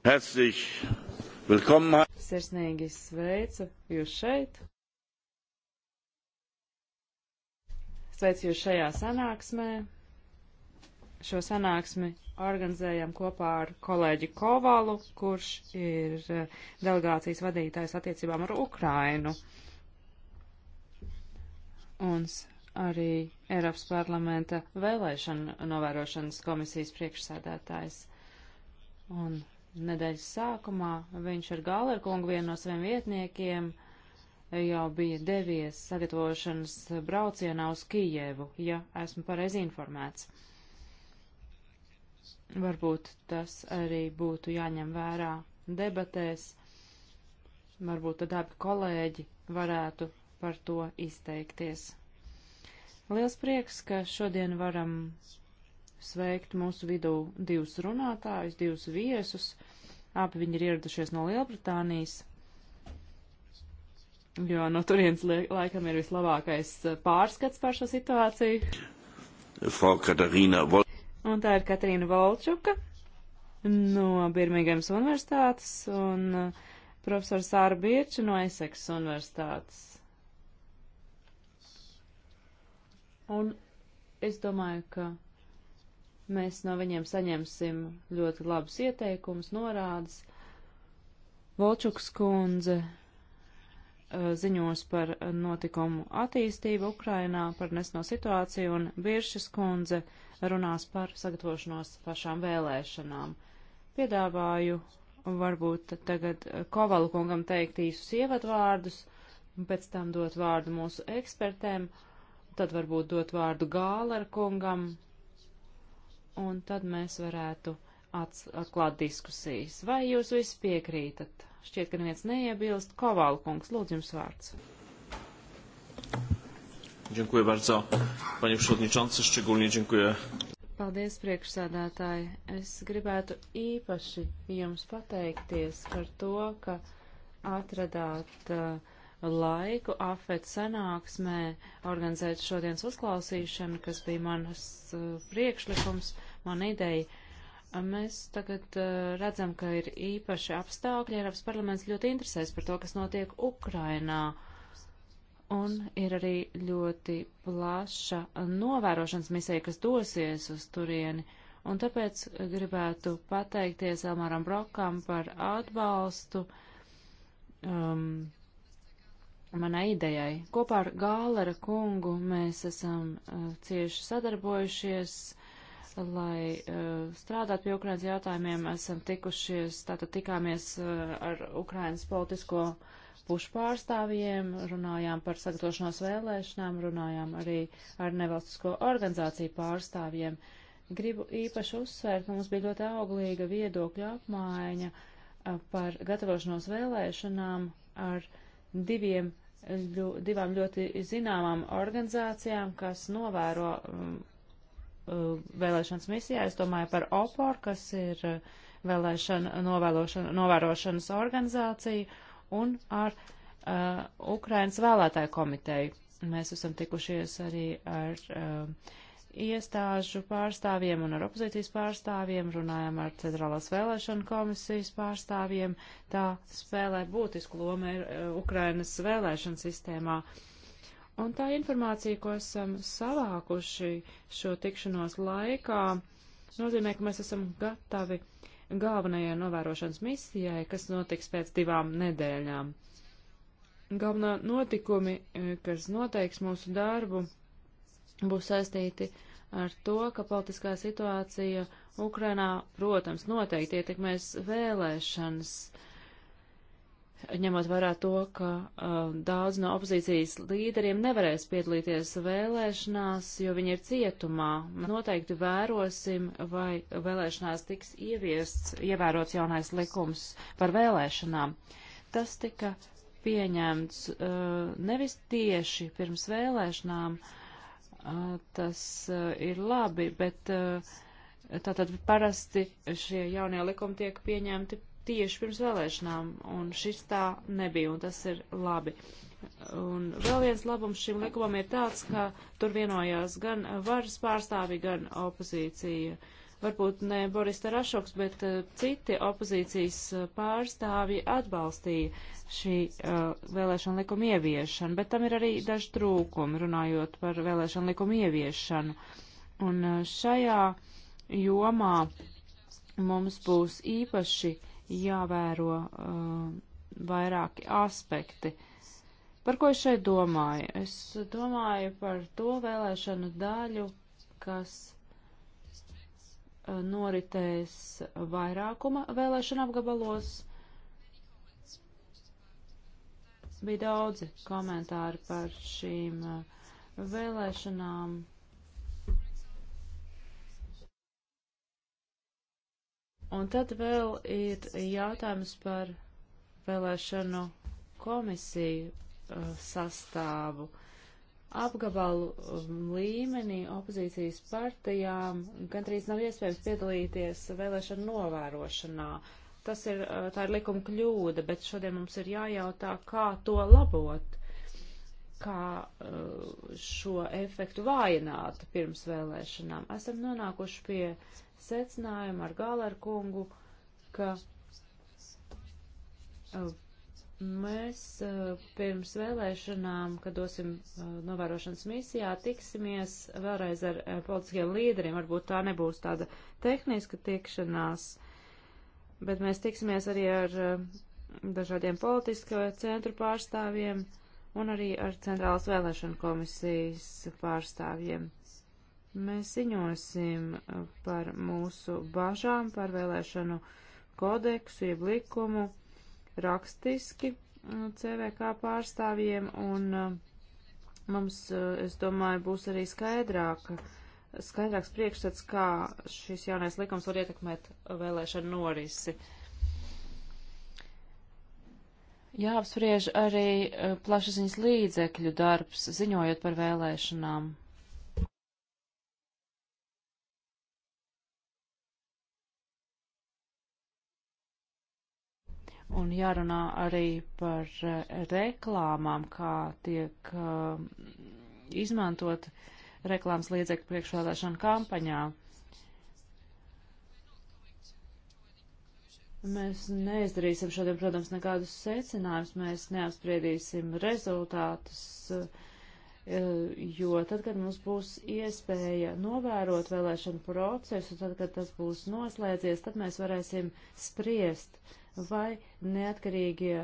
Herzlich willkommen. Sirsnīgi sveicu jūs šeit. Sveicu jūs šajā sanāksmē. Šo sanāksmi organizējam kopā ar kolēģi Kovalu, kurš ir eh, delegācijas vadītājs attiecībām ar Ukrainu. Un arī Eiropas parlamenta vēlēšana novērošanas komisijas priekšsēdētājs. Un nedēļas sākumā viņš ar Galerkungu, vienu no saviem vietniekiem, jau bija devies sagatavošanas braucienā uz Kijevu, ja esmu pareizi informēts. Varbūt tas arī būtu jāņem vērā debatēs. Varbūt tad abi kolēģi varētu par to izteikties. Liels prieks, ka šodien varam sveikt mūsu vidū divus runātājus, divus viesus. Abi viņi ir ieradušies no Lielbritānijas, jo no turienes laikam ir vislabākais eh, pārskats par šo situāciju. Frau Katarīna Vol. Un tā ir Katarīna Volčuka no Birmingemas universitātes un eh, profesors Sāra Birča no Eseks universitātes. Un es domāju, ka Mēs no viņiem saņemsim ļoti labus ieteikumus, norādes. Volčuks kundze uh, ziņos par notikumu attīstību Ukrainā, par nesno situāciju, un Biršas kundze runās par sagatavošanos pašām vēlēšanām. Piedāvāju varbūt tagad Kovalu kungam teikt īsus ievadvārdus, pēc tam dot vārdu mūsu ekspertēm, tad varbūt dot vārdu Gāler kungam, un tad mēs varētu atklāt diskusijas. Vai jūs visi piekrītat? Šķiet, ka neviens neiebilst. Kovalu kungs, lūdzu jums vārds. Dziękuję bardzo, panie przewodniczący, szczególnie dziękuję. Paldies, priekšsādātāji. Es gribētu īpaši jums pateikties par to, ka atradāt uh, laiku afet sanāksmē organizēt šodienas uzklausīšanu, kas bija manas uh, priekšlikums. Uh, un ideja. Mēs tagad uh, redzam, ka ir īpaši apstākļi. Eiropas parlaments ļoti interesēs par to, kas notiek Ukrainā. Un ir arī ļoti plaša novērošanas misija, kas dosies uz turieni. Un tāpēc gribētu pateikties Elmāram Brokam par atbalstu um, manai idejai. Kopā ar Gālera kungu mēs esam uh, cieši sadarbojušies lai uh, strādātu pie Ukrainas jautājumiem. Esam tikušies, tātad tikāmies uh, ar Ukrainas politisko pušu pārstāvjiem, runājām par sagatavošanos vēlēšanām, runājām arī ar nevalstisko organizāciju pārstāvjiem. Gribu īpaši uzsvērt, ka mums bija ļoti auglīga viedokļa apmaiņa uh, par gatavošanos vēlēšanām ar diviem, ļu, divām ļoti zināmām organizācijām, kas novēro um, Uh, vēlēšanas misijā. Es domāju par OPOR, kas ir uh, vēlēšana novērošanas organizācija, un ar uh, Ukrainas vēlētāju komiteju. Mēs esam tikušies arī ar uh, iestāžu pārstāvjiem un ar opozīcijas pārstāvjiem, runājam ar Centrālās vēlēšana komisijas pārstāvjiem. Tā spēlē būtisku lomu uh, Ukrainas vēlēšana sistēmā. Uh, Un tā informācija, ko esam savākuši šo tikšanos laikā, nozīmē, ka mēs esam gatavi galvenajai novērošanas misijai, kas notiks pēc divām nedēļām. Galvenā notikumi, e, kas noteiks mūsu darbu, būs saistīti ar to, ka politiskā situācija Ukrainā, protams, noteikti ietekmēs vēlēšanas. Uh, ņemot vērā to, ka uh, daudz no opozīcijas līderiem nevarēs piedalīties vēlēšanās, jo viņi ir cietumā. Noteikti vērosim, vai vēlēšanās tiks ieviests, ievērots jaunais likums par vēlēšanām. Tas tika pieņemts uh, nevis tieši pirms vēlēšanām, uh, tas uh, ir labi, bet uh, tātad parasti šie jaunie likumi tiek pieņemti tieši pirms vēlēšanām, un šis tā nebija, un tas ir labi. Un vēl viens labums šim likumam ir tāds, ka tur vienojās gan varas pārstāvi, gan opozīcija. Varbūt ne Boris Tarašoks, bet uh, citi opozīcijas uh, pārstāvi atbalstīja šī uh, vēlēšana likuma ieviešanu, bet tam ir arī daži trūkumi, runājot par vēlēšana likuma ieviešanu. Un uh, šajā jomā mums būs īpaši jāvēro uh, vairāki aspekti. Par ko es šeit domāju? Es domāju par to vēlēšanu daļu, kas uh, noritēs vairākuma vēlēšana apgabalos. Bija daudzi komentāri par šīm uh, vēlēšanām. Uh, Un tad vēl ir jautājums par vēlēšanu komisiju uh, sastāvu. Apgabalu um, līmenī opozīcijas partijām gandrīz nav iespējams piedalīties vēlēšanu novērošanā. Tas ir, uh, tā ir likuma kļūda, bet šodien mums ir jājautā, kā to labot, kā uh, šo efektu vājināt pirms vēlēšanām. Esam nonākuši pie uh, secinājumu ar Gāleru kungu, ka uh, mēs uh, pirms vēlēšanām, kad dosim uh, novērošanas misijā, tiksimies vēlreiz ar politiskiem līderiem. Varbūt tā nebūs tāda tehniska tikšanās, bet mēs tiksimies arī ar dažādiem politisko centru pārstāvjiem un arī ar Centrālas vēlēšana komisijas pārstāvjiem. Mēs ziņosim uh, par mūsu bažām, par vēlēšanu kodeksu, jeb likumu rakstiski uh, CVK pārstāvjiem, un uh, mums, es domāju, būs arī skaidrāka, skaidrāks priekšstats, kā šis jaunais likums var ietekmēt vēlēšanu norisi. Jāapspriež arī plašsaziņas līdzekļu darbs, ziņojot par vēlēšanām. un jārunā arī par eh, reklāmām, kā tiek uh, izmantot reklāmas liedzekļu priekšvēlēšanu kampaņā. Mēs neizdarīsim šodien, protams, nekādus secinājumus, mēs neapspriedīsim rezultātus. Uh, Eh, jo tad, kad mums būs iespēja novērot vēlēšanu procesu, tad, kad tas būs noslēdzies, tad mēs varēsim spriest, vai neatkarīgie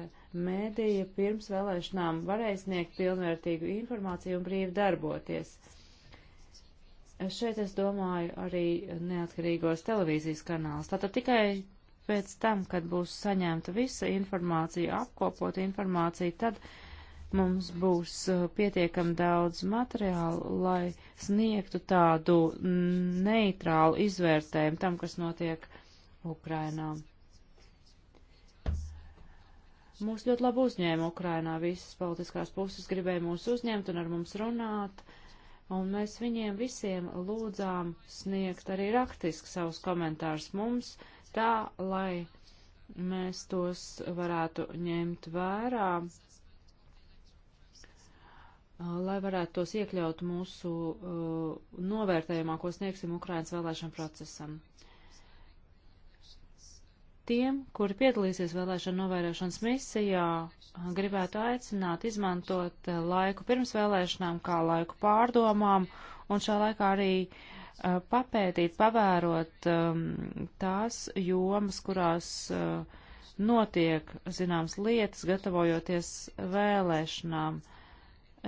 mēdīja pirms vēlēšanām varēs sniegt pilnvērtīgu informāciju un brīvi darboties. Eh, šeit es domāju arī neatkarīgos televīzijas kanālus. Tātad tikai pēc tam, kad būs saņemta visa informācija, apkopot informāciju, tad uh, mums būs uh, pietiekami daudz materiālu, lai sniegtu tādu neitrālu izvērtējumu tam, kas notiek Ukrainā. Mūs ļoti labi uzņēma Ukrainā, visas politiskās puses gribēja mūs uzņemt un ar mums runāt, un mēs viņiem visiem lūdzām sniegt arī raktiski savus komentārus mums, tā, lai mēs tos varētu ņemt vērā Uh, lai varētu tos iekļaut mūsu uh, novērtējumā, ko sniegsim Ukrainas vēlēšanu procesam. Tiem, kuri piedalīsies vēlēšanu novērošanas misijā, uh, gribētu aicināt izmantot uh, laiku pirms vēlēšanām kā laiku pārdomām un šā laikā arī uh, papētīt, pavērot um, tās jomas, kurās uh, notiek zināmas lietas, gatavojoties vēlēšanām. Uh,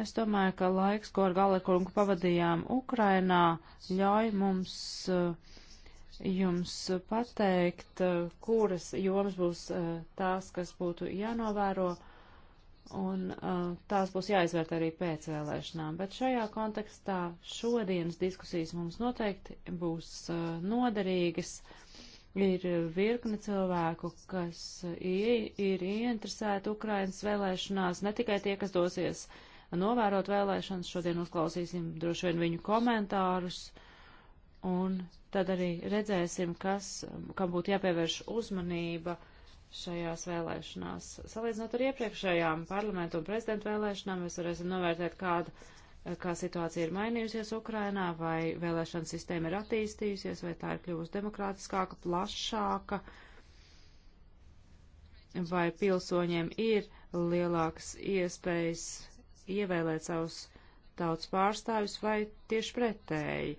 Es domāju, ka laiks, ko ar Galekungu pavadījām Ukrainā, ļauj mums eh, jums pateikt, eh, kuras jomas būs eh, tās, kas būtu jānovēro, un tās būs jāizvērt arī pēc vēlēšanām. Bet šajā kontekstā šodienas diskusijas mums noteikti būs noderīgas ir virkne cilvēku, kas ir ieinteresēti Ukrainas vēlēšanās, ne tikai tie, kas dosies novērot vēlēšanas. Šodien uzklausīsim droši vien viņu komentārus. Un tad arī redzēsim, kas, kam būtu jāpievērš uzmanība šajās vēlēšanās. Salīdzinot ar iepriekšējām parlamentu un prezidentu vēlēšanām, mēs varēsim novērtēt, kāda, kā situācija ir mainījusies Ukrainā, vai vēlēšana sistēma ir attīstījusies, vai tā ir kļuvusi demokrātiskāka, plašāka, vai pilsoņiem ir lielākas iespējas ievēlēt savus tautas pārstāvis vai tieši pretēji.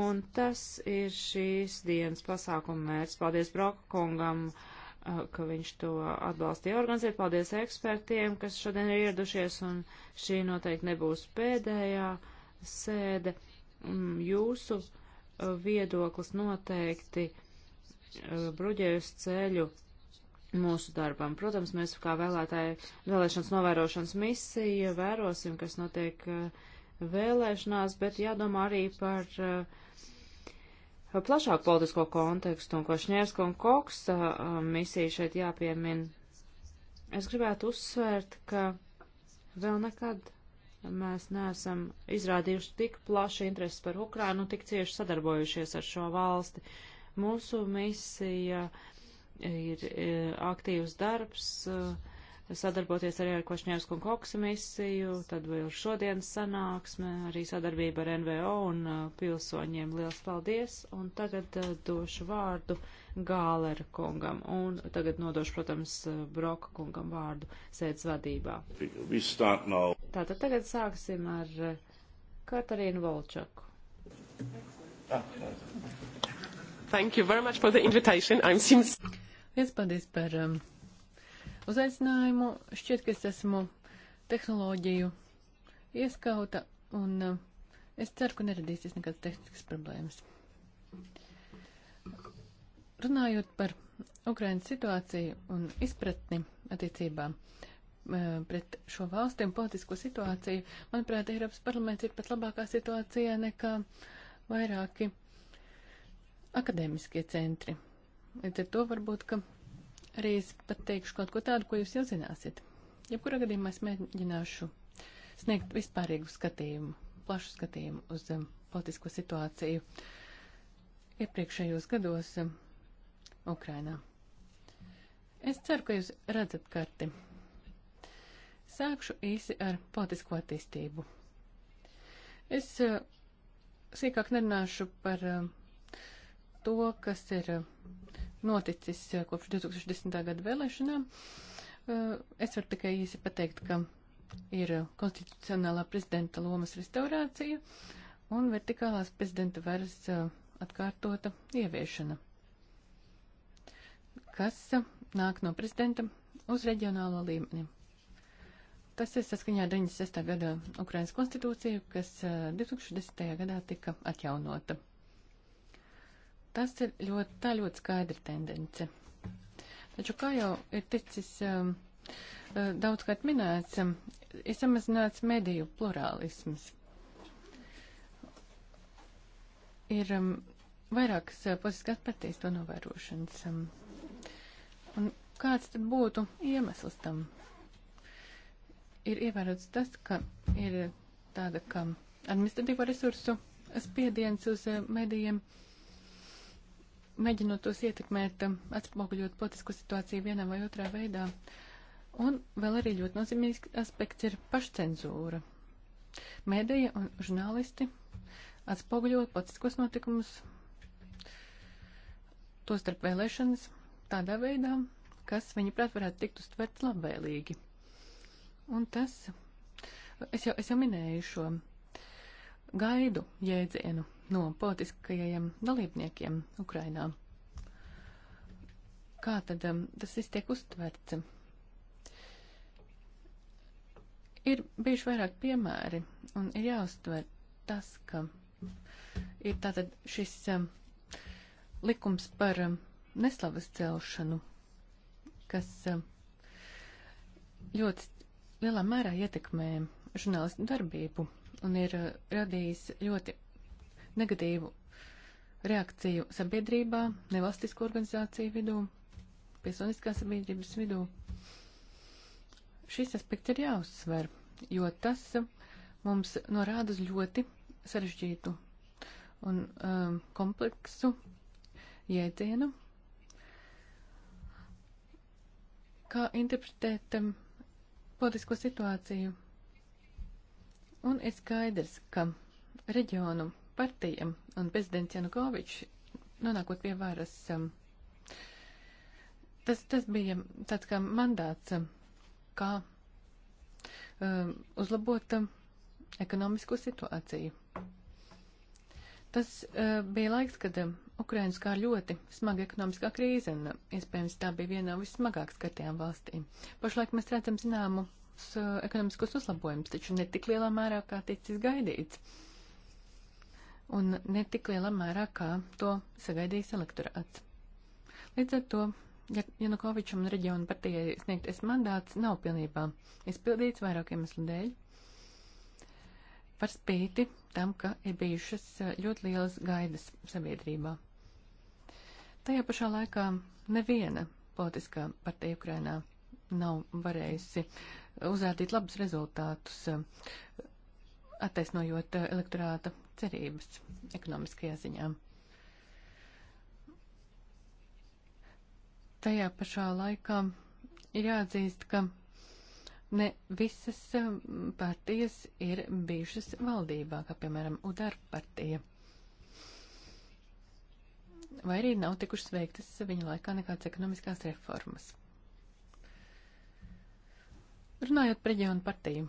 Un tas ir šīs dienas pasākuma mērķis. Paldies Broka kungam, uh, ka viņš to atbalstīja organizēt. Paldies ekspertiem, kas šodien ir ieradušies, un šī noteikti nebūs pēdējā sēde. Mm, jūsu uh, viedoklis noteikti uh, bruģējas ceļu mūsu darbam. Protams, mēs kā vēlētāji vēlēšanas novērošanas misija vērosim, kas notiek uh, vēlēšanās, bet jādomā arī par uh, plašāku politisko kontekstu, un ko Šņērska un Koksa uh, misija šeit jāpiemin. Es gribētu uzsvērt, ka vēl nekad mēs neesam izrādījuši tik plašu interesi par Ukrainu, tik cieši sadarbojušies ar šo valsti. Mūsu misija uh, ir e, aktīvs darbs, e, sadarboties arī ar Košņēvsku un Koksu misiju, tad vēl šodienas sanāksme, arī sadarbība ar NVO un e, pilsoņiem. Liels paldies! Un tagad došu vārdu Gālera kungam un tagad nodošu, protams, Broka kungam vārdu sēdz vadībā. Tātad tagad sāksim ar Katarīnu Volčaku. Thank you very much for the invitation. I'm Sims. Liels paldies par um, uzaicinājumu. Šķiet, ka es esmu tehnoloģiju ieskauta un uh, es ceru, ka neradīsies nekādas tehniskas problēmas. Runājot par Ukrainas situāciju un izpratni attiecībā uh, pret šo valsti un politisko situāciju, manuprāt, Eiropas parlaments ir pat labākā situācijā nekā vairāki akadēmiskie centri. Līdz ar to varbūt, ka arī es pat teikšu kaut ko tādu, ko jūs jau zināsiet. Jebkurā gadījumā es mēģināšu sniegt vispārīgu skatījumu, plašu skatījumu uz um, politisko situāciju iepriekšējos gados um, Ukrainā. Es ceru, ka jūs redzat karti. Sākšu īsi ar politisko attīstību. Es uh, sīkāk nerunāšu par uh, to, kas ir uh, noticis eh, kopš 2010. gada vēlēšanām. Eh, es varu tikai īsi pateikt, ka ir konstitucionālā prezidenta lomas restaurācija un vertikālās prezidenta varas eh, atkārtota ieviešana, kas nāk no prezidenta uz reģionālo līmeni. Tas ir saskaņā 96. gada Ukrainas konstitūciju, kas 2010. gadā tika atjaunota. Tas ir ļoti, tā ļoti skaidra tendence. Taču, kā jau ir ticis um, uh, daudzkārt minēts, um, ir samazināts mediju plurālisms. Ir um, vairākas uh, politiskās partijas to novērošanas. Um, un kāds tad būtu iemesls tam? Ir ievērots tas, ka ir tāda, ka administratīvo resursu spiediens uz uh, medijiem. Uh, mēģinot tos ietekmēt, um, atspoguļot politisko situāciju vienā vai otrā veidā. Un vēl arī ļoti nozīmīgs aspekts ir pašcenzūra. Mēdīja un žurnālisti atspoguļot politiskos notikumus, to starp vēlēšanas, tādā veidā, kas, viņaprāt, varētu tikt uztverts labvēlīgi. Un tas, es jau, es jau minēju šo gaidu jēdzienu no politiskajiem dalībniekiem Ukrainā. Kā tad um, tas viss tiek uztverts? Ir bijuši vairāk piemēri, un ir jāuztver tas, ka ir tātad šis um, likums par um, neslavas celšanu, kas um, ļoti lielā mērā ietekmē žurnālistu darbību un ir uh, radījis ļoti negatīvu reakciju sabiedrībā, nevalstisko organizāciju vidū, pilsoniskās sabiedrības vidū. Šis aspekts ir jāuzsver, jo tas mums norāda uz ļoti sarežģītu un um, kompleksu jēdzienu, kā interpretēt um, politisko situāciju. Un ir skaidrs, ka reģionu partija un prezidents Janukovičs nonākot pie varas. Um, tas, tas bija tāds kā mandāts, um, kā um, uzlabot um, ekonomisko situāciju. Tas uh, bija laiks, kad uh, Ukrainas kā ļoti smaga ekonomiskā krīze, un uh, iespējams tā bija viena no vissmagāk skartajām valstīm. Pašlaik mēs redzam zināmus uh, ekonomiskos uzlabojumus, taču ne tik lielā mērā, kā ticis gaidīts un ne tik lielā mērā, kā to sagaidījis elektorāts. Līdz ar to Janukovičam un reģionu partijai sniegtais mandāts nav pilnībā izpildīts vairāku iemeslu dēļ. Par spīti tam, ka ir bijušas eh, ļoti lielas gaidas sabiedrībā. Tajā pašā laikā neviena politiskā partija Ukrainā nav varējusi uzrādīt labus rezultātus, eh, attaisnojot eh, elektorāta cerības ekonomiskajā ziņā. Tajā pašā laikā ir jāatzīst, ka ne visas um, partijas ir bijušas valdībā, kā piemēram Udara partija. Vai arī nav tikušas veiktas viņa laikā nekādas ekonomiskās reformas. Runājot par reģionu partiju,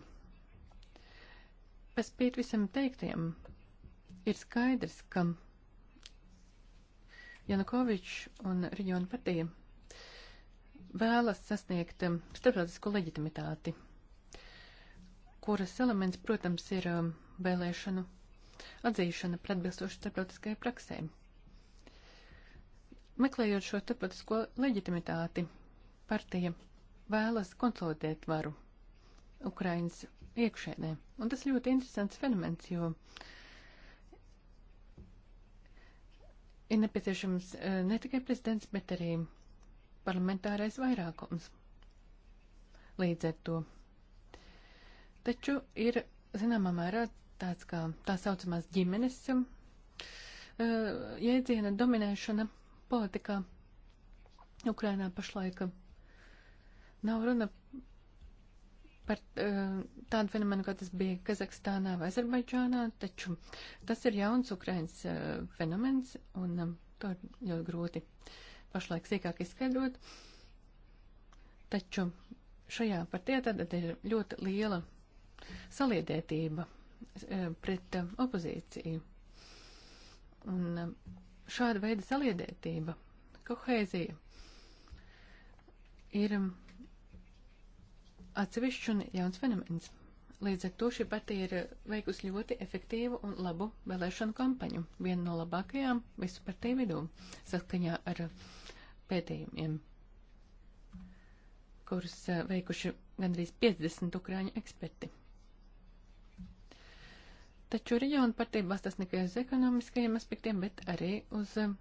pēc pīt visam teiktiem, Ir skaidrs, ka Janukovičs un reģiona partija vēlas sasniegt um, starptautisko leģitimitāti, kuras elements, protams, ir um, vēlēšanu atzīšana par atbilstošu starptautiskajai praksē. Meklējot šo starptautisko leģitimitāti, partija vēlas konsolidēt varu Ukrainas iekšēnē. Un tas ļoti interesants fenomens, jo ir nepieciešams e, ne tikai prezidents, bet arī parlamentārais vairākums. Līdz ar to. Taču ir, zināmā mērā, tāds kā tā saucamās ģimenes uh, jēdziena dominēšana politikā. Ukrainā pašlaika nav runa par eh, tādu fenomenu, kā tas bija Kazahstānā vai Azerbaidžānā, taču tas ir jauns Ukrainas eh, fenomens, un eh, to ir ļoti grūti pašlaik sīkāk izskaidrot. Taču šajā partijā tad ir ļoti liela saliedētība pret opozīciju. Un šāda veida saliedētība, kohēzija, ir atsevišķs un jauns fenomens. Līdz ar to šī partija ir veikusi ļoti efektīvu un labu vēlēšanu kampaņu, vienu no labākajām visu partiju vidū, saskaņā ar pētījumiem, kurus eh, veikuši gandrīz 50 ukrāņu eksperti. Taču reģiona partija balstās ne tikai uz ekonomiskajiem aspektiem, bet arī uz eh,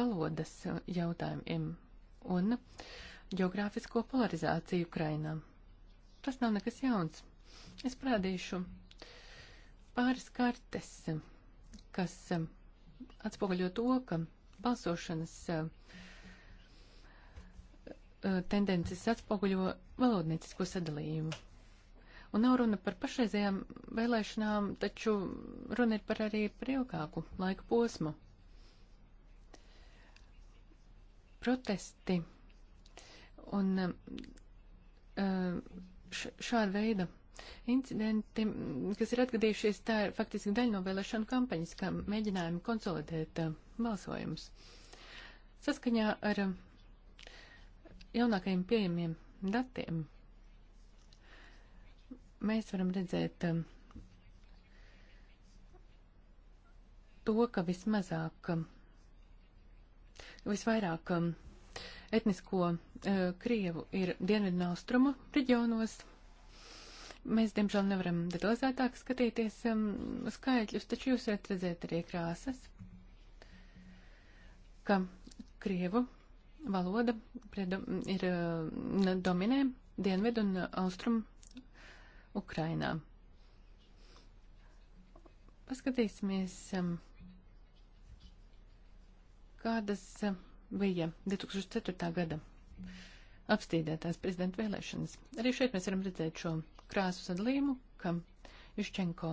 valodas eh, jautājumiem un geogrāfisko polarizāciju Ukrainām. Tas nav nekas jauns. Es parādīšu pāris kartes, kas um, atspoguļo to, ka balsošanas um, uh, tendences atspoguļo valodniecisko sadalījumu. Un nav runa par pašreizējām vēlēšanām, taču runa ir par arī par ilgāku laika posmu. Protesti un um, uh, šāda veida incidenti, kas ir atgadījušies, tā ir faktiski daļa no vēlēšanu kampaņas, kā mēģinājumi konsolidēt uh, balsojumus. Saskaņā ar uh, jaunākajiem pieejamiem datiem mēs varam redzēt uh, to, ka vismazāk, um, visvairāk etnisko uh, Krievu ir Dienvidu Austrumu reģionos. Mēs, diemžēl, nevaram detalizētāk skatīties um, skaitļus, taču jūs varat redzēt arī krāsas, ka Krievu valoda ir uh, dominē Dienvidu un Austrumu Ukrainā. Paskatīsimies, um, kādas. Uh, bija 2004. gada apstīdētās prezidenta vēlēšanas. Arī šeit mēs varam redzēt šo krāsu sadalījumu, ka Juščenko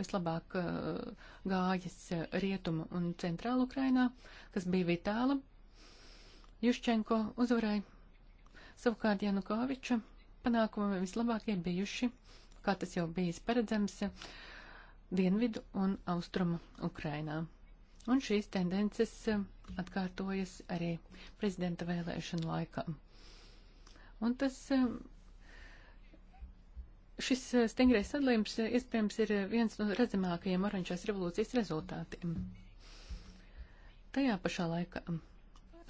vislabāk uh, gājas uh, rietumu un centrālu Ukrainā, kas bija vitāla. Juščenko uzvarēja. Savukārt Janukoviča panākumi vislabākie bijuši, kā tas jau bijis paredzams, dienvidu un austrumu Ukrainā. Un šīs tendences eh, atkārtojas arī prezidenta vēlēšanu laikā. Un tas, eh, šis eh, stingrais sadalījums iespējams ir viens no redzamākajiem oranžās revolūcijas rezultātiem. Tajā pašā laikā,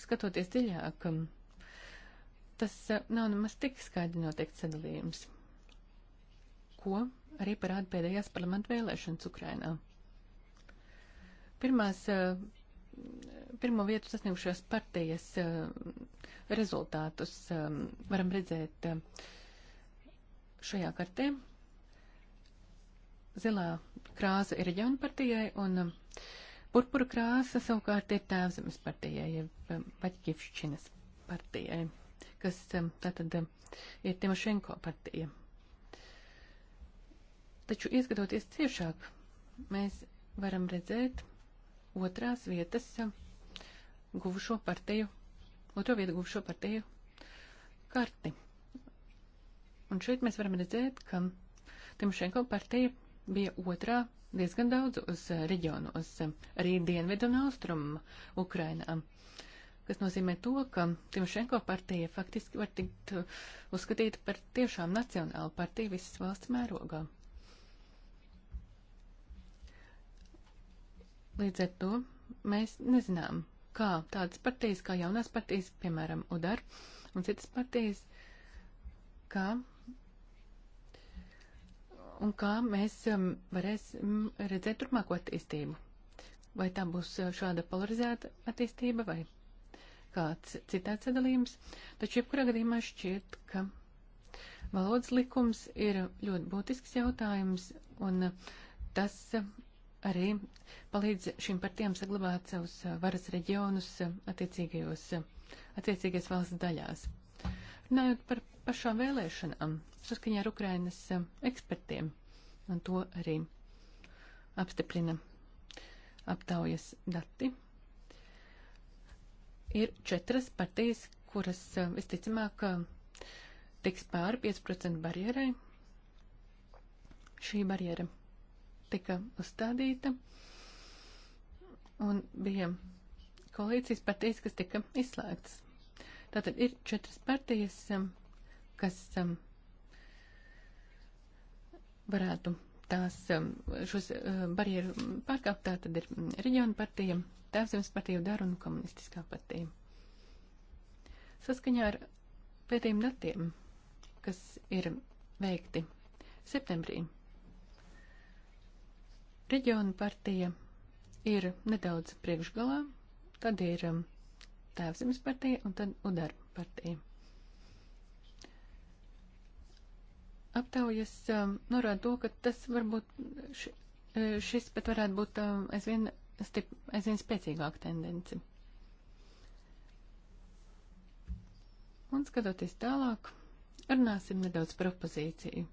skatoties dziļāk, tas nav nemaz tik skaidri noteikts sadalījums, ko arī parāda pēdējās parlamentu vēlēšanas Ukrainā pirmās, eh, pirmo vietu sasniegšās partijas eh, rezultātus eh, varam redzēt šajā kartē. Zilā krāsa ir reģiona partijai un purpura krāsa savukārt ir tēvzemes partijai, jeb Vaļķivšķinas partijai, kas tātad ir Timošenko partija. Taču ieskatoties ciešāk, mēs varam redzēt, otrās vietas guvušo partiju, otro vietu guvušo partiju karti. Un šeit mēs varam redzēt, ka Timošenko partija bija otrā diezgan daudz uz reģionu, uz arī dienvidu un austrumu Ukrainā. Kas nozīmē to, ka Timošenko partija faktiski var tikt uzskatīta par tiešām nacionālu partiju visas valsts mērogām. Līdz ar to mēs nezinām, kā tādas partijas, kā jaunās partijas, piemēram, UDAR un citas partijas, kā un kā mēs um, varēsim redzēt turpmāko attīstību. Vai tā būs uh, šāda polarizēta attīstība vai kāds citāds sadalījums. Taču jebkurā gadījumā šķiet, ka valodas likums ir ļoti būtisks jautājums un uh, tas. Uh, arī palīdz šīm partijām saglabāt savus eh, varas reģionus eh, attiecīgajos, eh, attiecīgajās valsts daļās. Runājot par pašām vēlēšanām, saskaņā ar Ukrainas ekspertiem, un to arī apstiprina aptaujas dati, ir četras partijas, kuras visticamāk tiks pāri 5% barjerai. Šī barjera tika uzstādīta, un bija koalīcijas partijas, kas tika izslēgtas. Tātad ir četras partijas, um, kas um, varētu tās um, šos uh, barjeru pārkāpt. Tātad ir reģiona partija, Tēvzemes partija, Dara un Komunistiskā partija. Saskaņā ar pētījumu datiem, kas ir veikti septembrī Reģiona partija ir nedaudz priekšgalā, tad ir um, Tēvzemes partija un tad Udara partija. Aptaujas um, norāda to, ka tas varbūt š, e, šis pat varētu būt um, aizvien, stip, aizvien spēcīgāka tendence. Un skatoties tālāk, runāsim nedaudz par opozīciju.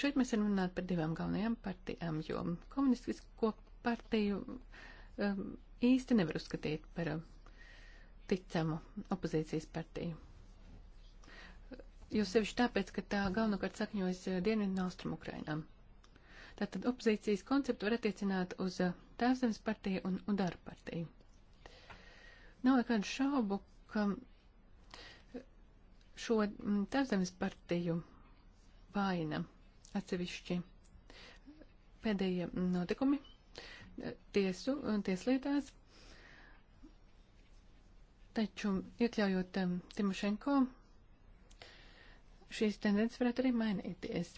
Šeit mēs varam runāt par divām galvenajām partijām, jo komunistisko partiju um, īsti nevar uzskatīt par um, ticamu opozīcijas partiju. Jo sevišķi tāpēc, ka tā galvenokārt sakņojas uh, dienvidu un austrumu Ukrainām. Tātad opozīcijas konceptu var attiecināt uz uh, Tēvzemes partiju un Udaru partiju. Nav nekādu šaubu, ka šo mm, Tēvzemes partiju vaina atsevišķi pēdējie notikumi tiesu un tieslietās. Taču, iekļaujot um, Timošenko, šīs tendences varētu arī mainīties.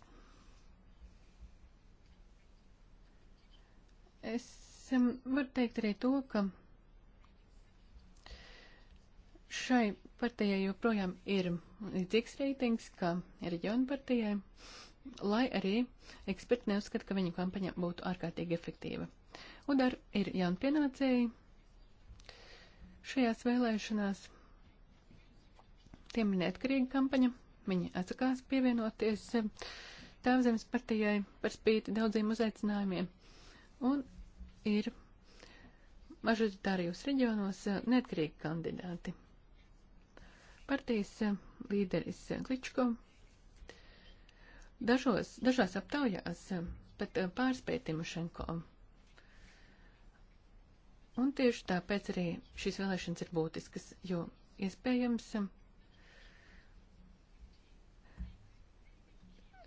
Es um, varu teikt arī to, ka šai partijai joprojām ir līdzīgs reitings, kā reģionu partijai. Uh, lai arī eksperti neuzskata, ka viņu kampaņa būtu ārkārtīgi efektīva. Udar ir jaunpienācēji šajās vēlēšanās. Tiem ir neatkarīga kampaņa, viņi atsakās pievienoties Tēvzemes partijai par spīti daudziem uzaicinājumiem. Un ir mažoritārijos reģionos neatkarīgi kandidāti. Partijas līderis Kličko Dažos, dažās aptaujās eh, pat eh, pārspēja Timošenko. Un tieši tāpēc arī šīs vēlēšanas ir būtiskas, jo iespējams eh,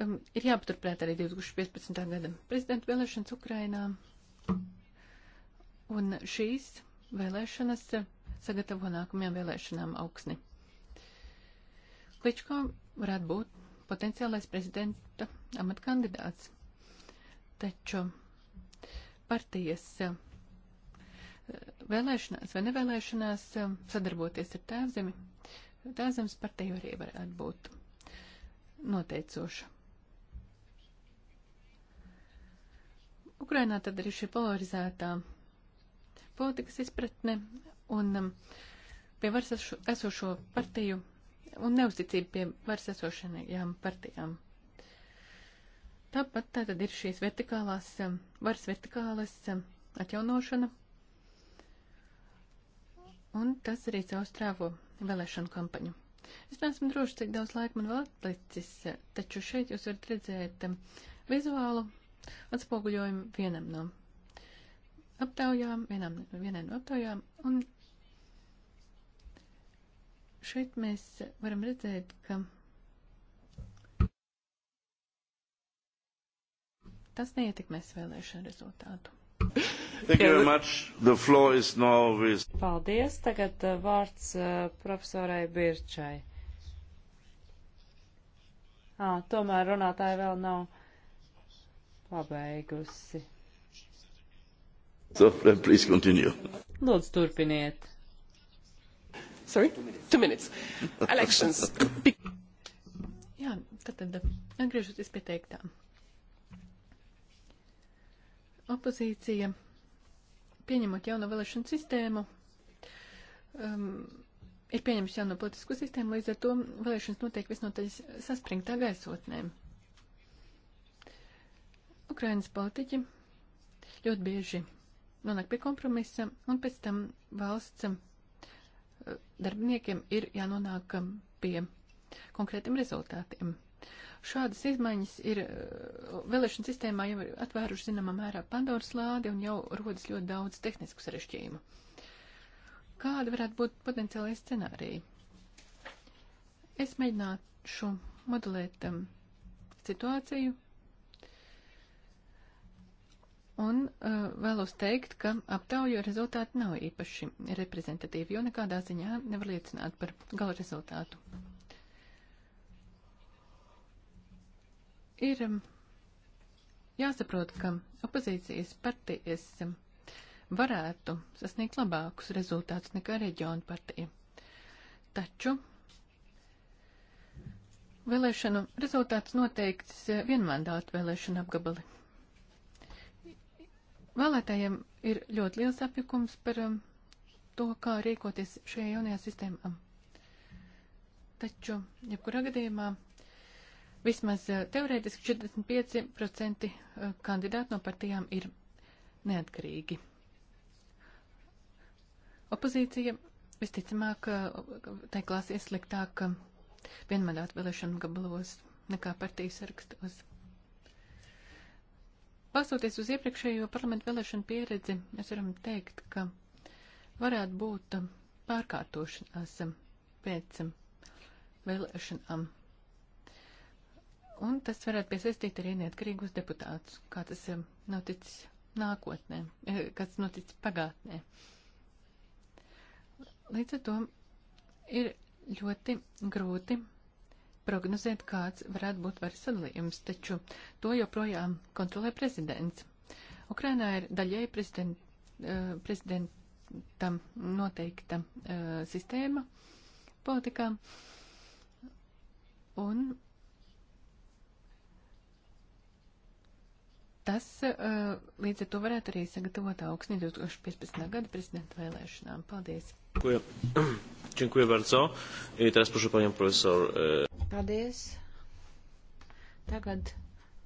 um, ir jāpaturprāt arī 2015. gada prezidenta vēlēšanas Ukrainā. Un šīs vēlēšanas sagatavo nākamajām vēlēšanām augsni. Kličko varētu būt potenciālais prezidents amata, amata kandidāts. Taču partijas eh, vēlēšanās vai nevēlēšanās eh, sadarboties ar tēvzemi, tēvzemes partija arī varētu būt noteicoša. Ukrainā tad arī šī polarizētā politikas izpratne un um, pie varas esošo partiju un neusticību pie varas esošajām partijām. Tāpat tā tad ir šīs vertikālās, um, varas vertikālas um, atjaunošana, un tas arī caurstrāvo vēlēšanu kampaņu. Es neesmu droši, cik daudz laika man vēl atlicis, taču šeit jūs varat redzēt um, vizuālu atspoguļojumu vienam no aptaujām, vienam, vienai no aptaujām, un šeit mēs varam redzēt, ka tas neietekmēs vēlēšanu rezultātu. Paldies. Tagad uh, vārds uh, profesorai Birčai. Ā, tomēr runātāja vēl nav pabeigusi. So, uh, please continue. Lūdzu, turpiniet. Sorry? Two minutes. Elections. Jā, tad, tad uh, atgriežoties pie teiktām opozīcija, pieņemot jauno vēlēšanu sistēmu, um, ir pieņemts jauno politisku sistēmu, līdz ar to vēlēšanas notiek visnotaļ saspringtā gaisotnēm. Ukrainas politiķi ļoti bieži nonāk pie kompromisa, un pēc tam valsts uh, darbiniekiem ir jānonāk um, pie konkrētiem rezultātiem. Šādas izmaiņas ir eh, vēlēšana sistēmā jau ir atvēruši zināmā mērā Pandoras lādi un jau rodas ļoti daudz tehnisku sarešķījumu. Kāda varētu būt potenciālai scenāriji? Es mēģināšu modelēt um, ehm, situāciju un uh, vēlos teikt, ka aptaujo rezultāti nav īpaši reprezentatīvi, jo nekādā ziņā nevar liecināt par gala rezultātu. Ir um, jāsaprot, ka opozīcijas partijas um, varētu sasniegt labākus rezultātus nekā reģiona partija. Taču Vēlēšanu rezultāts noteikts uh, vienmandātu vēlēšanu apgabali. Vēlētājiem ir ļoti liels apjukums par um, to, kā rīkoties šajā jaunajā sistēmā. Taču, jebkurā gadījumā, Vismaz eh, teorētiski 45% eh, kandidāti no partijām ir neatkarīgi. Opozīcija visticamāk eh, tai klāsies sliktāk vienmandātu vēlēšanu gabalos nekā partijas sarakstos. Balstoties uz iepriekšējo parlamentu vēlēšanu pieredzi, mēs varam teikt, ka varētu būt pārkārtošanās pēc vēlēšanām Un tas varētu piesaistīt arī neatkarīgus deputātus, kā tas ir eh, noticis nākotnē, eh, kas noticis pagātnē. Līdz ar to ir ļoti grūti prognozēt, kāds varētu būt varas sadalījums, taču to joprojām kontrolē prezidents. Ukrainā ir daļēji prezident, eh, prezidentam noteikta sistēma politikā, un Tas eh, līdz ar to varētu arī sagatavot augsni 2015. gada prezidenta vēlēšanām. Paldies! Dziękuję. Dziękuję bardzo. I teraz proszę panią profesor. E, Paldies. Tagad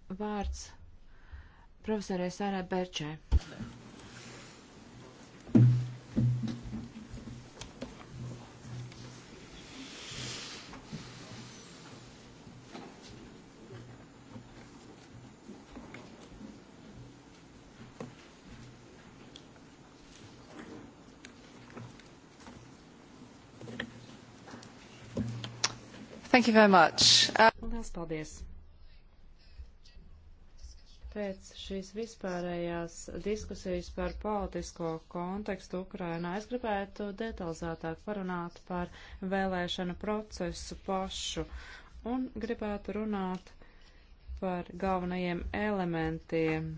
vārds profesorai Sārai Berčē. Thank you very much. Uh... Lielas paldies. Pēc šīs vispārējās diskusijas par politisko kontekstu Ukrainā es gribētu detalizētāk parunāt par vēlēšanu procesu pašu un gribētu runāt par galvenajiem elementiem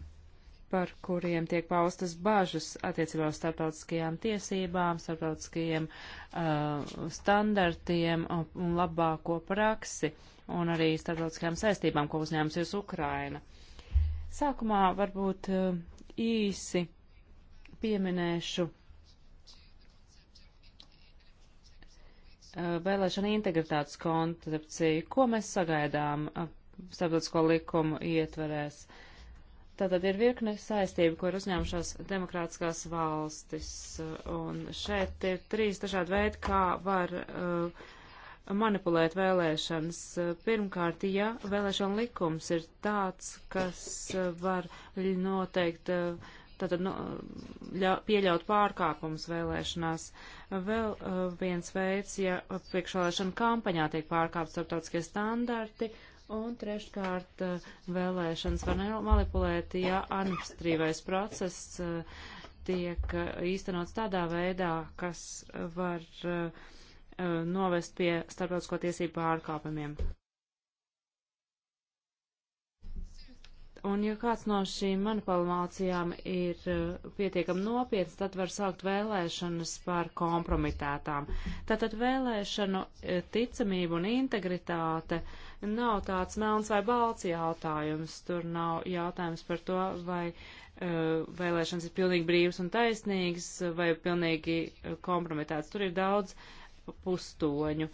par kuriem tiek paustas bažas attiecībā uz starptautiskajām tiesībām, starptautiskajiem uh, standartiem un labāko praksi un arī starptautiskajām saistībām, ko uzņēmusies Ukraina. Sākumā varbūt uh, īsi pieminēšu uh, vēlēšana integritātes koncepciju, ko mēs sagaidām uh, starptautisko likumu ietverēs. Uh, Tātad ir virkne saistību, ko ir uzņēmušās demokrātiskās valstis. Un šeit ir trīs dažādi veidi, kā var uh, manipulēt vēlēšanas. Pirmkārt, ja vēlēšana likums ir tāds, kas uh, var noteikt, uh, tātad no, nu, ļa, pieļaut pārkāpumus vēlēšanās. Vēl uh, viens veids, ja priekšvēlēšana kampaņā tiek pārkāpt starptautiskie standarti, Un treškārt eh, vēlēšanas var manipulēt, ja administrīvais process eh, tiek eh, īstenots tādā veidā, kas var novest pie starptautisko tiesību pārkāpumiem. un ja kāds no šīm manipulācijām ir uh, pietiekami nopietns, tad var sākt vēlēšanas par kompromitētām. Tātad vēlēšanu eh, ticamība un integritāte nav tāds melns vai balts jautājums. Tur nav jautājums par to, vai uh, vēlēšanas ir pilnīgi brīvas un taisnīgas, vai pilnīgi eh, kompromitētas. Tur ir daudz pustoņu.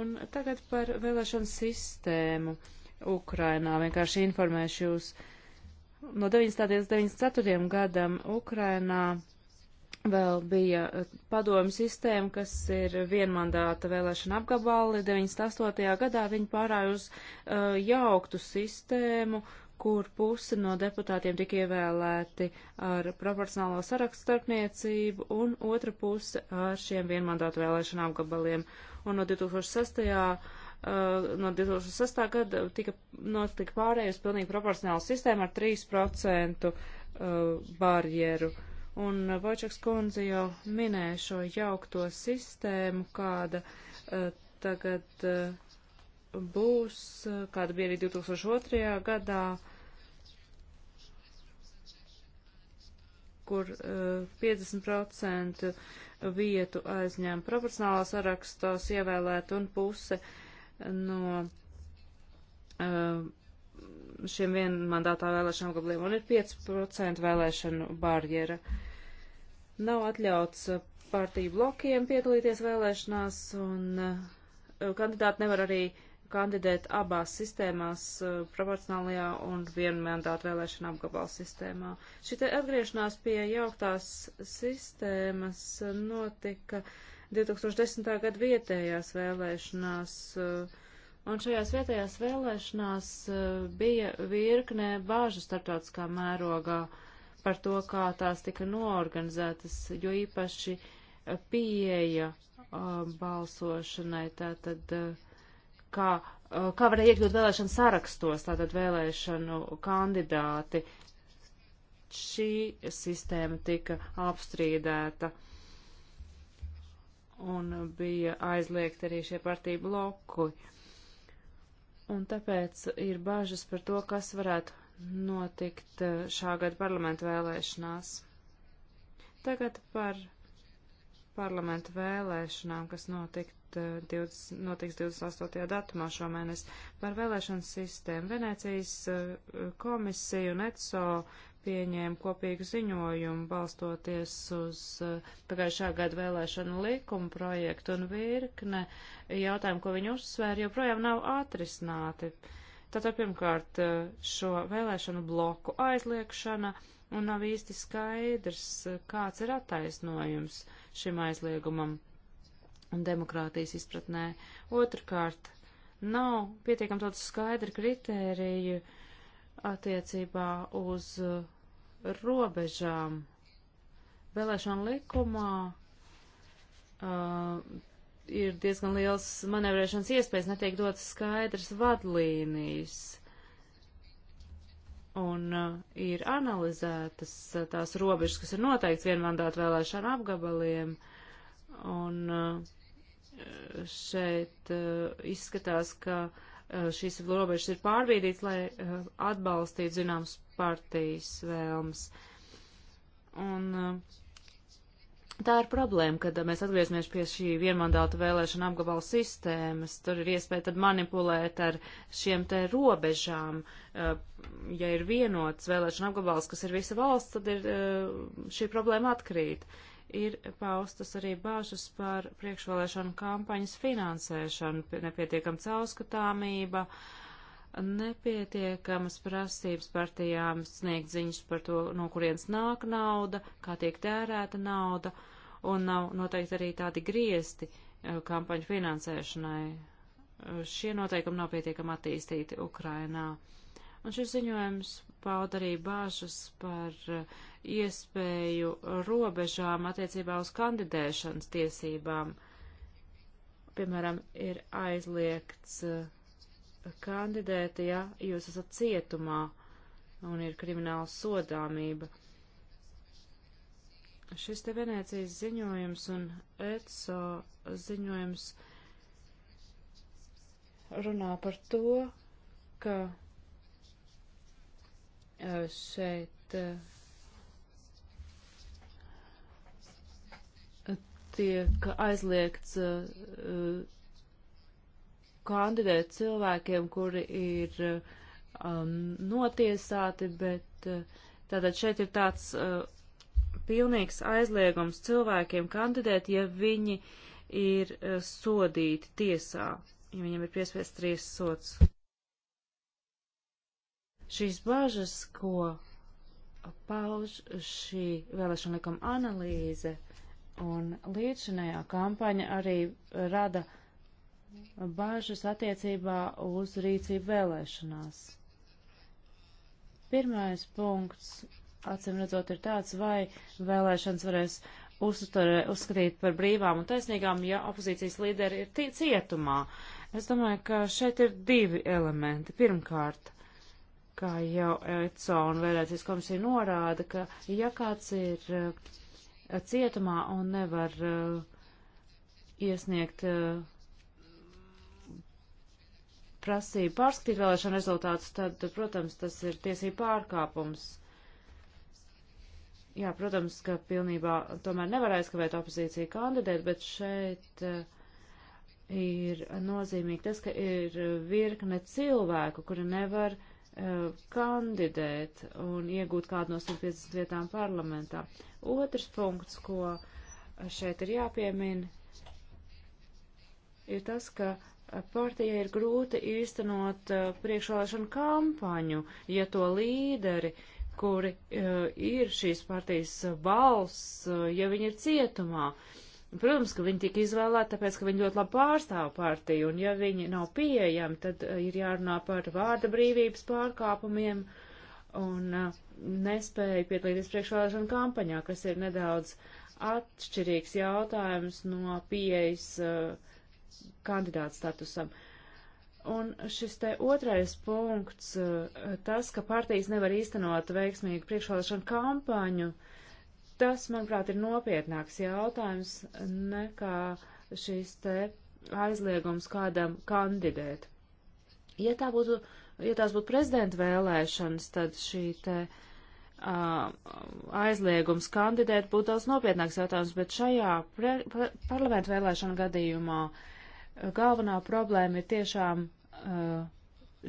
Un tagad par vēlēšanu sistēmu. Uh, Ukrainā. Vienkārši informēšu jūs. No 90. līdz 94. gadam Ukrainā vēl bija eh, padomu sistēma, kas ir vienmandāta vēlēšana apgabali. 98. gadā viņi pārāja uz uh, jauktu sistēmu, kur pusi no deputātiem tika ievēlēti ar proporcionālo sarakstu starpniecību un otra puse ar šiem vienmandātu vēlēšana apgabaliem. Un no 2006 Uh, no 2006. gada tika notika pārējais pilnīgi proporcionāla sistēma ar 3% uh, barjeru. Un uh, Vojčaks kundze jau minēja šo jaukto sistēmu, kāda tagad būs, kāda bija arī 2002. gadā, kur 50% vietu aizņēma proporcionālā sarakstos ievēlēt un puse uh, no uh, šiem vienmandātā vēlēšanu gabaliem un ir 5% vēlēšanu barjera. Nav atļauts eh, partiju blokiem piedalīties vēlēšanās un uh, kandidāti nevar arī kandidēt abās sistēmās, uh, proporcionālajā un vienmandātu vēlēšana apgabala sistēmā. Šī atgriešanās pie jauktās sistēmas notika uh, 2010. gada vietējās vēlēšanās. Uh, un šajās vietējās vēlēšanās uh, bija virkne bāžu starptautiskā mērogā par to, kā tās tika noorganizētas, jo īpaši uh, pieeja balsošanai, tātad kā, kā varēja iekļūt vēlēšanu sarakstos, tātad vēlēšanu kandidāti. Šī sistēma tika apstrīdēta un bija aizliegt arī šie partiju bloku. Un tāpēc ir bažas par to, kas varētu notikt eh, šā gada parlamentu vēlēšanās. Tagad par parlamentu vēlēšanām, kas notikt, 20, eh, notiks 28. datumā šomēnes, par vēlēšanu sistēmu. Venecijas eh, komisija un ECO pieņēma kopīgu ziņojumu balstoties uz eh, pagājušā gada vēlēšanu likuma projektu un virkne jautājumu, ko viņi uzsvēra, joprojām nav atrisināti. Tātad pirmkārt eh, šo vēlēšanu bloku aizliekšana un nav īsti skaidrs, eh, kāds ir attaisnojums šim aizliegumam un demokrātijas izpratnē. Otrkārt, nav pietiekam tādu skaidru kritēriju attiecībā uz uh, robežām. Vēlēšana likumā uh, ir diezgan liels manevrēšanas iespējas, netiek dotas skaidrs vadlīnijas. Un uh, ir analizētas uh, tās robežas, kas ir noteikts vienmandātu vēlēšanu apgabaliem. Un uh, šeit uh, izskatās, ka uh, šīs robežas ir pārbīdīts, lai uh, atbalstītu zināms partijas vēlmes. Un eh, tā ir problēma, kad mēs atgriežamies pie šī vienmandāta vēlēšana apgabala sistēmas. Tur ir iespēja tad manipulēt ar šiem te robežām. Eh, ja ir vienots vēlēšana apgabals, kas ir visa valsts, tad ir, eh, šī problēma atkrīt ir paustas arī bāžas par priekšvēlēšanu kampaņas finansēšanu, nepietiekam caurskatāmība, uh, nepietiekamas prasības partijām sniegt ziņas par to, no kurienes nāk nauda, kā tiek tērēta nauda, un nav noteikti arī tādi griesti e, kampaņu finansēšanai. E, šie noteikumi nav pietiekami attīstīti Ukrainā. Un šis ziņojums pauda arī bāžas par e, iespēju robežām attiecībā uz kandidēšanas tiesībām. Piemēram, ir aizliegts uh, kandidēt, ja jūs esat cietumā un ir krimināla sodāmība. Šis te Venēcijas ziņojums un ECO ziņojums runā par to, ka e, šeit e, tiek aizliegts uh, kandidēt cilvēkiem, kuri ir um, notiesāti, bet uh, tātad šeit ir tāds uh, pilnīgs aizliegums cilvēkiem kandidēt, ja viņi ir uh, sodīti tiesā, ja viņiem ir piespiests trīs sots. Šīs bažas, ko pauž šī vēlēšana likuma analīze un līdzinējā kampaņa arī rada uh, bažas attiecībā uz rīcību vēlēšanās. Pirmais punkts, acīm redzot, ir tāds, vai vēlēšanas varēs uztur, uzskatīt par brīvām un taisnīgām, ja opozīcijas līderi ir cietumā. Es domāju, ka šeit ir divi elementi. Pirmkārt, kā jau ECO un vēlēcijas komisija norāda, ka ja kāds ir eh, cietumā un nevar eh, iesniegt uh, prasīja pārskatīt vēlēšanu rezultātus, tad, protams, tas ir tiesība pārkāpums. Jā, protams, ka pilnībā tomēr nevar aizkavēt opozīciju kandidēt, bet šeit eh, ir nozīmīgi tas, ka ir virkne cilvēku, kuri nevar eh, kandidēt un iegūt kādu no 150 vietām parlamentā. Otrs punkts, ko šeit ir jāpiemina, ir tas, ka partijai ir grūti īstenot eh, priekšvēlēšanu kampaņu, ja to līderi, kuri eh, ir šīs partijas balss, eh, ja viņi ir cietumā. Protams, ka viņi tika izvēlēti, tāpēc, ka viņi ļoti labi pārstāv partiju, un ja viņi nav pieejami, tad ir jārunā par vārda brīvības pārkāpumiem un nespēju piedalīties priekšvēlēšanu kampaņā, kas ir nedaudz atšķirīgs jautājums no pieejas uh, kandidāta statusam. Un šis te otrais punkts, eh, tas, ka partijas nevar īstenot veiksmīgu priekšvēlēšanu kampaņu, tas, manuprāt, ir nopietnāks jautājums nekā šīs te aizliegums kādam kandidēt. Ja, tā būtu, ja tās būtu prezidenta vēlēšanas, tad šī te uh, aizliegums kandidēt būtu daudz nopietnāks jautājums, bet šajā pre, par, parlamentu vēlēšanu gadījumā uh, galvenā problēma ir tiešām uh,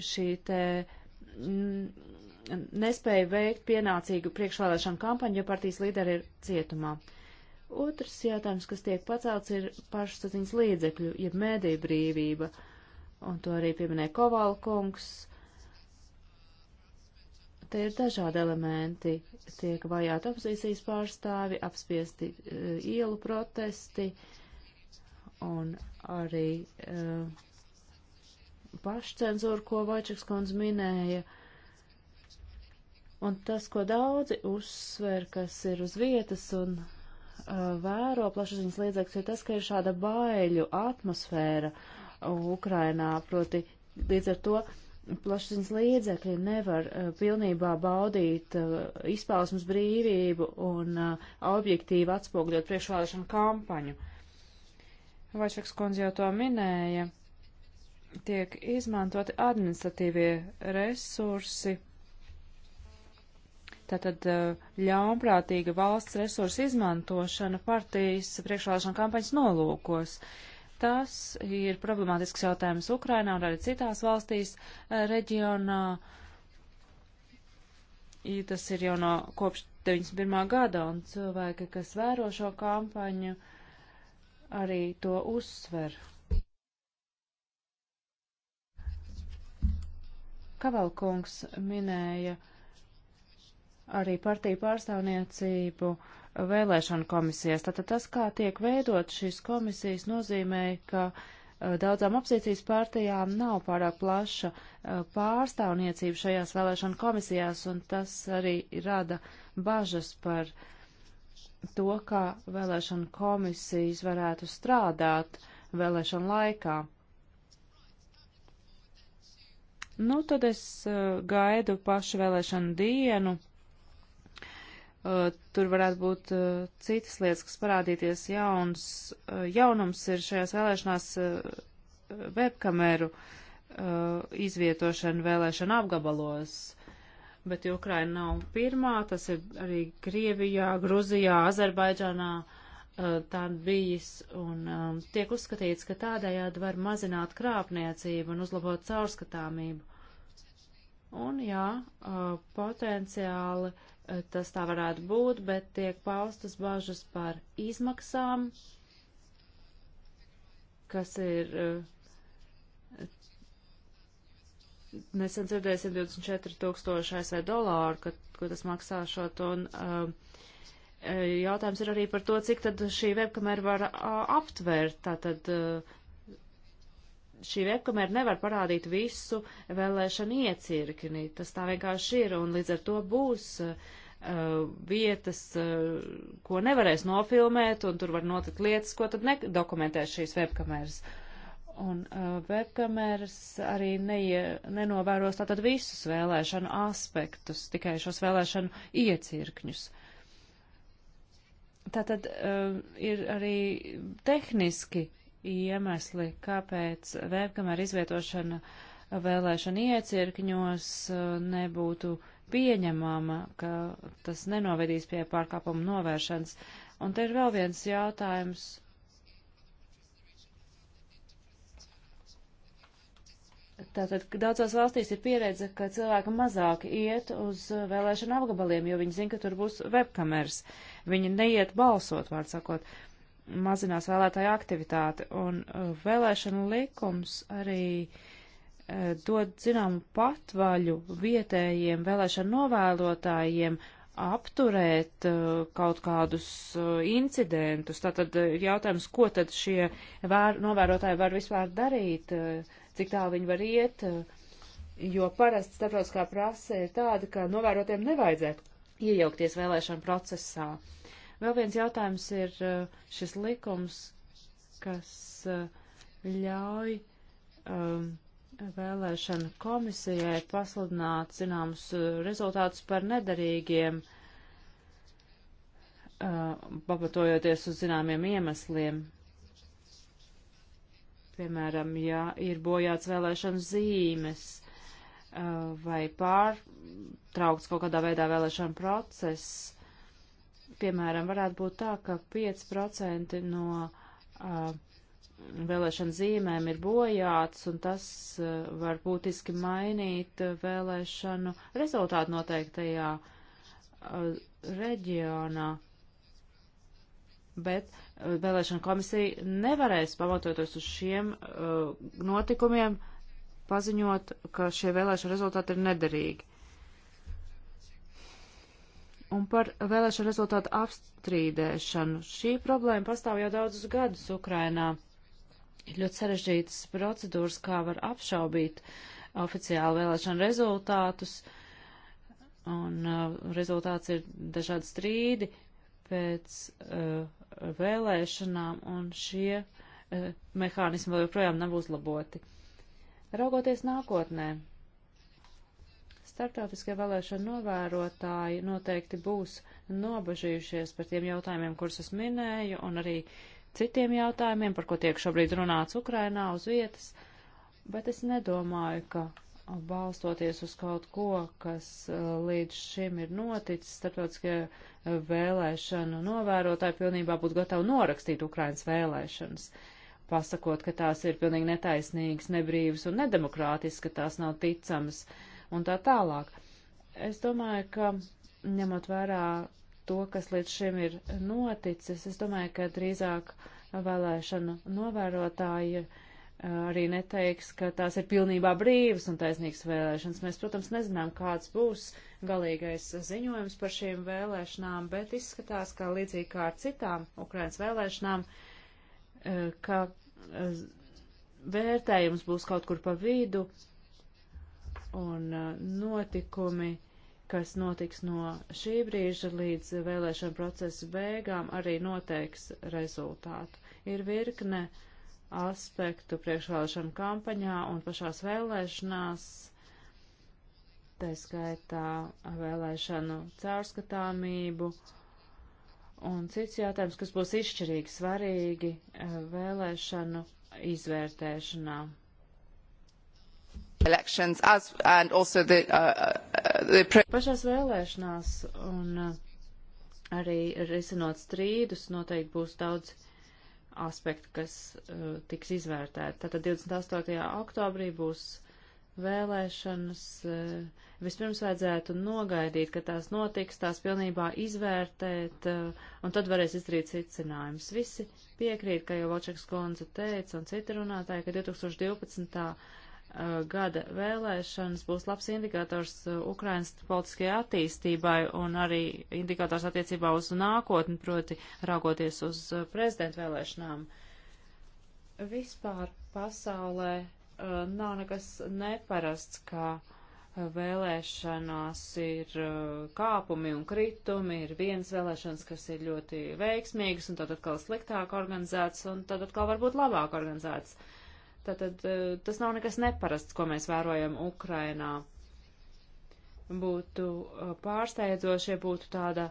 šī te mm, nespēja veikt pienācīgu priekšvēlēšanu kampaņu, ja partijas līderi ir cietumā. Otrs jautājums, kas tiek pacelts, ir pašsaziņas līdzekļu, jeb mēdīju brīvība, un to arī pieminēja Kovalkungs. Te ir dažādi elementi, tiek vajāti opozīcijas pārstāvi, apspiesti uh, ielu protesti, un arī uh, pašcenzūru, ko Vaičeks kundze minēja. Un tas, ko daudzi uzsver, kas ir uz vietas un uh, vēro plašsaziņas līdzekļus, ir tas, ka ir šāda baiļu atmosfēra Ukrainā. Proti, līdz ar to plašsaziņas līdzekļi nevar uh, pilnībā baudīt uh, izpausmas brīvību un uh, objektīvi atspogļot priekšvēlēšanu kampaņu. Uh, Vašeks kundze jau to minēja, tiek izmantoti administratīvie resursi, tātad eh, ļaunprātīga valsts resursu izmantošana partijas priekšvēlēšana kampaņas nolūkos. Tas ir problemātisks jautājums Ukrainā un arī citās valstīs eh, reģionā. I tas ir jau no kopš 91. gada, un cilvēki, kas vēro šo kampaņu, uh, arī to uzsver. Kavalkungs minēja arī partiju pārstāvniecību vēlēšanu komisijas. Tātad tas, kā tiek veidot šīs komisijas, nozīmē, ka uh, daudzām opozīcijas partijām nav pārāk plaša uh, pārstāvniecība šajās vēlēšanu komisijās, un tas arī rada bažas par uh, to, kā vēlēšana komisijas varētu strādāt vēlēšana laikā. Nu, tad es uh, gaidu pašu vēlēšanu dienu. Uh, tur varētu būt uh, citas lietas, kas parādīties jauns. Jaunums ir šajās vēlēšanās webkameru izvietošana vēlēšana apgabalos bet Ukraina nav pirmā, tas ir arī Krievijā, Gruzijā, Azerbaidžānā uh, tā bijis, un um, tiek uzskatīts, ka tādējādi var mazināt krāpniecību un uzlabot caurskatāmību. Un jā, uh, potenciāli uh, tas tā varētu būt, bet tiek paustas bažas par izmaksām, kas ir uh, nesen dzirdēju 124 tūkstoši ASV dolāru, ka, ko tas maksā šot, un uh, jautājums ir arī par to, cik tad šī webkamera var uh, aptvērt, tātad uh, šī webkamera nevar parādīt visu vēlēšanu iecirkni, tas tā vienkārši ir, un līdz ar to būs e, vietas, ko nevarēs nofilmēt, un tur var notikt lietas, ko tad nedokumentēs šīs webkameras. Uh, Un uh, webkameras arī neie, nenovēros tātad visus vēlēšanu aspektus, tikai šos vēlēšanu iecirkņus. Tātad uh, ir arī tehniski iemesli, kāpēc webkamera izvietošana vēlēšana iecirkņos uh, nebūtu pieņemama, ka tas nenovedīs pie pārkāpuma novēršanas. Un te ir vēl viens jautājums Tātad daudzās valstīs ir pieredze, ka cilvēki mazāk iet uz vēlēšanu apgabaliem, jo viņi zina, ka tur būs webkameras. Viņi neiet balsot, vārds sakot, mazinās vēlētāju aktivitāti. Un uh, vēlēšanu likums arī eh, dod zināmu patvaļu vietējiem vēlēšanu novēlotājiem apturēt uh, kaut kādus uh, incidentus. Tātad uh, jautājums, ko tad šie vēr, novērotāji var vispār darīt? Uh, cik tālu viņi var iet, eh, jo parasti starptautiskā prasa ir tāda, ka novērotiem nevajadzētu iejaukties vēlēšanu procesā. Vēl viens jautājums ir eh, šis likums, kas eh, ļauj um, vēlēšana komisijai pasludināt zināmus rezultātus par nederīgiem, uh, pamatojoties uz zināmiem iemesliem. Piemēram, ja ir bojāts vēlēšanu zīmes uh, vai pārtraukts kaut kādā veidā vēlēšanu process, piemēram, varētu būt tā, ka 5% no uh, vēlēšana zīmēm ir bojāts, un tas uh, var būtiski mainīt vēlēšanu rezultātu noteiktajā uh, reģionā bet eh, vēlēšana komisija nevarēs pamatoties uz šiem uh, notikumiem paziņot, ka šie vēlēšana rezultāti ir nederīgi. Un par vēlēšana rezultātu apstrīdēšanu. Šī problēma pastāv jau daudzus gadus Ukrainā. Ir ļoti sarežģītas procedūras, kā var apšaubīt eh, oficiāli vēlēšana rezultātus, un uh, rezultāts ir dažādi strīdi pēc uh, vēlēšanām, un šie uh, mehānismi vēl joprojām nav uzlaboti. Raugoties nākotnē, starptautiskie vēlēšana novērotāji noteikti būs nobažījušies par tiem jautājumiem, kurus es minēju, un arī citiem jautājumiem, par ko tiek šobrīd runāts Ukrainā uz vietas, bet es nedomāju, ka balstoties uz kaut ko, kas uh, līdz šim ir noticis, starptautiskie uh, vēlēšanu novērotāji pilnībā būtu gatavi norakstīt Ukrainas vēlēšanas, pasakot, ka tās ir pilnīgi netaisnīgas, nebrīvas un nedemokrātiskas, ka tās nav ticamas un tā tālāk. Es domāju, ka ņemot vērā to, kas līdz šim ir noticis, es domāju, ka drīzāk vēlēšanu novērotāji uh, arī neteiks, ka tās ir pilnībā brīvas un taisnīgas vēlēšanas. Mēs, protams, nezinām, kāds būs galīgais ziņojums par šīm vēlēšanām, bet izskatās, ka līdzīgi kā ar citām Ukrainas vēlēšanām, eh, ka eh, vērtējums būs kaut kur pa vidu un eh, notikumi, kas notiks no šī brīža līdz vēlēšana procesa beigām, arī noteiks rezultātu. Ir virkne uh, aspektu priekšvēlēšanu kampaņā un pašās vēlēšanās, tā skaitā vēlēšanu caurskatāmību un cits jautājums, kas būs izšķirīgi svarīgi eh, vēlēšanu izvērtēšanā. Elections as, and also the, uh, uh the pre... Pašās vēlēšanās un uh, arī risinot strīdus noteikti būs daudz aspekti, kas uh, tiks izvērtēti. Tātad 28. oktobrī būs vēlēšanas. Uh, vispirms vajadzētu nogaidīt, ka tās notiks, tās pilnībā izvērtēt, uh, un tad varēs izdarīt secinājumus. Visi piekrīt, ka jau Vočeks Gonza teica, un citi runātāji, ka 2012. Uh, gada vēlēšanas būs labs indikators uh, Ukrainas politiskajai attīstībai un arī indikators attiecībā uz nākotni, proti raugoties uz uh, prezidentu vēlēšanām. Vispār pasaulē nav nekas neparasts, kā vēlēšanās ir kāpumi un kritumi, ir vienas vēlēšanas, kas ir ļoti veiksmīgas, un tad atkal sliktāk organizētas, un tad atkal varbūt labāk organizētas. Tātad eh, tas nav nekas neparasts, ko mēs vērojam Ukrainā. Būtu eh, pārsteidzošie, būtu tāda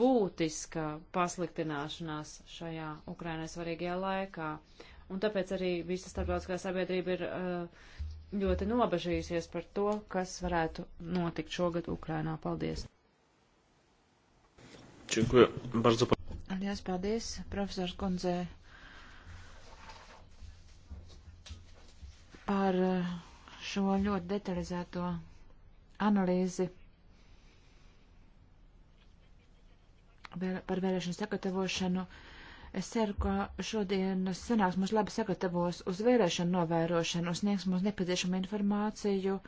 būtiska pasliktināšanās šajā Ukrainai svarīgajā laikā. Un tāpēc arī visa starptautiskā sabiedrība ir eh, ļoti nobežījusies par to, kas varētu notikt šogad Ukrainā. Paldies! Činkuja, bardzo paldies. Paldies, profesors Kundzei. par eh, šo ļoti detalizēto analīzi par vēlēšanu sagatavošanu. Es ceru, ka šodienas sanāks mums labi sagatavos uz vēlēšanu novērošanu un sniegs mums nepieciešamu informāciju,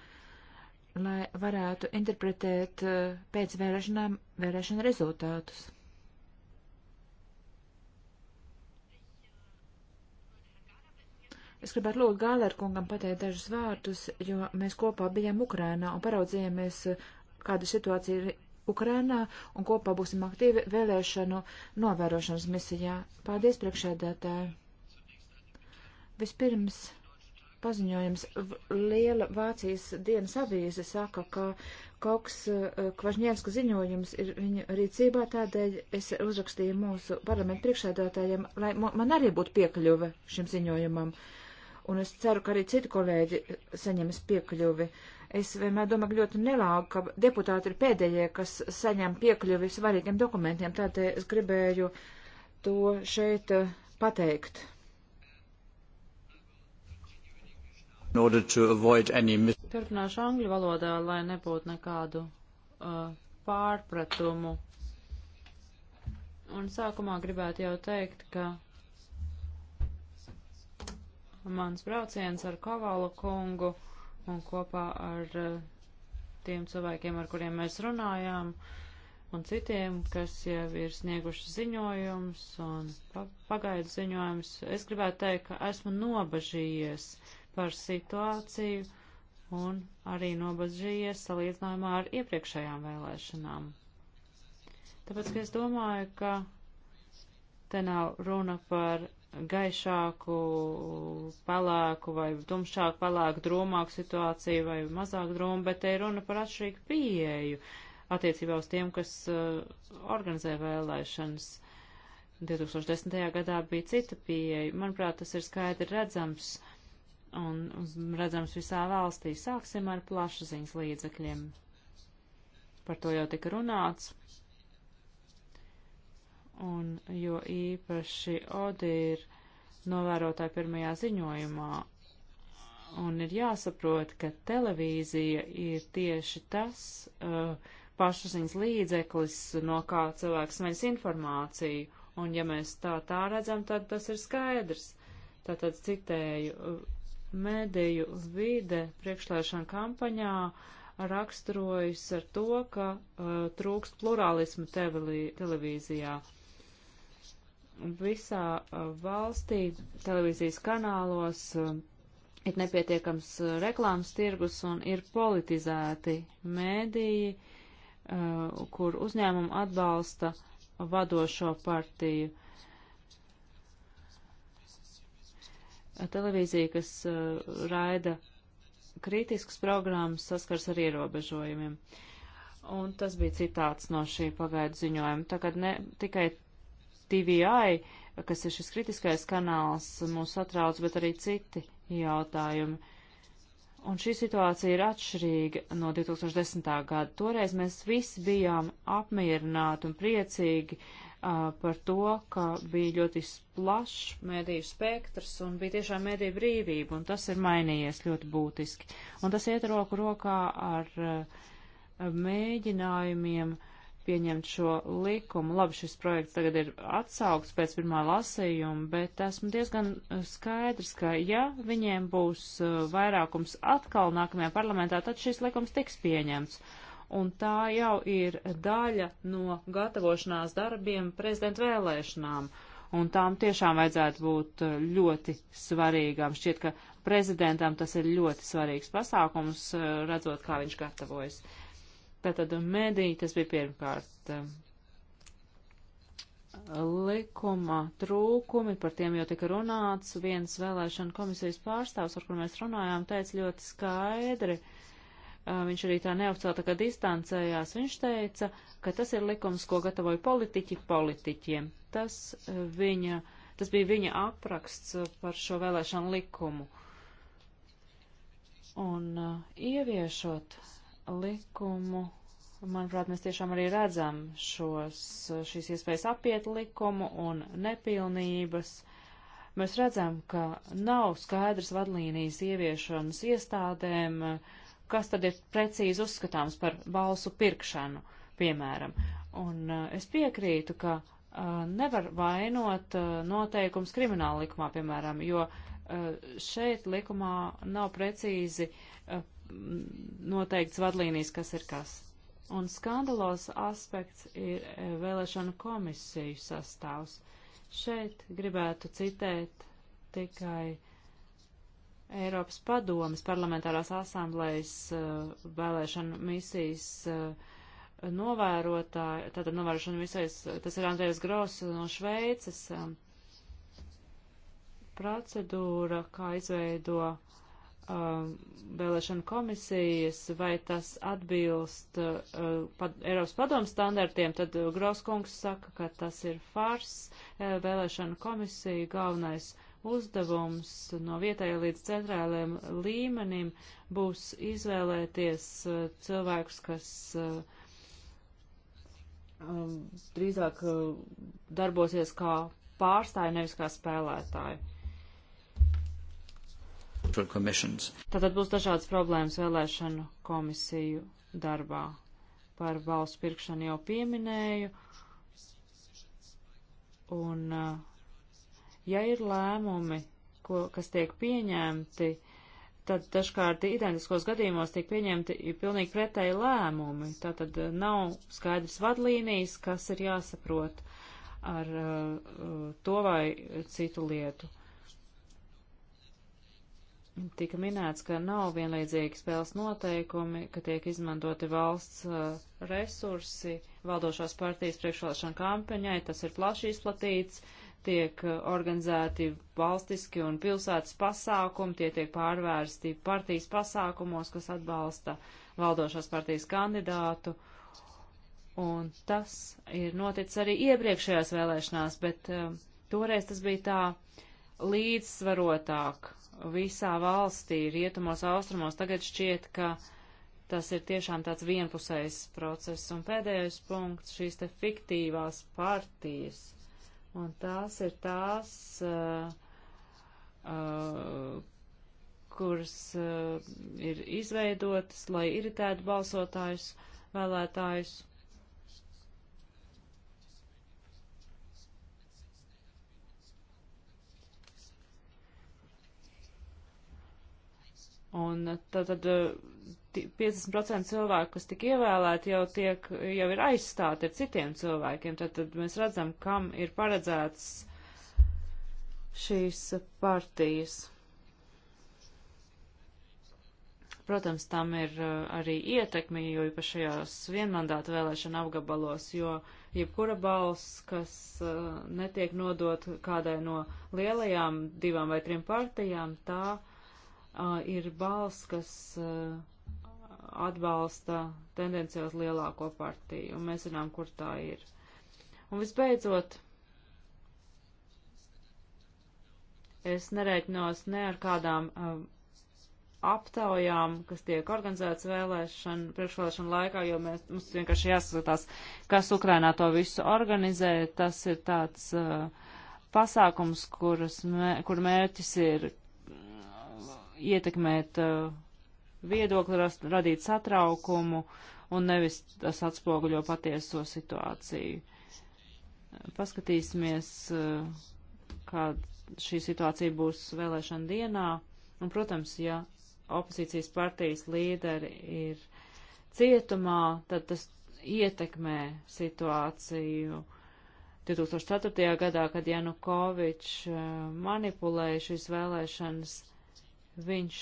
lai varētu interpretēt eh, pēc vēlēšanām vēlēšana rezultātus. Es gribētu lūgt Gālērkungam pateikt dažus vārdus, jo mēs kopā bijām Ukrainā un paraudzījāmies, kāda situācija ir Ukrainā, un kopā būsim aktīvi vēlēšanu novērošanas misijā. Paldies, priekšēdētāji! Vispirms paziņojums Liela Vācijas dienas avīze saka, ka Koks eh, Kvažņēvska ziņojums ir viņa rīcībā, tādēļ es uzrakstīju mūsu parlamentu priekšēdātājiem, lai man arī būtu piekļuve šim ziņojumam. Uh, un es ceru, ka arī citi kolēģi saņems piekļuvi. Es vienmēr domāju, ka ļoti nelāgu, ka deputāti ir pēdējie, kas saņem piekļuvi svarīgiem dokumentiem, tādēļ es gribēju to šeit eh, pateikt. Any... Turpināšu angļu valodā, lai nebūtu nekādu uh, pārpratumu. Un sākumā gribētu jau teikt, ka mans brauciens ar Kovalu kungu un kopā ar eh, tiem cilvēkiem, ar kuriem mēs runājām, un citiem, kas jau ir snieguši ziņojums un pagaidu ziņojums, es gribētu teikt, ka esmu nobažījies par situāciju un arī nobažījies salīdzinājumā ar iepriekšējām vēlēšanām. Tāpēc, ka es domāju, ka te nav runa par gaišāku, pelēku vai tumšāku, pelēku, drūmāku situāciju vai mazāk drūmu, bet te ir runa par atšķirīgu pieeju attiecībā uz tiem, kas uh, organizē vēlēšanas. 2010. gadā bija cita pieeja. Manuprāt, tas ir skaidri redzams un redzams visā valstī. Sāksim ar plašsaziņas līdzekļiem. Par to jau tika runāts un jo īpaši Odi ir novērotāji pirmajā ziņojumā, un ir jāsaprot, ka televīzija ir tieši tas uh, pašasiņas līdzeklis, no kā cilvēks mēs informāciju, un ja mēs tā tā redzam, tad tas ir skaidrs. Tātad citēju, uh, mediju vide priekšlēšana kampaņā raksturojas ar to, ka uh, trūkst plurālismu tevelī, televīzijā. Uh, visā valstī televīzijas kanālos ir nepietiekams reklāmas tirgus un ir politizēti mēdīji, kur uzņēmumu atbalsta vadošo partiju. Televīzija, kas raida kritiskas programmas, saskars ar ierobežojumiem. Un tas bija citāts no šī pagaidu ziņojuma. Tagad ne tikai TVI, kas ir šis kritiskais kanāls, mūs satrauc, bet arī citi jautājumi. Un šī situācija ir atšķirīga no 2010. gada. Toreiz mēs visi bijām apmierināti un priecīgi uh, par to, ka bija ļoti plašs mēdīju spektrs un bija tiešām mēdīju brīvība, un tas ir mainījies ļoti būtiski. Un tas iet roku rokā ar uh, mēģinājumiem uh, pieņemt šo likumu. Labi, šis projekts tagad ir atsaukts pēc pirmā lasījuma, bet esmu diezgan eh, skaidrs, ka ja viņiem būs eh, vairākums atkal nākamajā parlamentā, tad šis likums tiks pieņemts. Un tā jau ir daļa no gatavošanās darbiem prezidenta vēlēšanām. Un tām tiešām vajadzētu būt eh, ļoti svarīgām. Šķiet, ka prezidentam tas ir ļoti svarīgs pasākums, redzot, kā viņš gatavojas. Uh, Tātad mediji, tas bija pirmkārt um, likuma trūkumi, par tiem jau tika runāts. Viens vēlēšana komisijas pārstāvs, ar kur mēs runājām, teica ļoti skaidri, uh, viņš arī tā neoficiāli tā kā distancējās, viņš teica, ka tas ir likums, ko gatavoja politiķi politiķiem. Tas, uh, viņa, tas bija viņa apraksts par šo vēlēšanu likumu. Un uh, ieviešot likumu, manuprāt, mēs tiešām arī redzam šos, šīs iespējas apiet likumu un nepilnības. Mēs redzam, ka nav skaidrs vadlīnijas ieviešanas iestādēm, kas tad ir precīzi uzskatāms par balsu pirkšanu, piemēram. Un uh, es piekrītu, ka uh, nevar vainot uh, noteikums krimināla likumā, piemēram, jo šeit likumā nav precīzi noteikts vadlīnijas, kas ir kas. Un skandalos aspekts ir e, vēlēšanu komisiju sastāvs. Šeit gribētu citēt tikai Eiropas padomas parlamentārās asamblējas e, vēlēšanu misijas e, novērotāji, tātad novērošana visais, tas ir Andrejs Gross no Šveices, procedūra, kā izveido uh, Um, vēlēšana komisijas, vai tas atbilst uh, pad, Eiropas padomu standartiem, tad uh, Grauskungs saka, ka tas ir fars. Uh, vēlēšana komisija galvenais uzdevums no vietējā līdz centrālajiem līmenim būs izvēlēties uh, cilvēkus, kas uh, um, drīzāk uh, darbosies kā pārstāji, nevis kā spēlētāji. Tātad būs dažādas problēmas vēlēšanu komisiju darbā. Par valsts pirkšanu jau pieminēju. Un, eh, ja ir lēmumi, ko, kas tiek pieņemti, tad dažkārt identiskos gadījumos tiek pieņemti pilnīgi pretēji lēmumi. Tātad eh, nav skaidrs vadlīnijas, kas ir jāsaprot ar uh, to vai citu lietu. Uh, tika minēts, ka nav vienlīdzīgi spēles noteikumi, ka tiek izmantoti valsts uh, resursi valdošās partijas priekšvēlēšana kampaņai, tas ir plaši izplatīts, tiek uh, organizēti valstiski un pilsētas pasākumi, tie tiek pārvērsti partijas pasākumos, kas atbalsta valdošās partijas kandidātu. Un tas ir noticis arī iepriekšējās vēlēšanās, bet uh, toreiz tas bija tā līdzsvarotāk visā valstī, rietumos, austrumos. Tagad šķiet, ka tas ir tiešām tāds vienpusējs process. Un pēdējais punkts - šīs te fiktīvās partijas. Un tās ir tās, uh, uh, kuras uh, ir izveidotas, lai iritētu balsotājus, vēlētājus. Un tad, tad 50% eh, cilvēku, kas tik ievēlēti, jau, tiek, jau ir aizstāti ar citiem cilvēkiem. Tad, tad mēs redzam, kam ir paredzēts šīs partijas. Protams, tam ir eh, arī ietekme, jo īpašajās vienmandātu vēlēšana apgabalos, jo jebkura balss, kas eh, netiek nodot kādai no lielajām divām vai trim partijām, tā uh, ir balss, kas atbalsta tendenciāli lielāko partiju, un mēs zinām, kur tā ir. Un visbeidzot, es nereiķinos ne ar kādām aptaujām, kas tiek organizētas vēlēšana, priekšvēlēšana laikā, jo mēs, mums vienkārši jāskatās, kas Ukrainā to visu organizē. Tas ir tāds uh, pasākums, kuras, mē, kur mērķis ir ietekmēt uh, viedokli, rast, radīt satraukumu un nevis tas atspoguļo patieso situāciju. Paskatīsimies, uh, kāda šī situācija būs vēlēšana dienā. Un, protams, ja opozīcijas partijas līderi ir cietumā, tad tas ietekmē situāciju. 2004. gadā, kad Janukovičs uh, manipulēja šīs vēlēšanas, viņš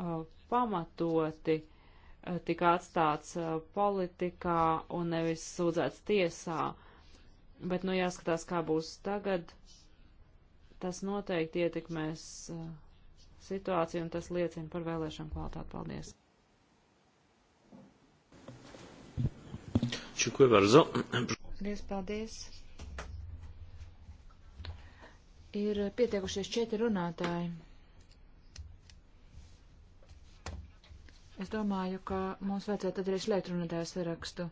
uh, pamatoti uh, tika atstāts uh, politikā un nevis sūdzēts tiesā. Bet, nu, jāskatās, kā būs tagad. Tas noteikti ietekmēs situāciju, un tas liecina par vēlēšanu kvalitāti. Paldies! Dziękuję bardzo. Paldies, paldies. Ir pietiekušies četri runātāji. Es domāju, ka mums vajadzētu tad arī slēgt runātāju sarakstu.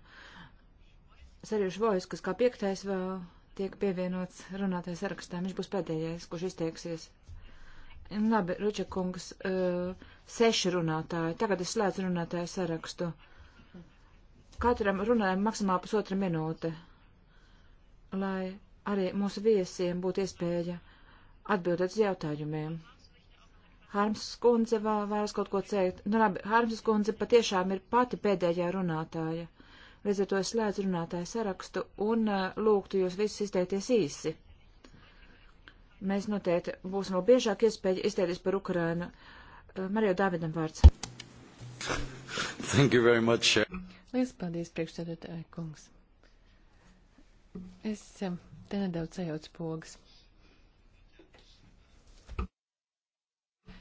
Sarjuši Vojas, kas kā piektais vēl tiek pievienots runātāju sarakstā, viņš būs pēdējais, kurš izteiksies. Labi, Ručakungs, uh, eh, seši runātāji. Tagad es slēdzu runātāju sarakstu. Katram runājam maksimāli pusotra minūte, lai arī mūsu viesiem būtu iespēja atbildēt uz jautājumiem. Harms skundze vēl vēlas kaut ko teikt. Nu, labi, Harms skundze patiešām ir pati pēdējā runātāja. Līdz ar to es slēdzu runātāju sarakstu un uh, lūgtu jūs visus izteikties īsi. Mēs noteikti būsim vēl biežāk iespēja izteikties par Ukrainu. Uh, eh, Marijo Dāvidam vārds. Thank you very much. Lielas paldies, priekšstādātāja kungs. Es eh, te nedaudz sajaucu pogas.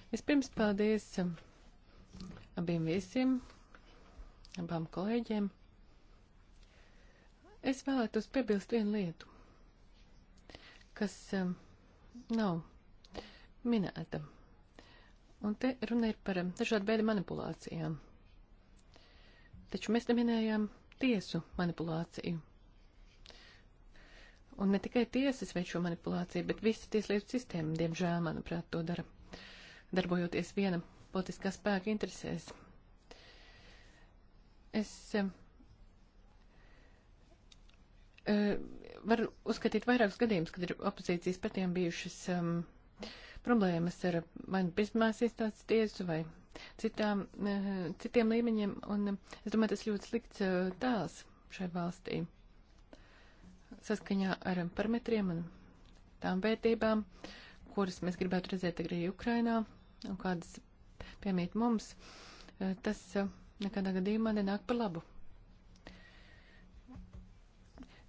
Vispirms paldies abiem viesiem, abām kolēģiem. Es vēlētos piebilst vienu lietu, kas um, nav minēta. Un te runa ir par um, dažādu veidu manipulācijām. Taču mēs neminējām tiesu manipulāciju. Un ne tikai tiesas veic šo manipulāciju, bet visa tieslietu sistēma, diemžēl, manuprāt, to dara darbojoties viena politiskā spēka interesēs. Es uh, eh, eh, var uzskatīt vairākus gadījumus, kad ir opozīcijas partijām bijušas um, problēmas ar vai nu pirmās iestādes tiesu vai citām, uh, citiem līmeņiem, un uh, es domāju, tas ļoti slikts uh, tēls šai valstī. Saskaņā ar parametriem un tām vērtībām, kuras mēs gribētu redzēt arī Ukrainā, un kādas piemīt mums, eh, tas eh, nekādā gadījumā nenāk par labu.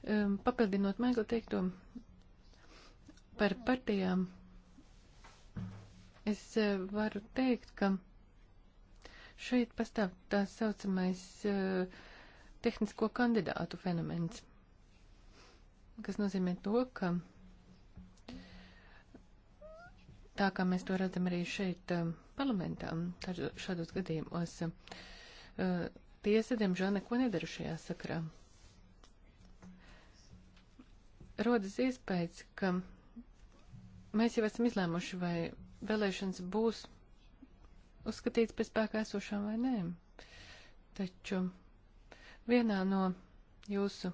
Ehm, papildinot Maikla teikto par partijām, es eh, varu teikt, ka šeit pastāv tā saucamais tehnisko kandidātu fenomens, kas nozīmē to, ka tā kā mēs to redzam arī šeit um, parlamentā, um, šādos gadījumos. Um, uh, tiesa, diemžēl, neko nedara šajā sakrā. Rodas iespējas, ka mēs jau esam izlēmuši, vai vēlēšanas būs uzskatīts pēc spēkā esošām vai nē. Taču vienā no jūsu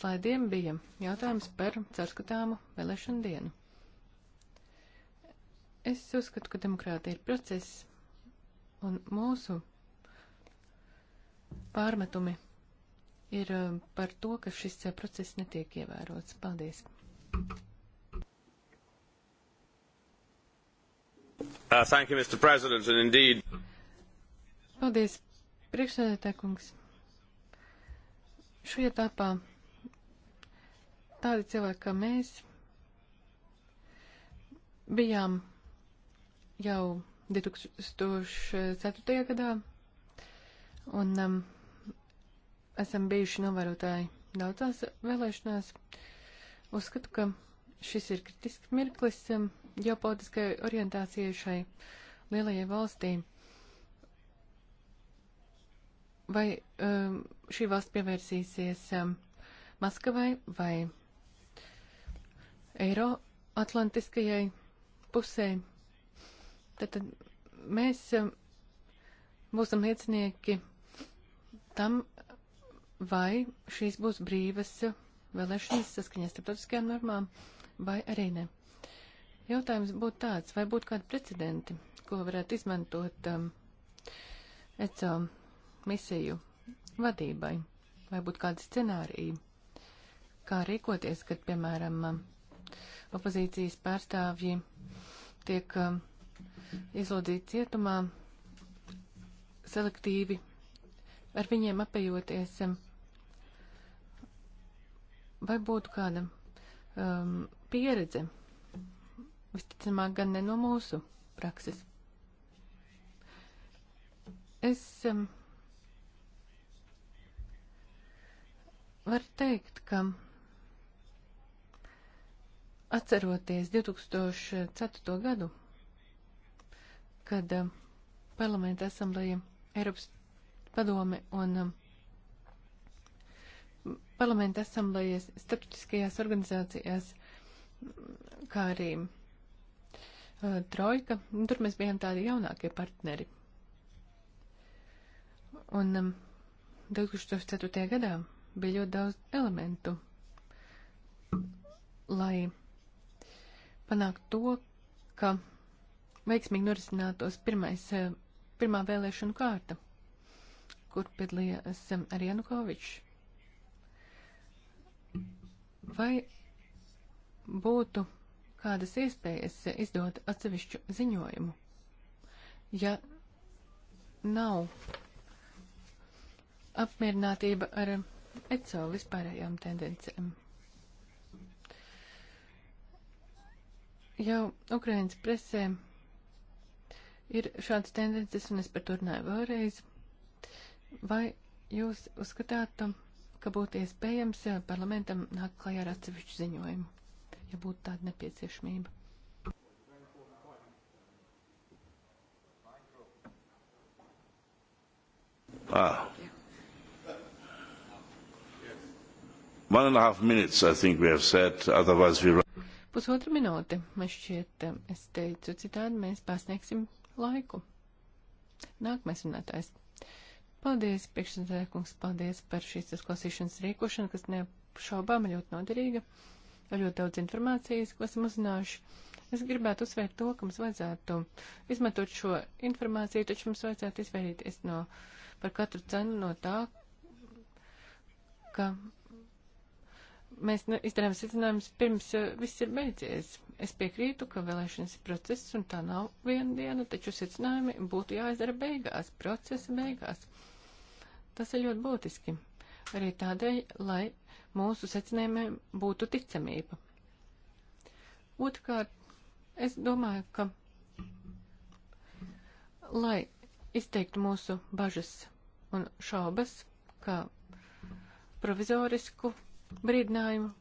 slaidiem bija jautājums par cerskatāmu vēlēšanu dienu. Es uzskatu, ka demokrātija ir process, un mūsu pārmetumi ir eh, par to, ka šis eh, process netiek ievērots. Paldies! Uh, thank you, Mr. President, and indeed. Paldies, priekšsēdētāj kungs. Šajā tāpā tādi cilvēki kā mēs bijām jau 2004. gadā, un um, esam bijuši novērotāji daudzās vēlēšanās. Uzskatu, ka šis ir kritisks mirklis um, ģeopolitiskai orientācijai šai lielajai valstī. Vai um, šī valsts pievērsīsies um, Maskavai vai Eiroatlantiskajai pusē? Tad, tad mēs um, būsim liecinieki tam, vai šīs būs brīvas vēlēšanas saskaņā starptautiskajām normām, vai arī ne. Jautājums būtu tāds, vai būtu kādi precedenti, ko varētu izmantot um, ECO misiju vadībai, vai būtu kādi scenāriji, kā rīkoties, kad, piemēram, um, opozīcijas pārstāvji tiek um, izlodīti cietumā selektīvi, ar viņiem apējoties. Vai būtu kāda um, pieredze? Visticamāk, gan ne no mūsu prakses. Es um, var teikt, ka atceroties 2004. gadu, kad eh, parlamenta asambleja, Eiropas padome un eh, parlamenta asamblejas starptautiskajās organizācijās, kā arī uh, Trojka, nu, tur mēs bijām tādi jaunākie partneri. Un um, 2004. gadā bija ļoti daudz elementu, lai panāktu to, ka veiksmīgi norisinātos pirmais, eh, pirmā vēlēšanu kārta, kur piedalījās eh, arī Janukovičs. Vai būtu kādas iespējas izdot atsevišķu ziņojumu, ja nav apmierinātība ar ECO vispārējām tendencēm? Jau Ukrainas presēm ir šādas tendences, un es par to runāju vēlreiz. Vai jūs uzskatāt, ka būtu iespējams eh, parlamentam nāk klajā ar atsevišķu ziņojumu, ja būtu tāda nepieciešamība? Ah. One and a half minutes, I think we have said, otherwise we... Pusotra minūte, man šķiet, eh, es teicu citādi, mēs pasniegsim laiku. Nākamais runātājs. Paldies, priekšsēdētājkungs, paldies par šīs uzklausīšanas rīkošanu, kas neapšaubāma ļoti noderīga, ar ļoti daudz informācijas, ko esam uzzinājuši. Es gribētu uzsvērt to, ka mums vajadzētu izmantot šo informāciju, taču mums vajadzētu izvairīties no, par katru cenu no tā, ka mēs nu, izdarām secinājumus pirms eh, viss ir beidzies. Es piekrītu, ka vēlēšanas ir process un tā nav viena diena, taču secinājumi būtu jāizdara beigās, procesa beigās. Tas ir ļoti būtiski. Arī tādēļ, lai mūsu secinājumiem būtu ticamība. Otrkārt, es domāju, ka, lai izteiktu mūsu bažas un šaubas, kā provizorisku brīdinājumu,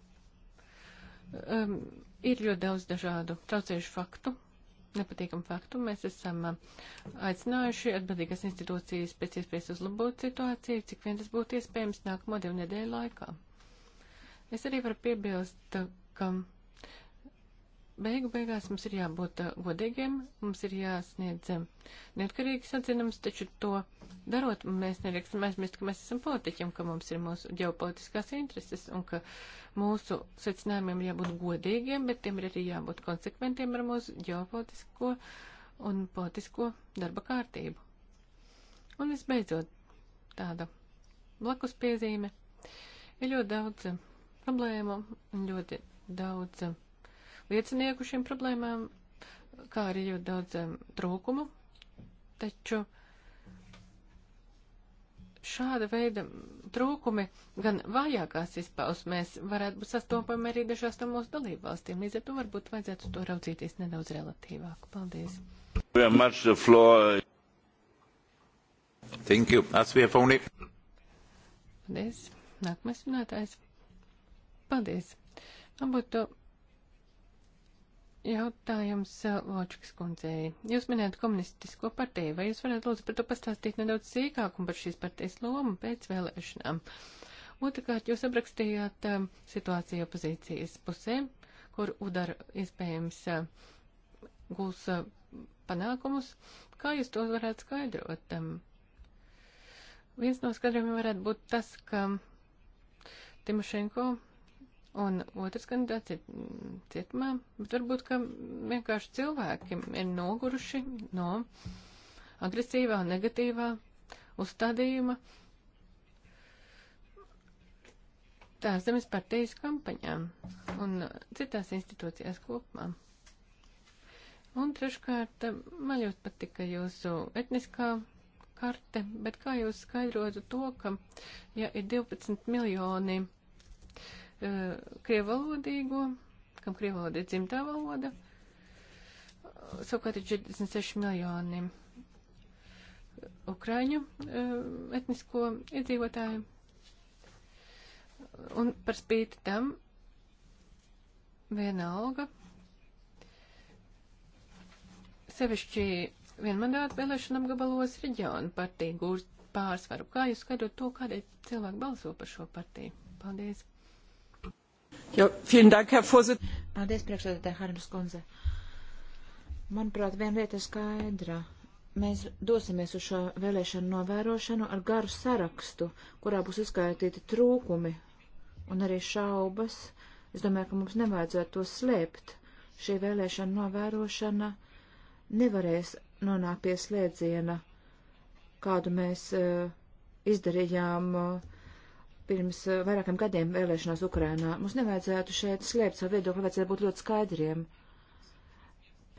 um, Ir ļoti daudz dažādu traucējušu faktu, nepatīkamu faktu. Mēs esam uh, aicinājuši atbildīgas institūcijas pēc iespējas uzlabot situāciju, cik vien tas būtu iespējams nākamo divu nedēļu laikā. Es arī varu piebilst, ka beigu beigās mums ir jābūt eh, godīgiem, mums ir jāsniedz eh, neatkarīgs atzinums, taču to darot mēs neriekstam aizmirst, ka mēs esam politiķiem, ka mums ir mūsu ģeopolitiskās intereses un ka mūsu secinājumiem jābūt godīgiem, bet tiem ir arī jābūt konsekventiem ar mūsu ģeopolitisko un politisko darba kārtību. Un visbeidzot, tāda blakus piezīme ir ļoti daudz eh, problēmu un ļoti daudz liecinieku šīm problēmām, kā arī ļoti daudz um, trūkumu. Taču šāda veida trūkumi gan vājākās izpausmēs varētu būt sastopami arī dažās no mūsu dalībvalstīm. Līdz ar to varbūt vajadzētu to raudzīties nedaudz relatīvāk. Paldies. Thank you. As we have only. Paldies. Nākamais runātājs. Paldies. Man būtu Jautājums eh, Ločikas kundzei. Jūs minējat komunistisko partiju, vai jūs varētu lūdzu par to pastāstīt nedaudz sīkāk un par šīs partijas lomu pēc vēlēšanām? Otrakārt, jūs aprakstījāt um, situāciju opozīcijas pusē, kur udara iespējams uh, gūs uh, panākumus. Kā jūs to varētu skaidrot? Um, viens no skaidrojumiem varētu būt tas, ka Timošenko Un otrs kandidāts ir mm, cietumā, bet varbūt, ka vienkārši cilvēki ir noguruši no agresīvā, negatīvā uzstādījuma tās zemes partijas kampaņām un citās institūcijās kopumā. Un treškārt, man ļoti patika jūsu etniskā karte, bet kā jūs skaidrotu to, ka, ja ir 12 miljoni Eh, krievalodīgo, kam krievaloda ir dzimtā valoda, savukārt ir 46 miljoni ukraiņu eh, etnisko iedzīvotāju. Un par spīti tam vienalga sevišķi vienmandātu vēlēšana apgabalos reģionu partija gūst pārsvaru. Kā jūs skatot to, kādēļ cilvēki balso par šo partiju? Paldies! Ja, dank, Paldies, priekšsēdētāji Harms kundze. Manuprāt, viena lieta ir skaidra. Mēs dosimies uz šo vēlēšanu novērošanu ar garu sarakstu, kurā būs izskaitīti trūkumi un arī šaubas. Es domāju, ka mums nevajadzētu to slēpt. Šī vēlēšana novērošana nevarēs nonākt pie slēdziena, kādu mēs uh, izdarījām uh, pirms eh, vairākiem gadiem vēlēšanās Ukrainā. Mums nevajadzētu šeit slēpt savu viedokli, vajadzētu būt ļoti skaidriem.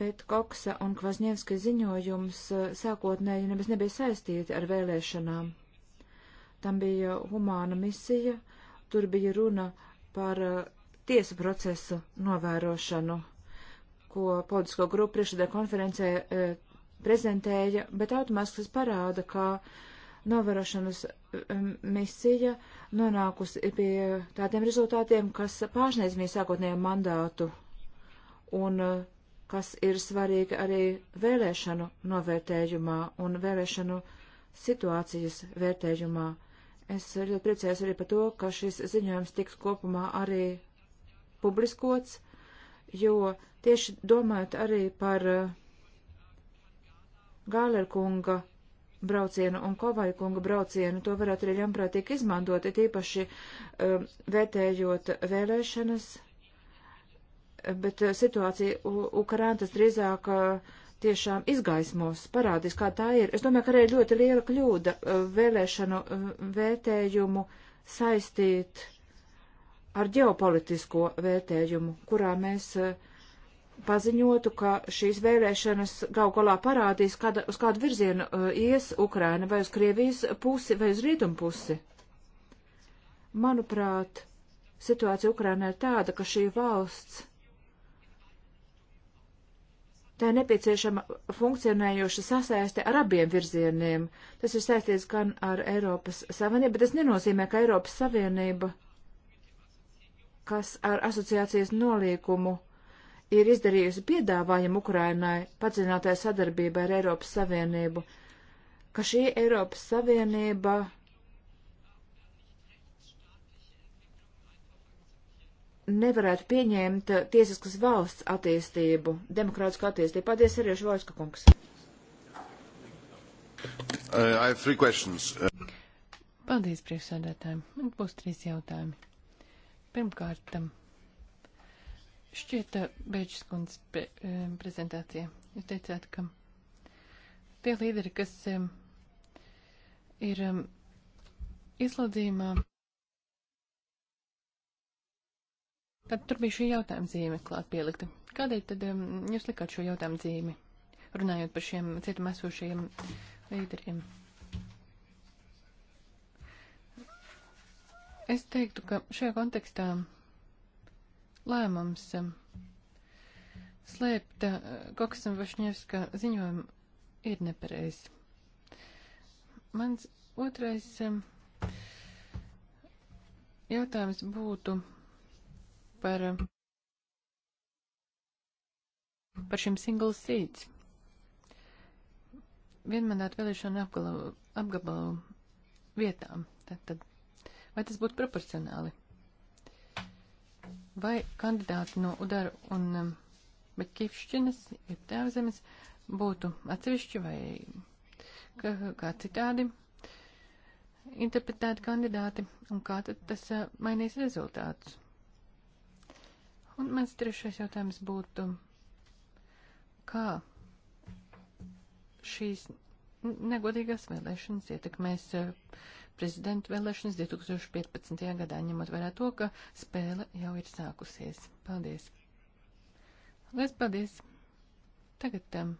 Bet Koksa un Kvazņevska ziņojums eh, sākotnēji nemaz nebija saistīti ar vēlēšanām. Tam bija humāna misija, tur bija runa par eh, tiesu procesu novērošanu, ko politisko grupu priekšsēdē konferencē e, prezentēja, bet automātiski tas parāda, ka uh, novērošanas um, misija nonākusi pie tādiem rezultātiem, kas pārsniedz viņu sākotnējo mandātu un uh, kas ir svarīgi arī vēlēšanu novērtējumā un vēlēšanu situācijas vērtējumā. Es ļoti priecājos arī par to, ka šis ziņojums tiks kopumā arī publiskots, jo tieši domājot arī par uh, Gālerkunga braucienu un Kovaja kunga braucienu, to varētu arī ļaunprātīgi izmantot, ir īpaši um, vērtējot vēlēšanas, bet uh, situācija Ukarāntas drīzāk uh, tiešām izgaismos, parādīs, kā tā ir. Es domāju, ka arī ļoti liela kļūda uh, vēlēšanu uh, vērtējumu saistīt ar ģeopolitisko vērtējumu, kurā mēs uh, paziņotu, ka šīs vēlēšanas gal galā parādīs, kāda, uz kādu virzienu uh, ies Ukraina, vai uz Krievijas pusi, vai uz rietumu pusi. Manuprāt, situācija Ukrainā ir tāda, ka šī valsts, tā ir nepieciešama funkcionējoša sasaiste ar abiem virzieniem. Tas ir saistīts gan ar Eiropas Savienību, bet tas nenozīmē, ka Eiropas Savienība, kas ar asociācijas nolīkumu ir izdarījusi piedāvājumu Ukrainai padziļinātai sadarbībai ar Eiropas Savienību, ka šī Eiropas Savienība nevarētu pieņemt tiesiskas valsts attīstību, demokrātisku attīstību. Paldies, Seriešu Vojska kungs. Uh, uh Paldies, priekšsādātājiem. Man būs trīs jautājumi. Pirmkārt, um, Šķiet, Bēķis kundz pre, prezentācija. Jūs teicāt, ka tie līderi, kas ir ieslodzījumā, tad tur bija šī jautājuma zīme klāt pielikta. Kādēļ tad jūs likāt šo jautājumu zīmi, runājot par šiem cietumā esošajiem līderiem? Es teiktu, ka šajā kontekstā lēmums um, slēpt uh, Kokas un Vašņevska ziņojumu ir nepareizi. Mans otrais um, jautājums būtu par, um, par šim single seats. Vienmanāt vēlēšanu apgabalu, apgabalu vietām. Tad, tad, vai tas būtu proporcionāli? vai kandidāti no Udara un um, Bekivšķinas, ir tēvzemes, būtu atsevišķi vai kā, kā citādi interpretēti kandidāti, un kā tad tas uh, mainīs rezultātus. Un mans trešais jautājums būtu, kā šīs negodīgās vēlēšanas ietekmēs uh, prezidentu vēlēšanas 2015. gadā, ņemot vērā to, ka spēle jau ir sākusies. Paldies! Lies paldies! Tagad um,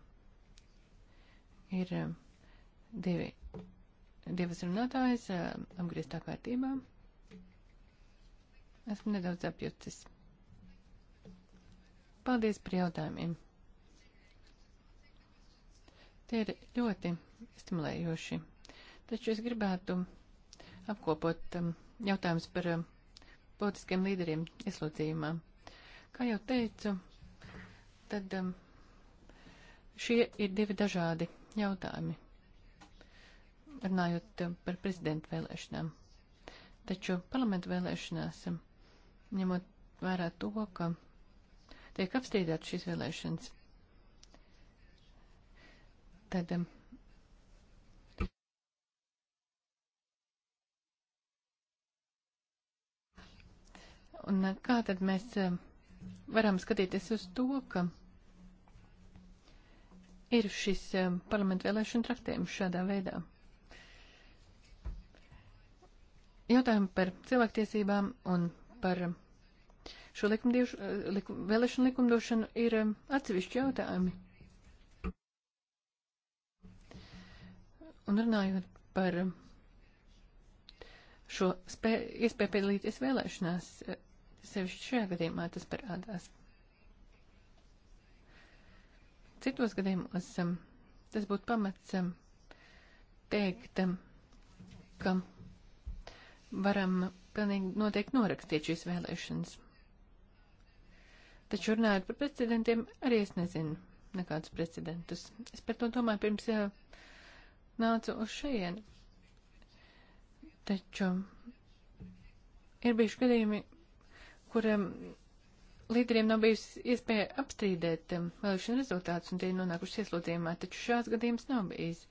ir um, divi, divas runātājas um, apgrieztā kārtībā. Esmu nedaudz apjucis. Paldies par jautājumiem. Tie ir ļoti stimulējoši. Taču es gribētu apkopot um, jautājumus par um, politiskiem līderiem ieslodzījumā. Kā jau teicu, tad um, šie ir divi dažādi jautājumi, runājot um, par prezidentu vēlēšanām. Taču parlamentu vēlēšanās, um, ņemot vērā to, ka tiek apstrīdētas šīs vēlēšanas, tad um, Un eh, kā tad mēs eh, varam skatīties uz to, ka ir šis eh, parlamentu vēlēšana traktējums šādā veidā? Jautājumi par cilvēktiesībām un par šo likum, vēlēšanu likumdošanu ir atsevišķi jautājumi. Un runājot par šo spē, iespēju piedalīties vēlēšanās, Sevišķi šajā gadījumā tas parādās. Citos gadījumos um, tas būtu pamats um, teikt, um, ka varam pilnīgi noteikti norakstīt šīs vēlēšanas. Taču runājot par precedentiem, arī es nezinu nekādus precedentus. Es par to domāju pirms uh, nācu uz šajien. Taču ir bijuši gadījumi, kuriem līderiem nav bijusi iespēja apstrīdēt um, vēlēšanu rezultātus un tie ir nonākuši ieslodzījumā, taču šāds gadījums nav bijis.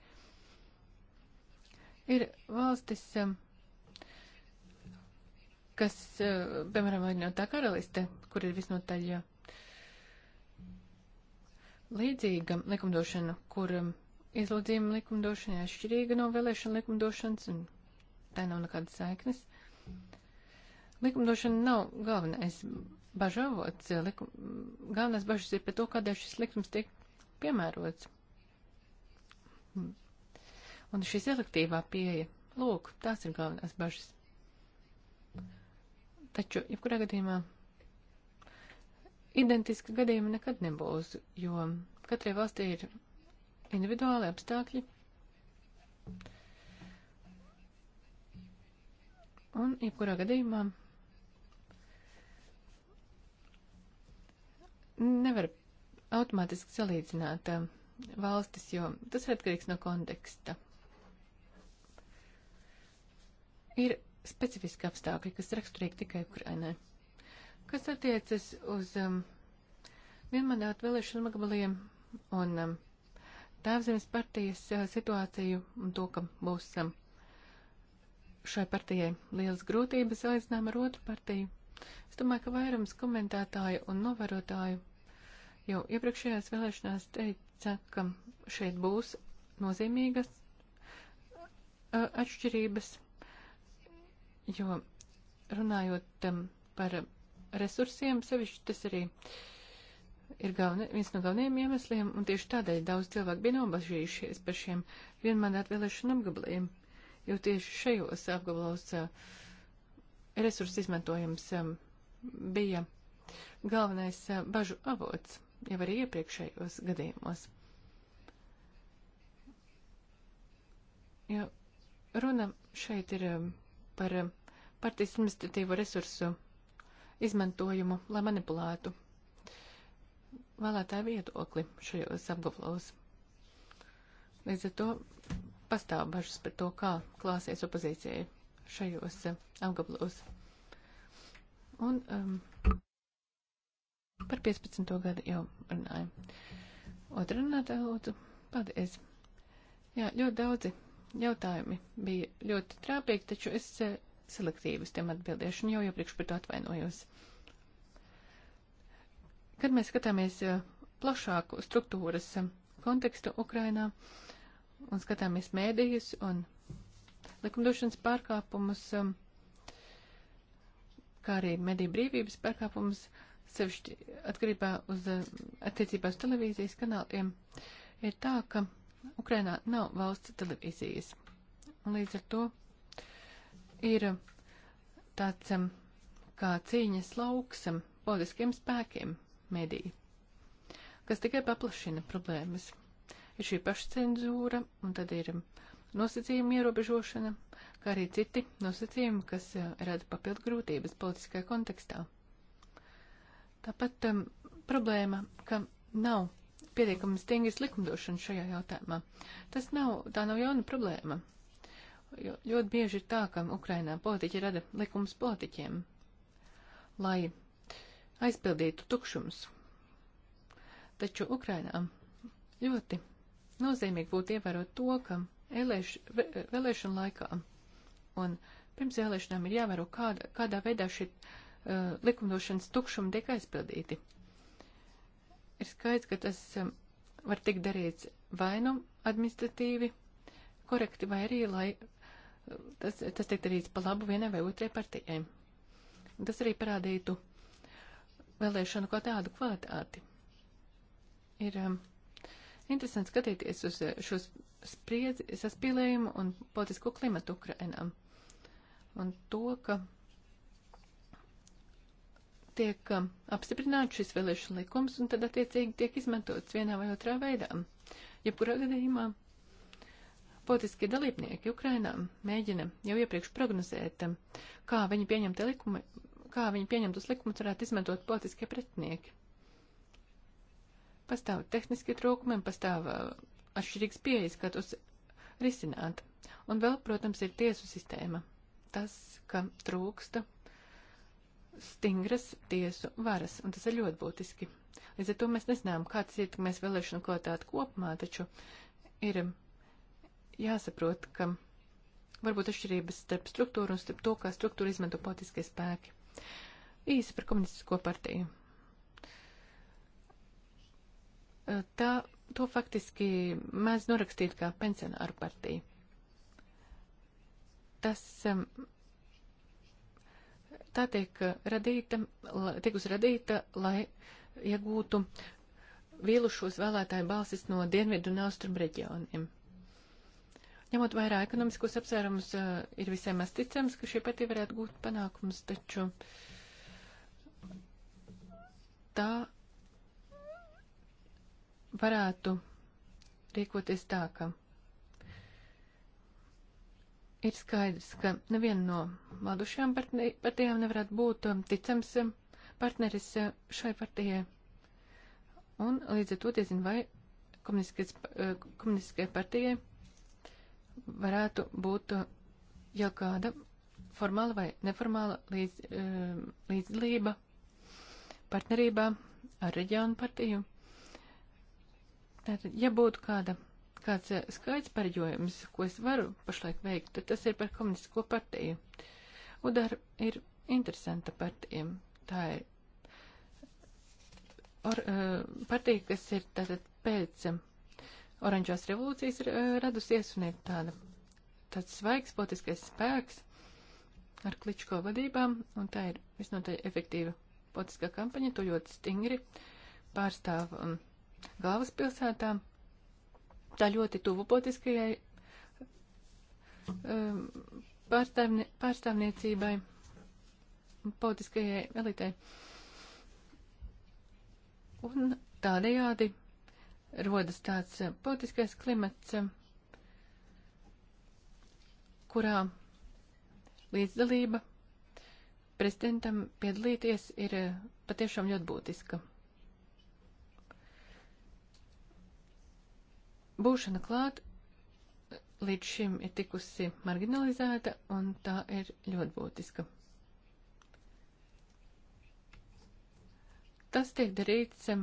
Ir valstis, um, kas, uh, piemēram, Vainotā karaliste, kur ir visnotaļ uh, līdzīga likumdošana, kur um, ieslodzījuma likumdošana ir atšķirīga no vēlēšana likumdošanas un tā nav nekādas saiknes. Mm. Likumdošana nav galvenais bažavots. Eh, likum, galvenais bažas ir par to, kādēļ šis likums tiek piemērots. Un šī selektīvā pieeja, lūk, tās ir galvenās bažas. Taču, jebkurā gadījumā, identiska gadījuma nekad nebūs, jo katrai valstī ir individuāli apstākļi. Un, jebkurā gadījumā, nevar automātiski salīdzināt uh, valstis, jo tas ir atkarīgs no konteksta. Ir specifiski apstākļi, kas raksturīgi tikai Ukrainai. Kas attiecas uz um, vienmandātu vēlēšanu magabaliem un um, tēvzemes partijas uh, situāciju un to, ka būs um, šai partijai lielas grūtības salīdzinām ar otru partiju. Es domāju, ka vairums komentētāju un novērotāju jau iepriekšējās vēlēšanās teica, ka šeit būs nozīmīgas atšķirības, jo runājot um, par resursiem, sevišķi tas arī ir galveni, viens no galvenajiem iemesliem, un tieši tādēļ daudz cilvēku bija nobažījušies par šiem vienmandātu vēlēšanu apgabaliem, jo tieši šajos apgabalos resursu izmantojums bija galvenais bažu avots jau arī iepriekšējos gadījumos. Jo runa šeit ir um, par um, partijas administratīvo resursu izmantojumu, lai manipulētu vēlētāju viedokli šajos apgabalos. Līdz ar to pastāv bažas par to, kā klāsies opozīcijai šajos uh, apgabalos. Un um, Par 15. gadu jau runājam. Otra runātā lūdzu. Paldies. Jā, ļoti daudzi jautājumi bija ļoti trāpīgi, taču es eh, selektīvi uz tiem atbildēšu un jau iepriekš par to atvainojos. Kad mēs skatāmies eh, plašāku struktūras eh, kontekstu Ukrainā un skatāmies mēdījus un likumdošanas pārkāpumus, kā arī mediju brīvības pārkāpumus, uh, sevišķi atkarībā uz eh, attiecībās televīzijas kanāliem, ir tā, ka Ukrainā nav valsts televīzijas. Un līdz ar to ir tāds kā cīņas lauks politiskiem spēkiem medī, kas tikai paplašina problēmas. Ir šī pašcenzūra, un tad ir nosacījuma ierobežošana, kā arī citi nosacījumi, kas eh, rada papildu grūtības politiskajā kontekstā. Tāpat um, problēma, ka nav pietiekami stingras likumdošana šajā jautājumā. Tas nav, tā nav jauna problēma. Jo ļoti bieži ir tā, ka Ukrainā politiķi rada likums politiķiem, lai aizpildītu tukšumus. Taču Ukrainā ļoti nozīmīgi būtu ievērot to, ka ēlēš, vēlēšana laikā un pirms vēlēšanām ir jāvēro, kāda, kādā veidā šie Uh, likumdošanas tukšumu tiek aizpildīti. Ir skaidrs, ka tas um, var tikt darīts vai nu administratīvi, korekti, vai arī, lai uh, tas, tas tiek darīts pa labu vienai vai otrai partijai. Tas arī parādītu vēlēšanu kā tādu kvalitāti. Ir um, interesanti skatīties uz uh, šo spriedzi, saspīlējumu un politisko klimatu Ukrainām. Un to, ka tiek um, apstiprināts šis vēlēšana likums, un tad attiecīgi tiek izmantots vienā vai otrā veidā. Jebkurā gadījumā politiskie dalībnieki Ukrainā mēģina jau iepriekš prognozēt, um, kā viņi pieņemtie likumi, kā viņi pieņemtos likumus varētu izmantot politiskie pretinieki. Pastāv tehniski trūkumi, pastāv uh, atšķirīgs pieejas, kā tos risināt. Un vēl, protams, ir tiesu sistēma. Tas, ka trūksta stingras tiesu varas, un tas ir ļoti būtiski. Līdz ar to mēs nezinām, kāds ietekmēs vēlēšanu kvalitāti kopumā, taču ir jāsaprot, ka varbūt atšķirības starp struktūru un starp to, kā struktūru izmanto politiskie spēki. Īsi par komunistisko partiju. Tā, to faktiski mēdz norakstīt kā pensionāru partiju. Tas um, tā tiek radīta, tiek uzradīta, lai iegūtu vīlušos vēlētāju balsis no dienvidu un austrumu reģioniem. Ņemot vairāk ekonomiskos apsvērumus, ir visai maz ticams, ka šie pati varētu gūt panākumus, taču tā varētu rīkoties tā, ka ir skaidrs, ka neviena no valdušajām partijām nevarētu būt um, ticams um, partneris uh, šai partijai. Un līdz ar to diezin vai komunistiskajai uh, partijai varētu būt uh, jau kāda formāla vai neformāla līdz, um, līdzdalība partnerībā ar reģionu partiju. Tātad, ja būtu kāda kāds eh, skaits pareģojums, ko es varu pašlaik veikt, tad tas ir par komunistisko partiju. Udar ir interesanta partija. Tā ir or, eh, partija, kas ir tātad pēc oranžās revolūcijas ir eh, radusies un ir tāda, tāds svaigs politiskais spēks ar kličko vadībām, un tā ir visnotaļ efektīva politiskā kampaņa, to ļoti stingri pārstāv um, galvaspilsētām tā ļoti tuvu politiskajai um, pārstāvni, pārstāvniecībai, politiskajai elitei. Un tādējādi rodas tāds politiskais klimats, kurā līdzdalība prezidentam piedalīties ir patiešām ļoti būtiska. būšana klāt līdz šim ir tikusi marginalizēta, un tā ir ļoti būtiska. Tas tiek darīts, um,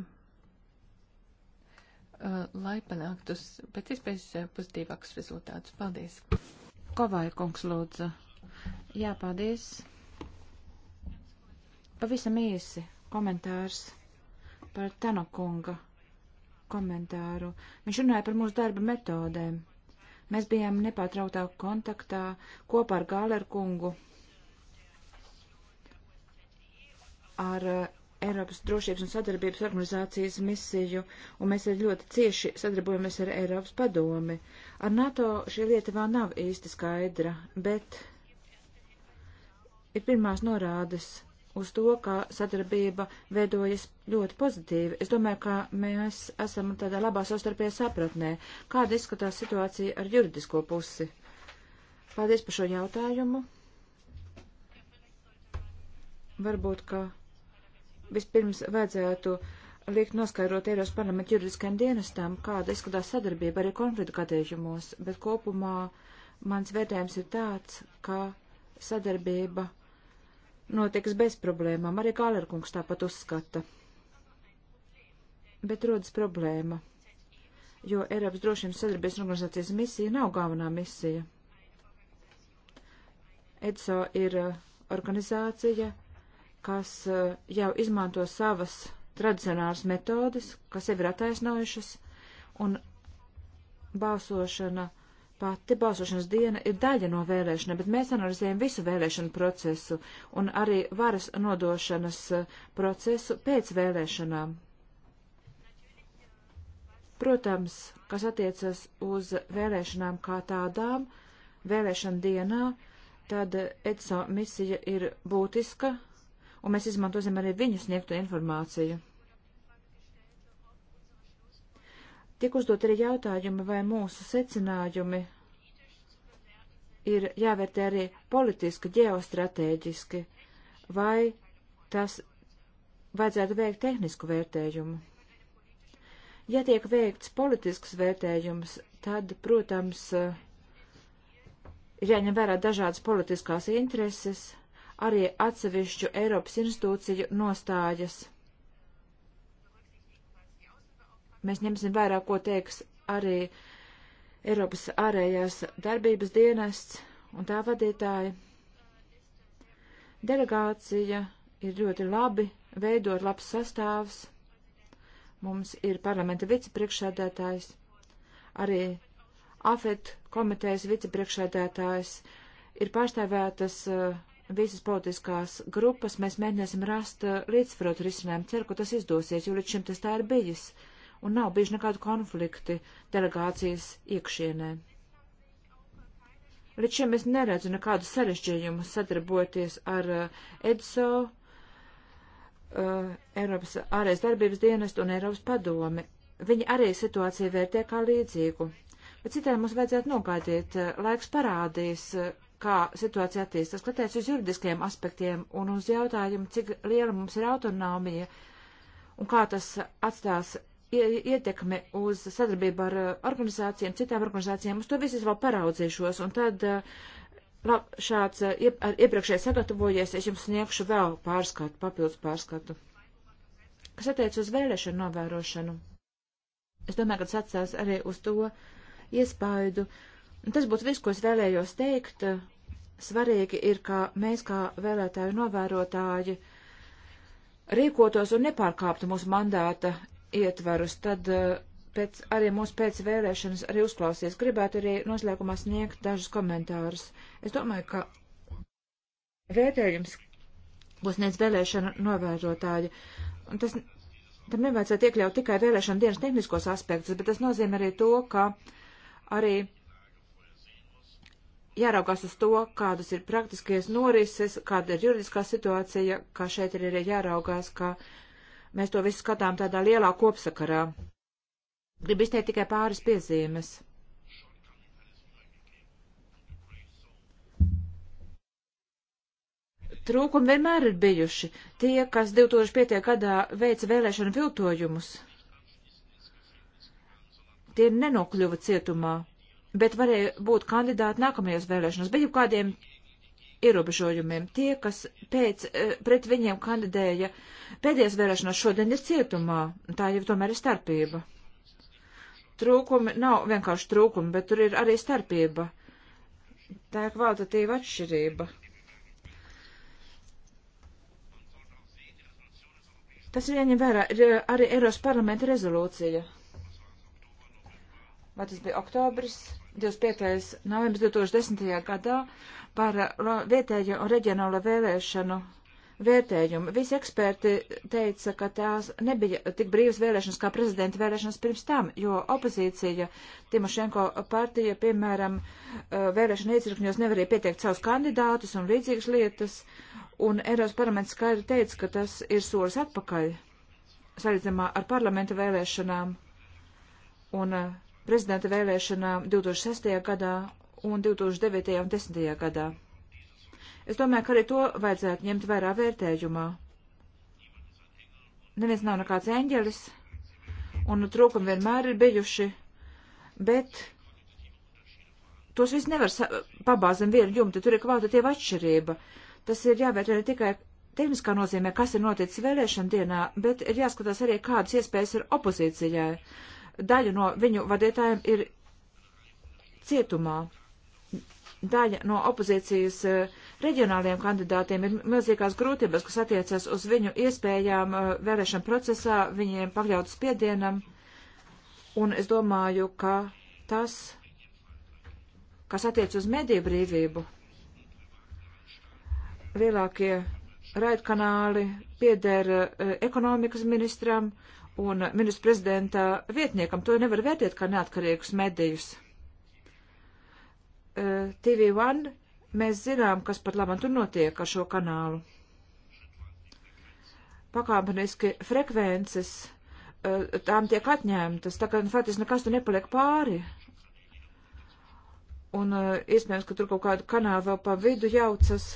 uh, lai panāktu pēc iespējas uh, pozitīvākus rezultātus. Paldies! Kovāja kungs lūdzu. Jā, paldies. Pavisam īsi komentārs par Tanokunga komentāru. Viņš runāja par mūsu darba metodēm. Mēs bijām nepārtrauktā kontaktā kopā ar Gāleru kungu, ar uh, Eiropas drošības un sadarbības organizācijas misiju, un mēs arī ļoti cieši sadarbojamies ar Eiropas padomi. Ar NATO šī lieta vēl nav īsti skaidra, bet ir pirmās norādes uz to, ka sadarbība veidojas ļoti pozitīvi. Es domāju, ka mēs esam tādā labā sastarpie sapratnē. Kāda izskatās situācija ar juridisko pusi? Paldies par šo jautājumu. Varbūt, ka vispirms vajadzētu liekt noskaidrot Eiropas parlamenta juridiskajam dienestam, kāda izskatās sadarbība arī konfliktu gadījumos, bet kopumā mans vērtējums ir tāds, ka sadarbība notiks bez problēmām. Arī Kālerkungs tāpat uzskata. Bet rodas problēma, jo Eiropas drošības sadarbības organizācijas misija nav galvenā misija. EDSO ir uh, organizācija, kas uh, jau izmanto savas tradicionālas metodes, kas jau ir attaisnojušas, un balsošana pati balsošanas diena ir daļa no vēlēšana, bet mēs analizējam visu vēlēšanu procesu un arī varas nodošanas eh, procesu pēc vēlēšanām. Protams, kas attiecas uz vēlēšanām kā tādām, vēlēšana dienā, tad ECO misija ir būtiska, un mēs izmantosim arī viņu sniegto informāciju. Tiek uzdot arī jautājumi, vai mūsu secinājumi ir jāvērtē arī politiski, ģeostrateģiski, vai tas vajadzētu veikt tehnisku vērtējumu. Ja tiek veikts politisks vērtējums, tad, protams, ir jāņem vērā dažādas politiskās intereses, arī atsevišķu Eiropas institūciju nostājas Mēs ņemsim vairāk, ko teiks arī Eiropas ārējās darbības dienests un tā vadītāji. Delegācija ir ļoti labi, veidot labs sastāvs. Mums ir parlamenta vicepriekšsēdētājs, arī AFET komitejas vicepriekšsēdētājs, ir pārstāvētas uh, visas politiskās grupas, mēs mēģināsim rast uh, līdzsvarotu risinājumu. Ceru, ka tas izdosies, jo līdz šim tas tā ir bijis. Uh, un nav bijuši nekādu konflikti delegācijas iekšienē. Līdz šim es neredzu nekādu sarežģījumu sadarboties ar uh, EDSO, uh, Eiropas ārējas darbības dienestu un Eiropas padomi. Viņi arī situāciju vērtē kā līdzīgu, bet citādi mums vajadzētu nogaidīt. Uh, laiks parādīs, kā situācija attīstās, skatoties uz juridiskiem aspektiem un uz jautājumu, cik liela mums ir autonomija un kā tas atstās ietekme uz sadarbību ar uh, organizācijām, citām organizācijām. Uz to visu es vēl paraudzīšos, un tad uh, lab, šāds uh, iep, iepriekšēji sagatavojies, es jums sniegšu vēl pārskatu, papildus pārskatu. Kas attiec uz vēlēšanu novērošanu, es domāju, ka tas atstās arī uz to iespaidu. Un tas būtu viss, ko es vēlējos teikt. Svarīgi ir, ka mēs kā vēlētāju novērotāji rīkotos un nepārkāptu mūsu mandāta ietvarus, tad eh, pēc, arī mūsu pēc vēlēšanas arī uzklausies. Gribētu arī noslēgumā sniegt dažus komentārus. Es domāju, ka vērtējums būs nec vēlēšana novērotāji. Un tas, tam nevajadzētu iekļaut tikai vēlēšana dienas tehniskos aspektus, bet tas nozīmē arī to, ka arī jāraugās uz to, kādas ir praktiskies norises, kāda ir juridiskā situācija, kā šeit ir arī jāraugās, ka Mēs to visu skatām tādā lielā kopsakarā. Gribu izteikt tikai pāris piezīmes. Trūkumi vienmēr ir bijuši tie, kas 2005. gadā veica vēlēšanu viltojumus. Tie nenokļuva cietumā, bet varēja būt kandidāti nākamajos vēlēšanos, bet jau kādiem ierobežojumiem. Tie, kas pēc, e, pret viņiem kandidēja pēdējās vēlēšanās, šodien ir cietumā. Tā jau tomēr ir starpība. Trūkumi nav vienkārši trūkumi, bet tur ir arī starpība. Tā ir kvalitatīva atšķirība. Tas ir jāņem vērā ir arī Eiropas parlamenta rezolūcija. Vai tas bija oktobris? 25. novembris 2010. gadā par eh, vietējo un reģionālo vēlēšanu vērtējumu. Visi eksperti teica, ka tās nebija tik brīvas vēlēšanas kā prezidenta vēlēšanas pirms tam, jo opozīcija Timošenko partija, piemēram, eh, vēlēšana iecirkņos nevarēja pieteikt savus kandidātus un līdzīgas lietas, un Eiropas parlaments skaidri teica, ka tas ir solis atpakaļ salīdzinājumā ar parlamenta vēlēšanām un eh, prezidenta vēlēšanām 2006. gadā un 2009. un 10. gadā. Es domāju, ka arī to vajadzētu ņemt vērā vērtējumā. Neviens nav nekāds eņģelis, un trūkumi vienmēr ir bijuši, bet tos viss nevar pabāzam vienu jumtu, tur ir kvalitatīva atšķirība. Tas ir jāvērtē ne tikai tehniskā nozīmē, kas ir noticis vēlēšana dienā, bet ir jāskatās arī, kādas iespējas ir opozīcijai. Daļa no viņu vadītājiem ir cietumā daļa no opozīcijas eh, reģionāliem kandidātiem ir milzīgās grūtības, kas attiecas uz viņu iespējām eh, vēlēšana procesā, viņiem pakļaut spiedienam. Un es domāju, ka tas, kas attiec uz mediju brīvību, lielākie raidkanāli pieder eh, ekonomikas ministram un ministra prezidenta vietniekam. To nevar vērtēt kā neatkarīgus medijus. TV1 mēs zinām, kas pat labam tur notiek ar šo kanālu. Pakāpeniski frekvences eh, tām tiek atņemtas, tā kā faktiski nekas tur nepaliek pāri. Un eh, iespējams, ka tur kaut kādu kanālu vēl pa vidu jaucas.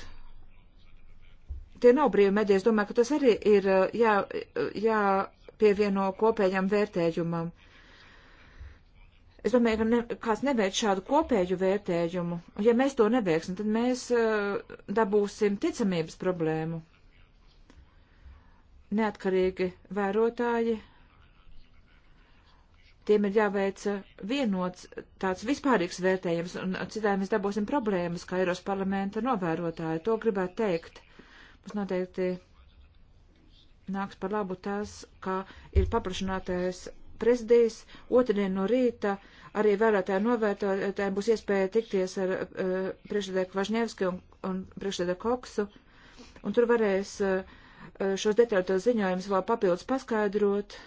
Tie nav brīvi mediji, es domāju, ka tas arī ir eh, jā, jāpievieno kopējam vērtējumam. Uh, Es domāju, ka ne, kāds neveic šādu kopēju vērtējumu. Ja mēs to neveiksim, tad mēs uh, dabūsim ticamības problēmu. Neatkarīgi vērotāji, tiem ir jāveic vienots tāds vispārīgs vērtējums, un citādi mēs dabūsim problēmas, kā Eiros parlamenta novērotāji. To gribētu teikt. Mums noteikti nāks par labu tas, ka ir paplašinātais prezidijas. Otradien no rīta arī vēlētāju novērtētājiem būs iespēja tikties ar uh, priekšsēdētāju Kvažņevski un, un priekšsēdētāju Koksu. Un tur varēs uh, šos detalizētos ziņojumus vēl papildus paskaidrot.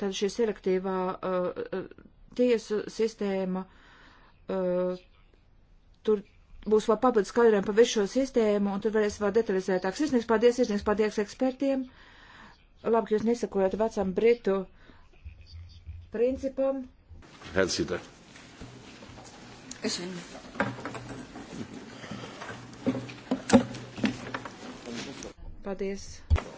Tad šī selektīvā uh, tiesu sistēma, uh, tur būs vēl papildus skaidrojumi pa visu šo sistēmu, un tur varēs vēl detalizētāk. Sirsnīgs paldies, sirsnīgs paldies ekspertiem. Labi, ka jūs nesakojat vecam Britu principam. Helsita. Es viņu. Paldies.